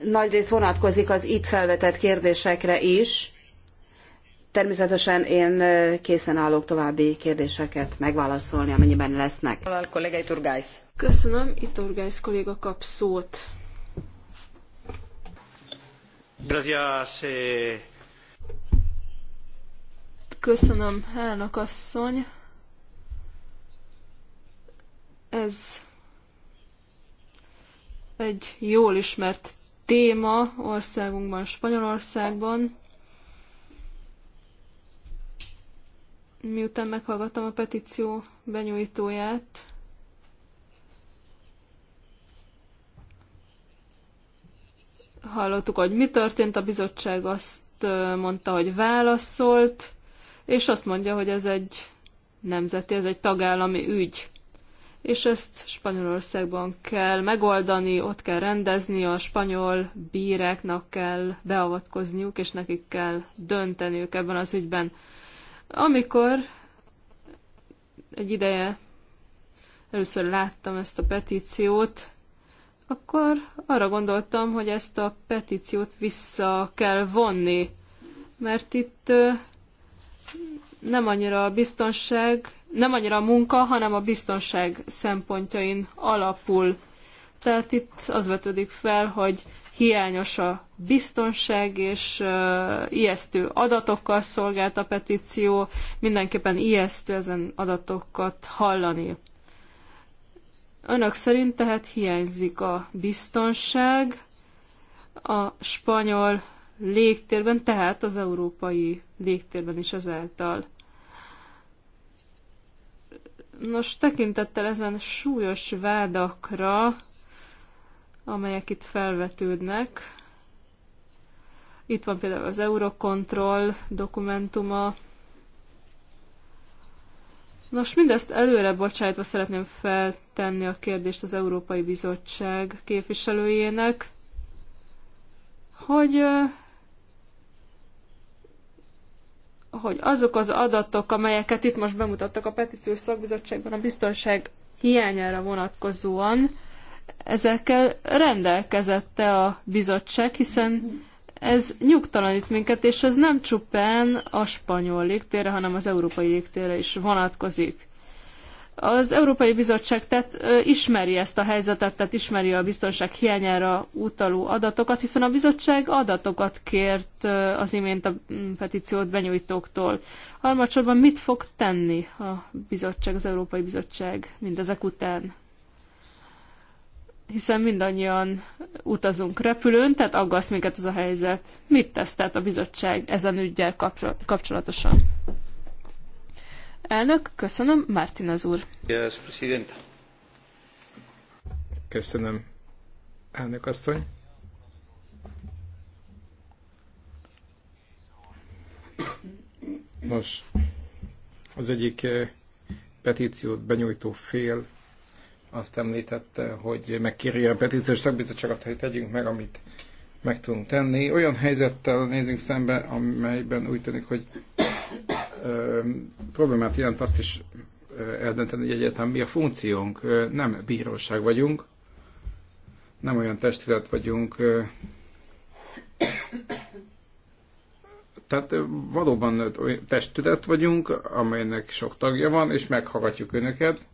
nagyrészt vonatkozik az itt felvetett kérdésekre is. Természetesen én készen állok további kérdéseket megválaszolni, amennyiben lesznek. Köszönöm, itt Urgász kolléga kap szót. Eh. Köszönöm, elnök asszony. Ez egy jól ismert téma országunkban, Spanyolországban. Miután meghallgattam a petíció benyújtóját, hallottuk, hogy mi történt, a bizottság azt mondta, hogy válaszolt, és azt mondja, hogy ez egy nemzeti, ez egy tagállami ügy. És ezt Spanyolországban kell megoldani, ott kell rendezni, a spanyol bíráknak kell beavatkozniuk, és nekik kell dönteniük ebben az ügyben. Amikor egy ideje először láttam ezt a petíciót, akkor arra gondoltam, hogy ezt a petíciót vissza kell vonni, mert itt nem annyira a biztonság, nem annyira a munka, hanem a biztonság szempontjain alapul. Tehát itt az vetődik fel, hogy hiányos a biztonság, és ijesztő adatokkal szolgált a petíció. Mindenképpen ijesztő ezen adatokat hallani. Önök szerint tehát hiányzik a biztonság a spanyol légtérben, tehát az európai légtérben is ezáltal. Nos, tekintettel ezen súlyos vádakra, amelyek itt felvetődnek, itt van például az Eurocontrol dokumentuma, Nos, mindezt előre bocsájtva szeretném feltenni a kérdést az Európai Bizottság képviselőjének, hogy hogy azok az adatok, amelyeket itt most bemutattak a petíciós szakbizottságban a biztonság hiányára vonatkozóan, ezekkel rendelkezette a bizottság, hiszen ez nyugtalanít minket, és ez nem csupán a spanyol légtérre, hanem az európai légtérre is vonatkozik. Az Európai Bizottság tehát ismeri ezt a helyzetet, tehát ismeri a biztonság hiányára utaló adatokat, hiszen a bizottság adatokat kért az imént a mm, petíciót benyújtóktól. Harmadsorban mit fog tenni a bizottság, az Európai Bizottság mindezek után? hiszen mindannyian utazunk repülőn, tehát aggaszt minket ez a helyzet. Mit tesz tehát a bizottság ezen ügyel kapcsolatosan? Elnök, köszönöm, az úr. Yes, presidenta. Köszönöm, elnök asszony. Nos, az egyik eh, petíciót benyújtó fél azt említette, hogy megkérje a petíciós szakbizottságot, hogy tegyünk meg, amit meg tudunk tenni. Olyan helyzettel nézünk szembe, amelyben úgy tűnik, hogy ö, problémát jelent azt is eldönteni, hogy egyáltalán mi a funkciónk. Nem bíróság vagyunk, nem olyan testület vagyunk. Tehát valóban testület vagyunk, amelynek sok tagja van, és meghallgatjuk önöket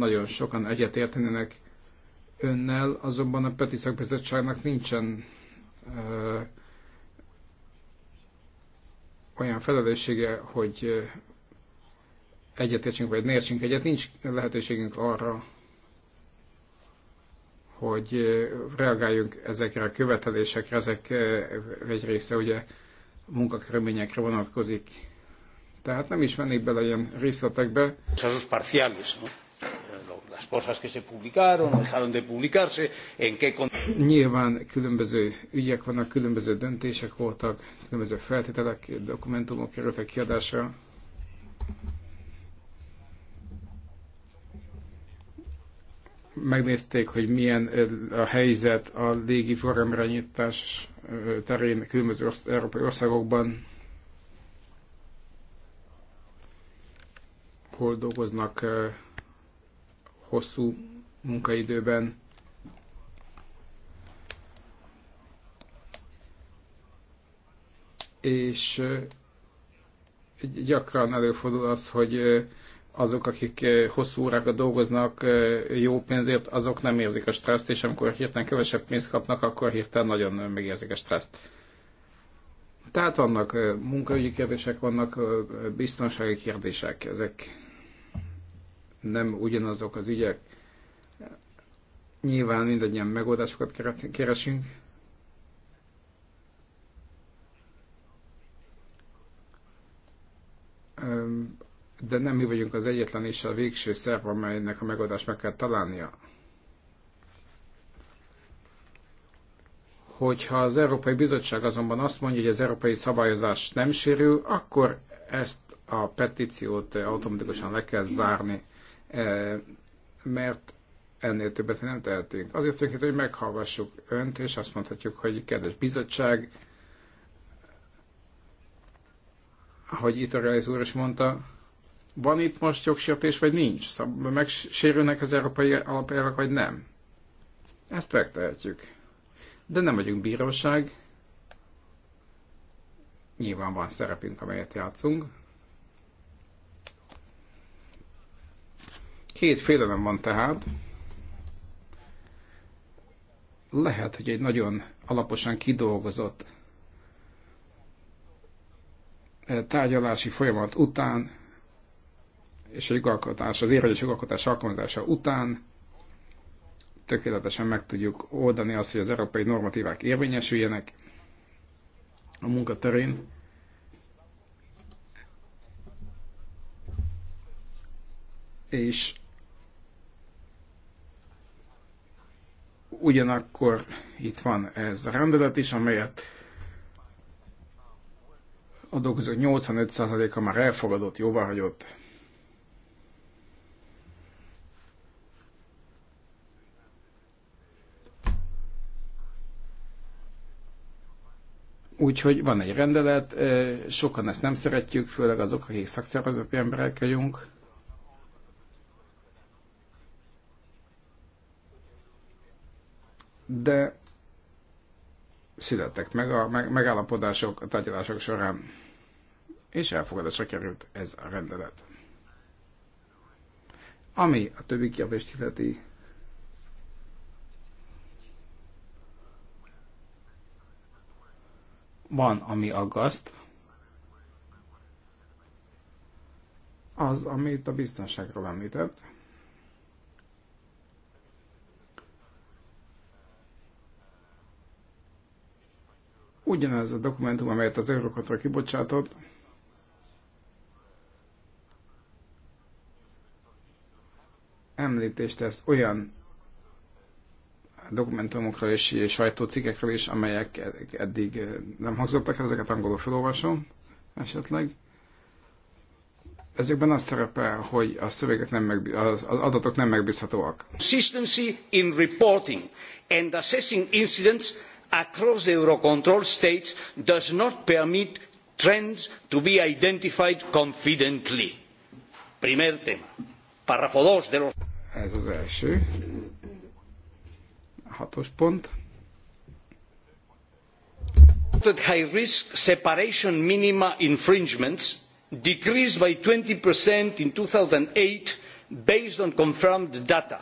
nagyon sokan egyetértenének önnel, azonban a Peti Szakbizottságnak nincsen ö, olyan felelőssége, hogy egyetértsünk vagy nértsünk egyet, nincs lehetőségünk arra, hogy reagáljunk ezekre a követelésekre, ezek egy része ugye munkakörülményekre vonatkozik. Tehát nem is mennék bele ilyen részletekbe. Casos parciales, no? cosas que se publicaron, dejaron de publicarse, en qué... Nyilván különböző ügyek vannak, különböző döntések voltak, különböző feltételek, dokumentumok kerültek kiadásra. Megnézték, hogy milyen a helyzet a légi forremrányítás terén különböző európai országokban, hol dolgoznak hosszú munkaidőben. És gyakran előfordul az, hogy azok, akik hosszú órákat dolgoznak jó pénzért, azok nem érzik a stresszt, és amikor hirtelen kevesebb pénzt kapnak, akkor hirtelen nagyon megérzik a stresszt. Tehát vannak munkaügyi kérdések, vannak biztonsági kérdések, ezek nem ugyanazok az ügyek. Nyilván mindannyian megoldásokat keresünk, de nem mi vagyunk az egyetlen és a végső szerv, amelynek a megoldást meg kell találnia. Hogyha az Európai Bizottság azonban azt mondja, hogy az európai szabályozás nem sérül, akkor ezt a petíciót automatikusan le kell zárni. E, mert ennél többet nem tehetünk. Azért vagyunk hogy meghallgassuk önt, és azt mondhatjuk, hogy kedves bizottság, ahogy itt a Reis úr is mondta, van itt most jogsértés, vagy nincs? Szóval megsérülnek az európai alapelvek, vagy nem? Ezt megtehetjük. De nem vagyunk bíróság. Nyilván van szerepünk, amelyet játszunk, Két félelem van tehát. Lehet, hogy egy nagyon alaposan kidolgozott eh, tárgyalási folyamat után és egy jogalkotás, az érvegyes jogalkotás alkalmazása után tökéletesen meg tudjuk oldani azt, hogy az európai normatívák érvényesüljenek a munkaterén. És Ugyanakkor itt van ez a rendelet is, amelyet a dolgozók 85%-a már elfogadott, jóváhagyott. Úgyhogy van egy rendelet, eh, sokan ezt nem szeretjük, főleg azok, akik szakszervezeti emberek vagyunk. de születtek meg a megállapodások, a tárgyalások során, és elfogadásra került ez a rendelet. Ami a többi kérdést illeti, van, ami aggaszt, az, amit a biztonságról említett, ugyanaz a dokumentum, amelyet az eurokatra kibocsátott, említést tesz olyan dokumentumokról és sajtócikkekről is, amelyek eddig nem hangzottak, ezeket angolul felolvasom esetleg. Ezekben az szerepel, hogy a szövegek nem megbi- az, az adatok nem megbízhatóak. Consistency in reporting and assessing incidents across eurocontrol states does not permit trends to be identified confidently. Primer tema. Párrafo 2 de los... Ez az első. Hatos pont. High risk separation minima infringements decreased by 20% in 2008 based on confirmed data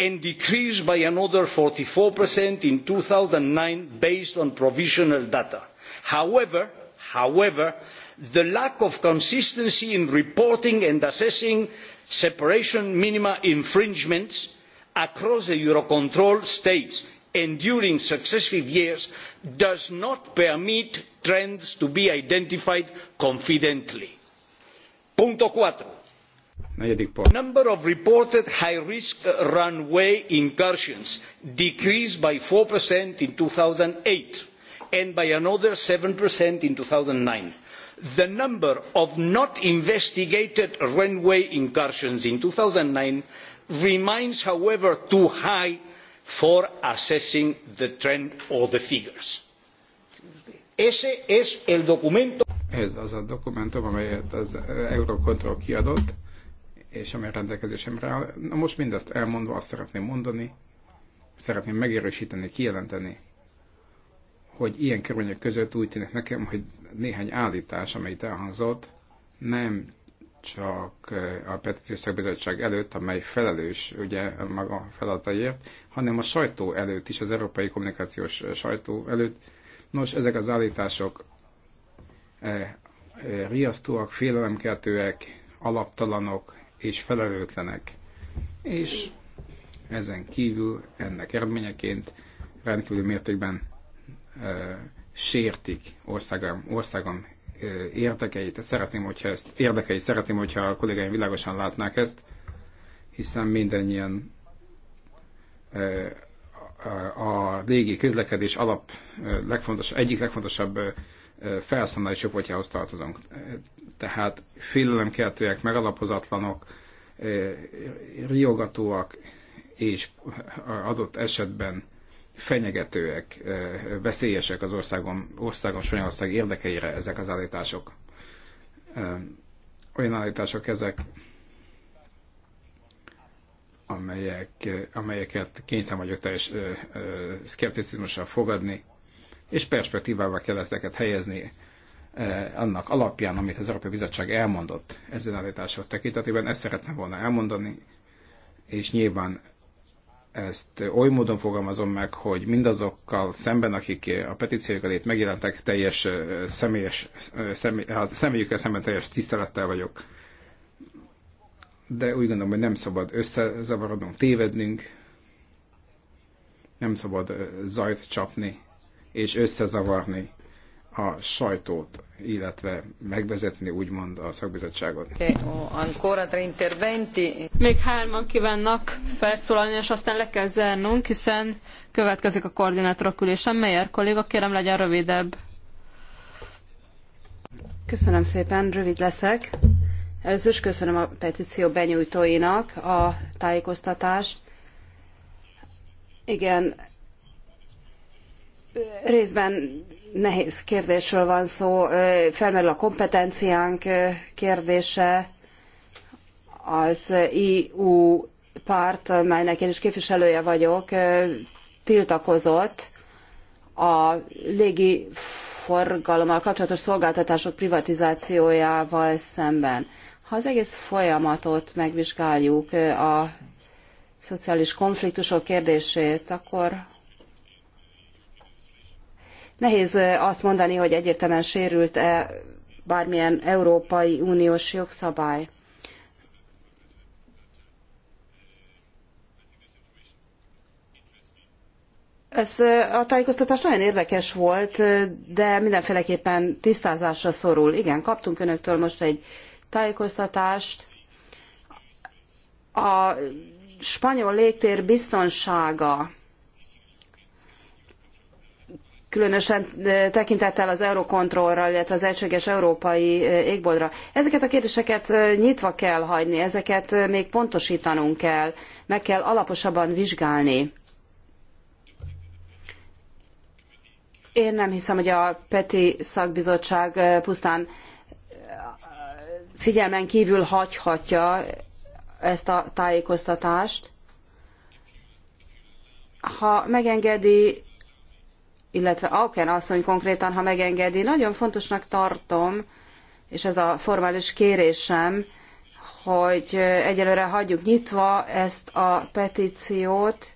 and decreased by another 44% in 2009 based on provisional data. However, however, the lack of consistency in reporting and assessing separation minima infringements across the Eurocontrol states and during successive years does not permit trends to be identified confidently. Punto 4 Negyedik pont. Number of reported high-risk runway incursions decreased by 4% in 2008 and by another 7% in 2009. The number of not investigated runway incursions in 2009 remains, however, too high for assessing the trend or the figures. Ese es el documento. Ez az a dokumentum, amelyet az Eurocontrol kiadott és ami a rendelkezésemre áll. Na most mindezt elmondva azt szeretném mondani, szeretném megerősíteni, kijelenteni, hogy ilyen körülmények között úgy tűnik nekem, hogy néhány állítás, amelyet elhangzott, nem csak a petíciós szakbizottság előtt, amely felelős ugye maga feladataiért, hanem a sajtó előtt is, az európai kommunikációs sajtó előtt. Nos, ezek az állítások riasztóak, félelemkeltőek, alaptalanok, és felelőtlenek. És ezen kívül ennek eredményeként rendkívül mértékben ö, sértik országom, országom ö, érdekeit. Szeretném, hogyha ezt, érdekeit szeretném, hogyha a kollégáim világosan látnák ezt, hiszen mindannyian ö, a, a légi közlekedés alap ö, legfontos, egyik legfontosabb felszámolási csoportjához tartozunk. Tehát félelemkeltőek, megalapozatlanok, eh, riogatóak és adott esetben fenyegetőek, eh, veszélyesek az országon, országon Sanyország érdekeire ezek az állítások. Eh, olyan állítások ezek, amelyek, amelyeket kénytelen vagyok teljes szkepticizmussal fogadni, és perspektívával kell ezeket helyezni eh, annak alapján, amit az Európai Bizottság elmondott ezen állítások tekintetében. Ezt szeretném volna elmondani, és nyilván ezt oly módon fogalmazom meg, hogy mindazokkal szemben, akik a petíciójukat itt megjelentek, teljes eh, személyes, eh, személy, hát személyükkel szemben teljes tisztelettel vagyok. De úgy gondolom, hogy nem szabad összezavarodnunk, tévednünk, nem szabad zajt csapni és összezavarni a sajtót, illetve megvezetni úgymond a szakbizottságot. Még hárman kívánnak felszólalni, és aztán le kell zárnunk, hiszen következik a koordinátorok ülésen. Meyer kolléga, kérem legyen rövidebb. Köszönöm szépen, rövid leszek. Először is köszönöm a petíció benyújtóinak a tájékoztatást. Igen, Részben nehéz kérdésről van szó, felmerül a kompetenciánk kérdése, az EU párt, melynek én is képviselője vagyok, tiltakozott a légi forgalommal kapcsolatos szolgáltatások privatizációjával szemben. Ha az egész folyamatot megvizsgáljuk, a szociális konfliktusok kérdését, akkor Nehéz azt mondani, hogy egyértelműen sérült-e bármilyen Európai Uniós jogszabály. Ez a tájékoztatás nagyon érdekes volt, de mindenféleképpen tisztázásra szorul. Igen, kaptunk önöktől most egy tájékoztatást. A spanyol légtér biztonsága különösen eh, tekintettel az Eurocontrollra, illetve az egységes európai eh, égboldra. Ezeket a kérdéseket eh, nyitva kell hagyni, ezeket még pontosítanunk kell, meg kell alaposabban vizsgálni. Én nem hiszem, hogy a PETI szakbizottság pusztán figyelmen kívül hagyhatja ezt a tájékoztatást. Ha megengedi, illetve Auken asszony konkrétan, ha megengedi, nagyon fontosnak tartom, és ez a formális kérésem, hogy egyelőre hagyjuk nyitva ezt a petíciót,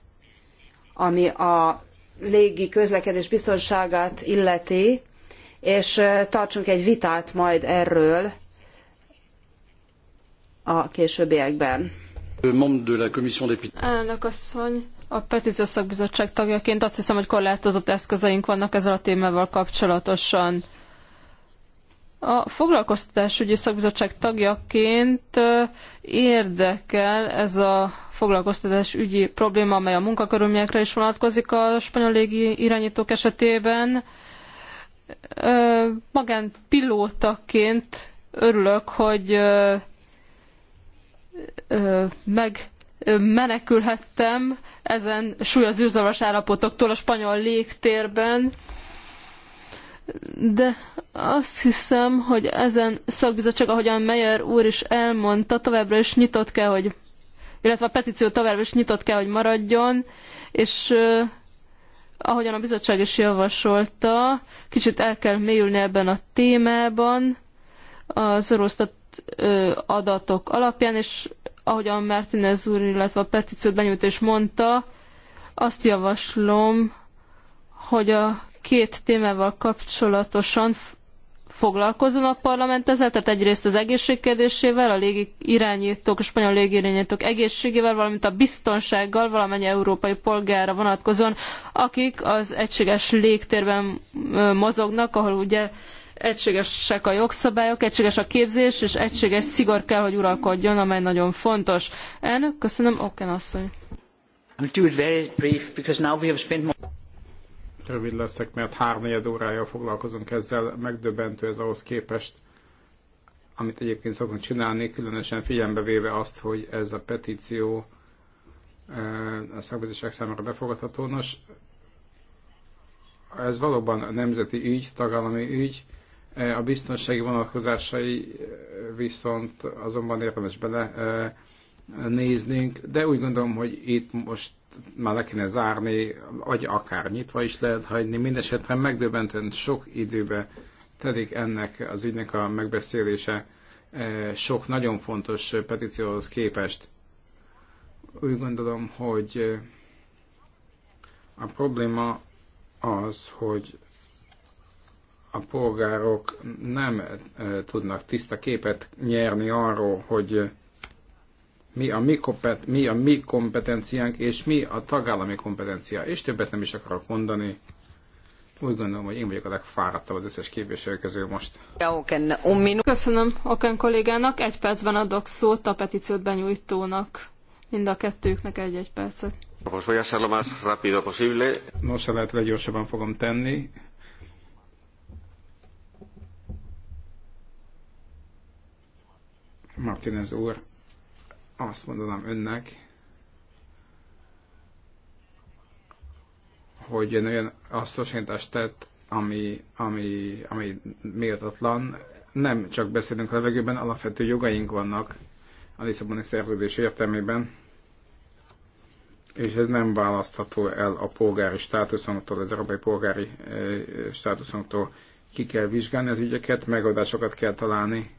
ami a légi közlekedés biztonságát illeti, és tartsunk egy vitát majd erről a későbbiekben. Elnök asszony, a petíciós szakbizottság tagjaként azt hiszem, hogy korlátozott eszközeink vannak ezzel a témával kapcsolatosan. A foglalkoztatásügyi szakbizottság tagjaként érdekel ez a foglalkoztatásügyi probléma, amely a munkakörülményekre is vonatkozik a spanyol légi irányítók esetében. Magánpilótaként örülök, hogy meg menekülhettem ezen súlyos zűrzavas állapotoktól a spanyol légtérben, de azt hiszem, hogy ezen szakbizottság, ahogyan Meyer úr is elmondta, továbbra is nyitott kell, hogy illetve a petíció továbbra is nyitott kell, hogy maradjon, és ahogyan a bizottság is javasolta, kicsit el kell mélyülni ebben a témában az orosztat adatok alapján, és ahogyan Martinez úr, illetve a petíciót és mondta, azt javaslom, hogy a két témával kapcsolatosan foglalkozzon a parlament ezzel, tehát egyrészt az egészség kérdésével, a légi irányítók, a spanyol légirányítók egészségével, valamint a biztonsággal valamennyi európai polgára vonatkozóan, akik az egységes légtérben mozognak, ahol ugye egységesek a jogszabályok, egységes a képzés, és egységes szigor kell, hogy uralkodjon, amely nagyon fontos. Elnök, köszönöm, Oken asszony. Rövid leszek, mert háromnegyed órája foglalkozunk ezzel, megdöbbentő ez ahhoz képest, amit egyébként szoktunk csinálni, különösen figyelembe véve azt, hogy ez a petíció eh, a szakbizottság számára befogadható. Nos, ez valóban a nemzeti ügy, tagállami ügy, E, a biztonsági vonatkozásai e, viszont azonban érdemes bele e, néznünk, de úgy gondolom, hogy itt most már le kéne zárni, vagy akár nyitva is lehet hagyni. Mindenesetre megdöbbentően sok időbe telik ennek az ügynek a megbeszélése sok nagyon fontos petícióhoz képest. Úgy gondolom, hogy a probléma az, hogy a polgárok nem eh, tudnak tiszta képet nyerni arról, hogy mi a mi, kompet, mi a mi kompetenciánk, és mi a tagállami kompetencia. És többet nem is akarok mondani. Úgy gondolom, hogy én vagyok a legfáradtabb az összes képviselő közül most. Köszönöm Oken kollégának. Egy percben adok szót a petíciót benyújtónak. Mind a kettőknek egy-egy percet. Most lehet, hogy gyorsabban fogom tenni Martinez úr, azt mondanám önnek, hogy ön olyan asszosítást tett, ami, ami, ami méltatlan. Nem csak beszélünk a levegőben, alapvető jogaink vannak a Lisszaboni szerződés értelmében, és ez nem választható el a polgári státuszunktól, az európai polgári eh, státuszunktól. Ki kell vizsgálni az ügyeket, megoldásokat kell találni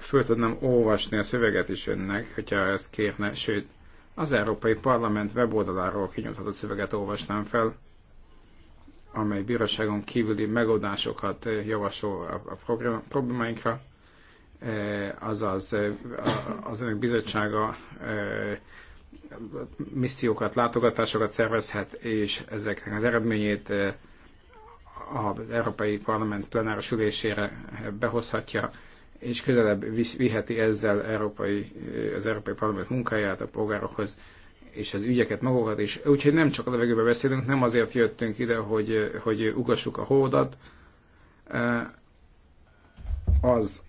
föl tudnám olvasni a szöveget is önnek, hogyha ezt kérne, sőt, az Európai Parlament weboldaláról kinyomtatott szöveget olvasnám fel, amely bíróságon kívüli megoldásokat javasol a problémáinkra, e, azaz e, az önök bizottsága e, missziókat, látogatásokat szervezhet, és ezeknek az eredményét az Európai Parlament plenáros ülésére behozhatja és közelebb viheti ezzel európai, az Európai Parlament munkáját a polgárokhoz, és az ügyeket magukat is. Úgyhogy nem csak a levegőben beszélünk, nem azért jöttünk ide, hogy, hogy ugassuk a hódat. Eh, az,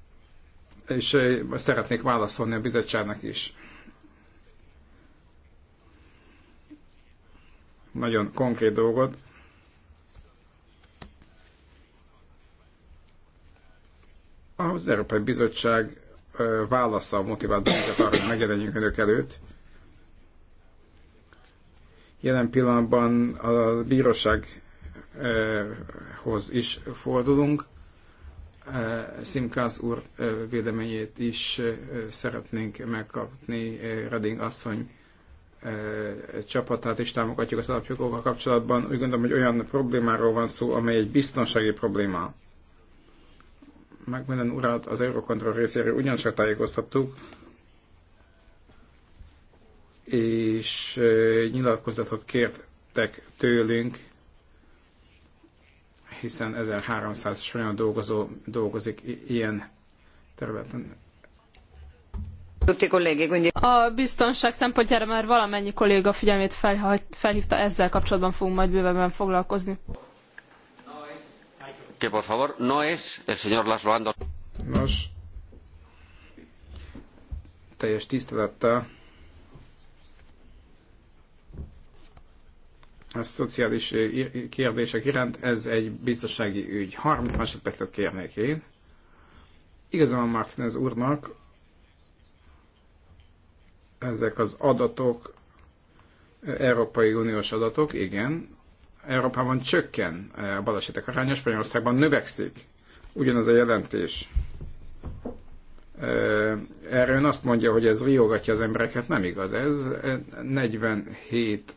és eh, szeretnék válaszolni a bizottságnak is. Nagyon konkrét dolgot. Az Európai Bizottság válasza a motivált bennünket arra, hogy megjelenjünk önök előtt. Jelen pillanatban a bírósághoz is fordulunk. Simkáz úr véleményét is szeretnénk megkapni. Reding asszony csapatát is támogatjuk az alapjogokkal kapcsolatban. Úgy gondolom, hogy olyan problémáról van szó, amely egy biztonsági probléma meg minden urat az Eurocontrol részéről ugyancsak tájékoztattuk, és nyilatkozatot kértek tőlünk, hiszen 1300 olyan dolgozó dolgozik ilyen területen. A biztonság szempontjára már valamennyi kolléga figyelmét felhívta, ezzel kapcsolatban fogunk majd bővebben foglalkozni que por favor no es el señor Laszlo Andor. Nos, teljes tisztelettel a szociális kérdések iránt, ez egy biztonsági ügy. 30 másodpercet kérnék én. Igazán Martinez úrnak ezek az adatok, Európai Uniós adatok, igen, Európában csökken eh, a balesetek aránya, Spanyolországban növekszik. Ugyanaz a jelentés. Eh, erről ön azt mondja, hogy ez riogatja az embereket, nem igaz. Ez 47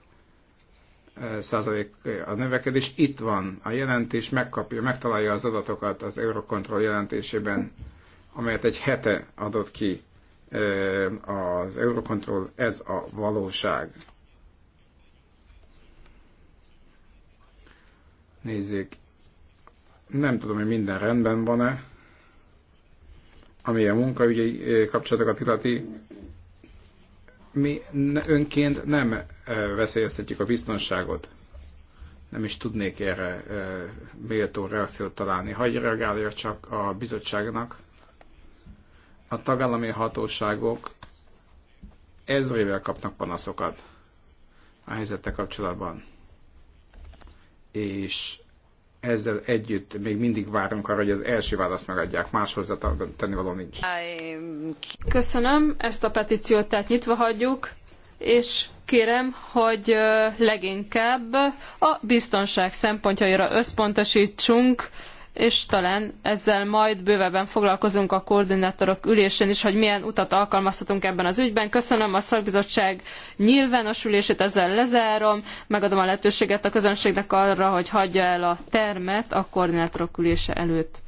eh, százalék a növekedés. Itt van a jelentés, megkapja, megtalálja az adatokat az Eurocontrol jelentésében, amelyet egy hete adott ki az Eurocontrol. Ez a valóság. Nézzék, Nem tudom, hogy minden rendben van-e, ami a munkaügyi kapcsolatokat illeti. Mi önként nem veszélyeztetjük a biztonságot. Nem is tudnék erre méltó reakciót találni. Hagyj reagálja csak a bizottságnak. A tagállami hatóságok ezrével kapnak panaszokat a helyzettel kapcsolatban és ezzel együtt még mindig várunk arra, hogy az első választ megadják, más tenni való nincs. Köszönöm, ezt a petíciót tehát nyitva hagyjuk, és kérem, hogy leginkább a biztonság szempontjaira összpontosítsunk, és talán ezzel majd bővebben foglalkozunk a koordinátorok ülésén is, hogy milyen utat alkalmazhatunk ebben az ügyben. Köszönöm a szakbizottság nyilvános ülését, ezzel lezárom, megadom a lehetőséget a közönségnek arra, hogy hagyja el a termet a koordinátorok ülése előtt.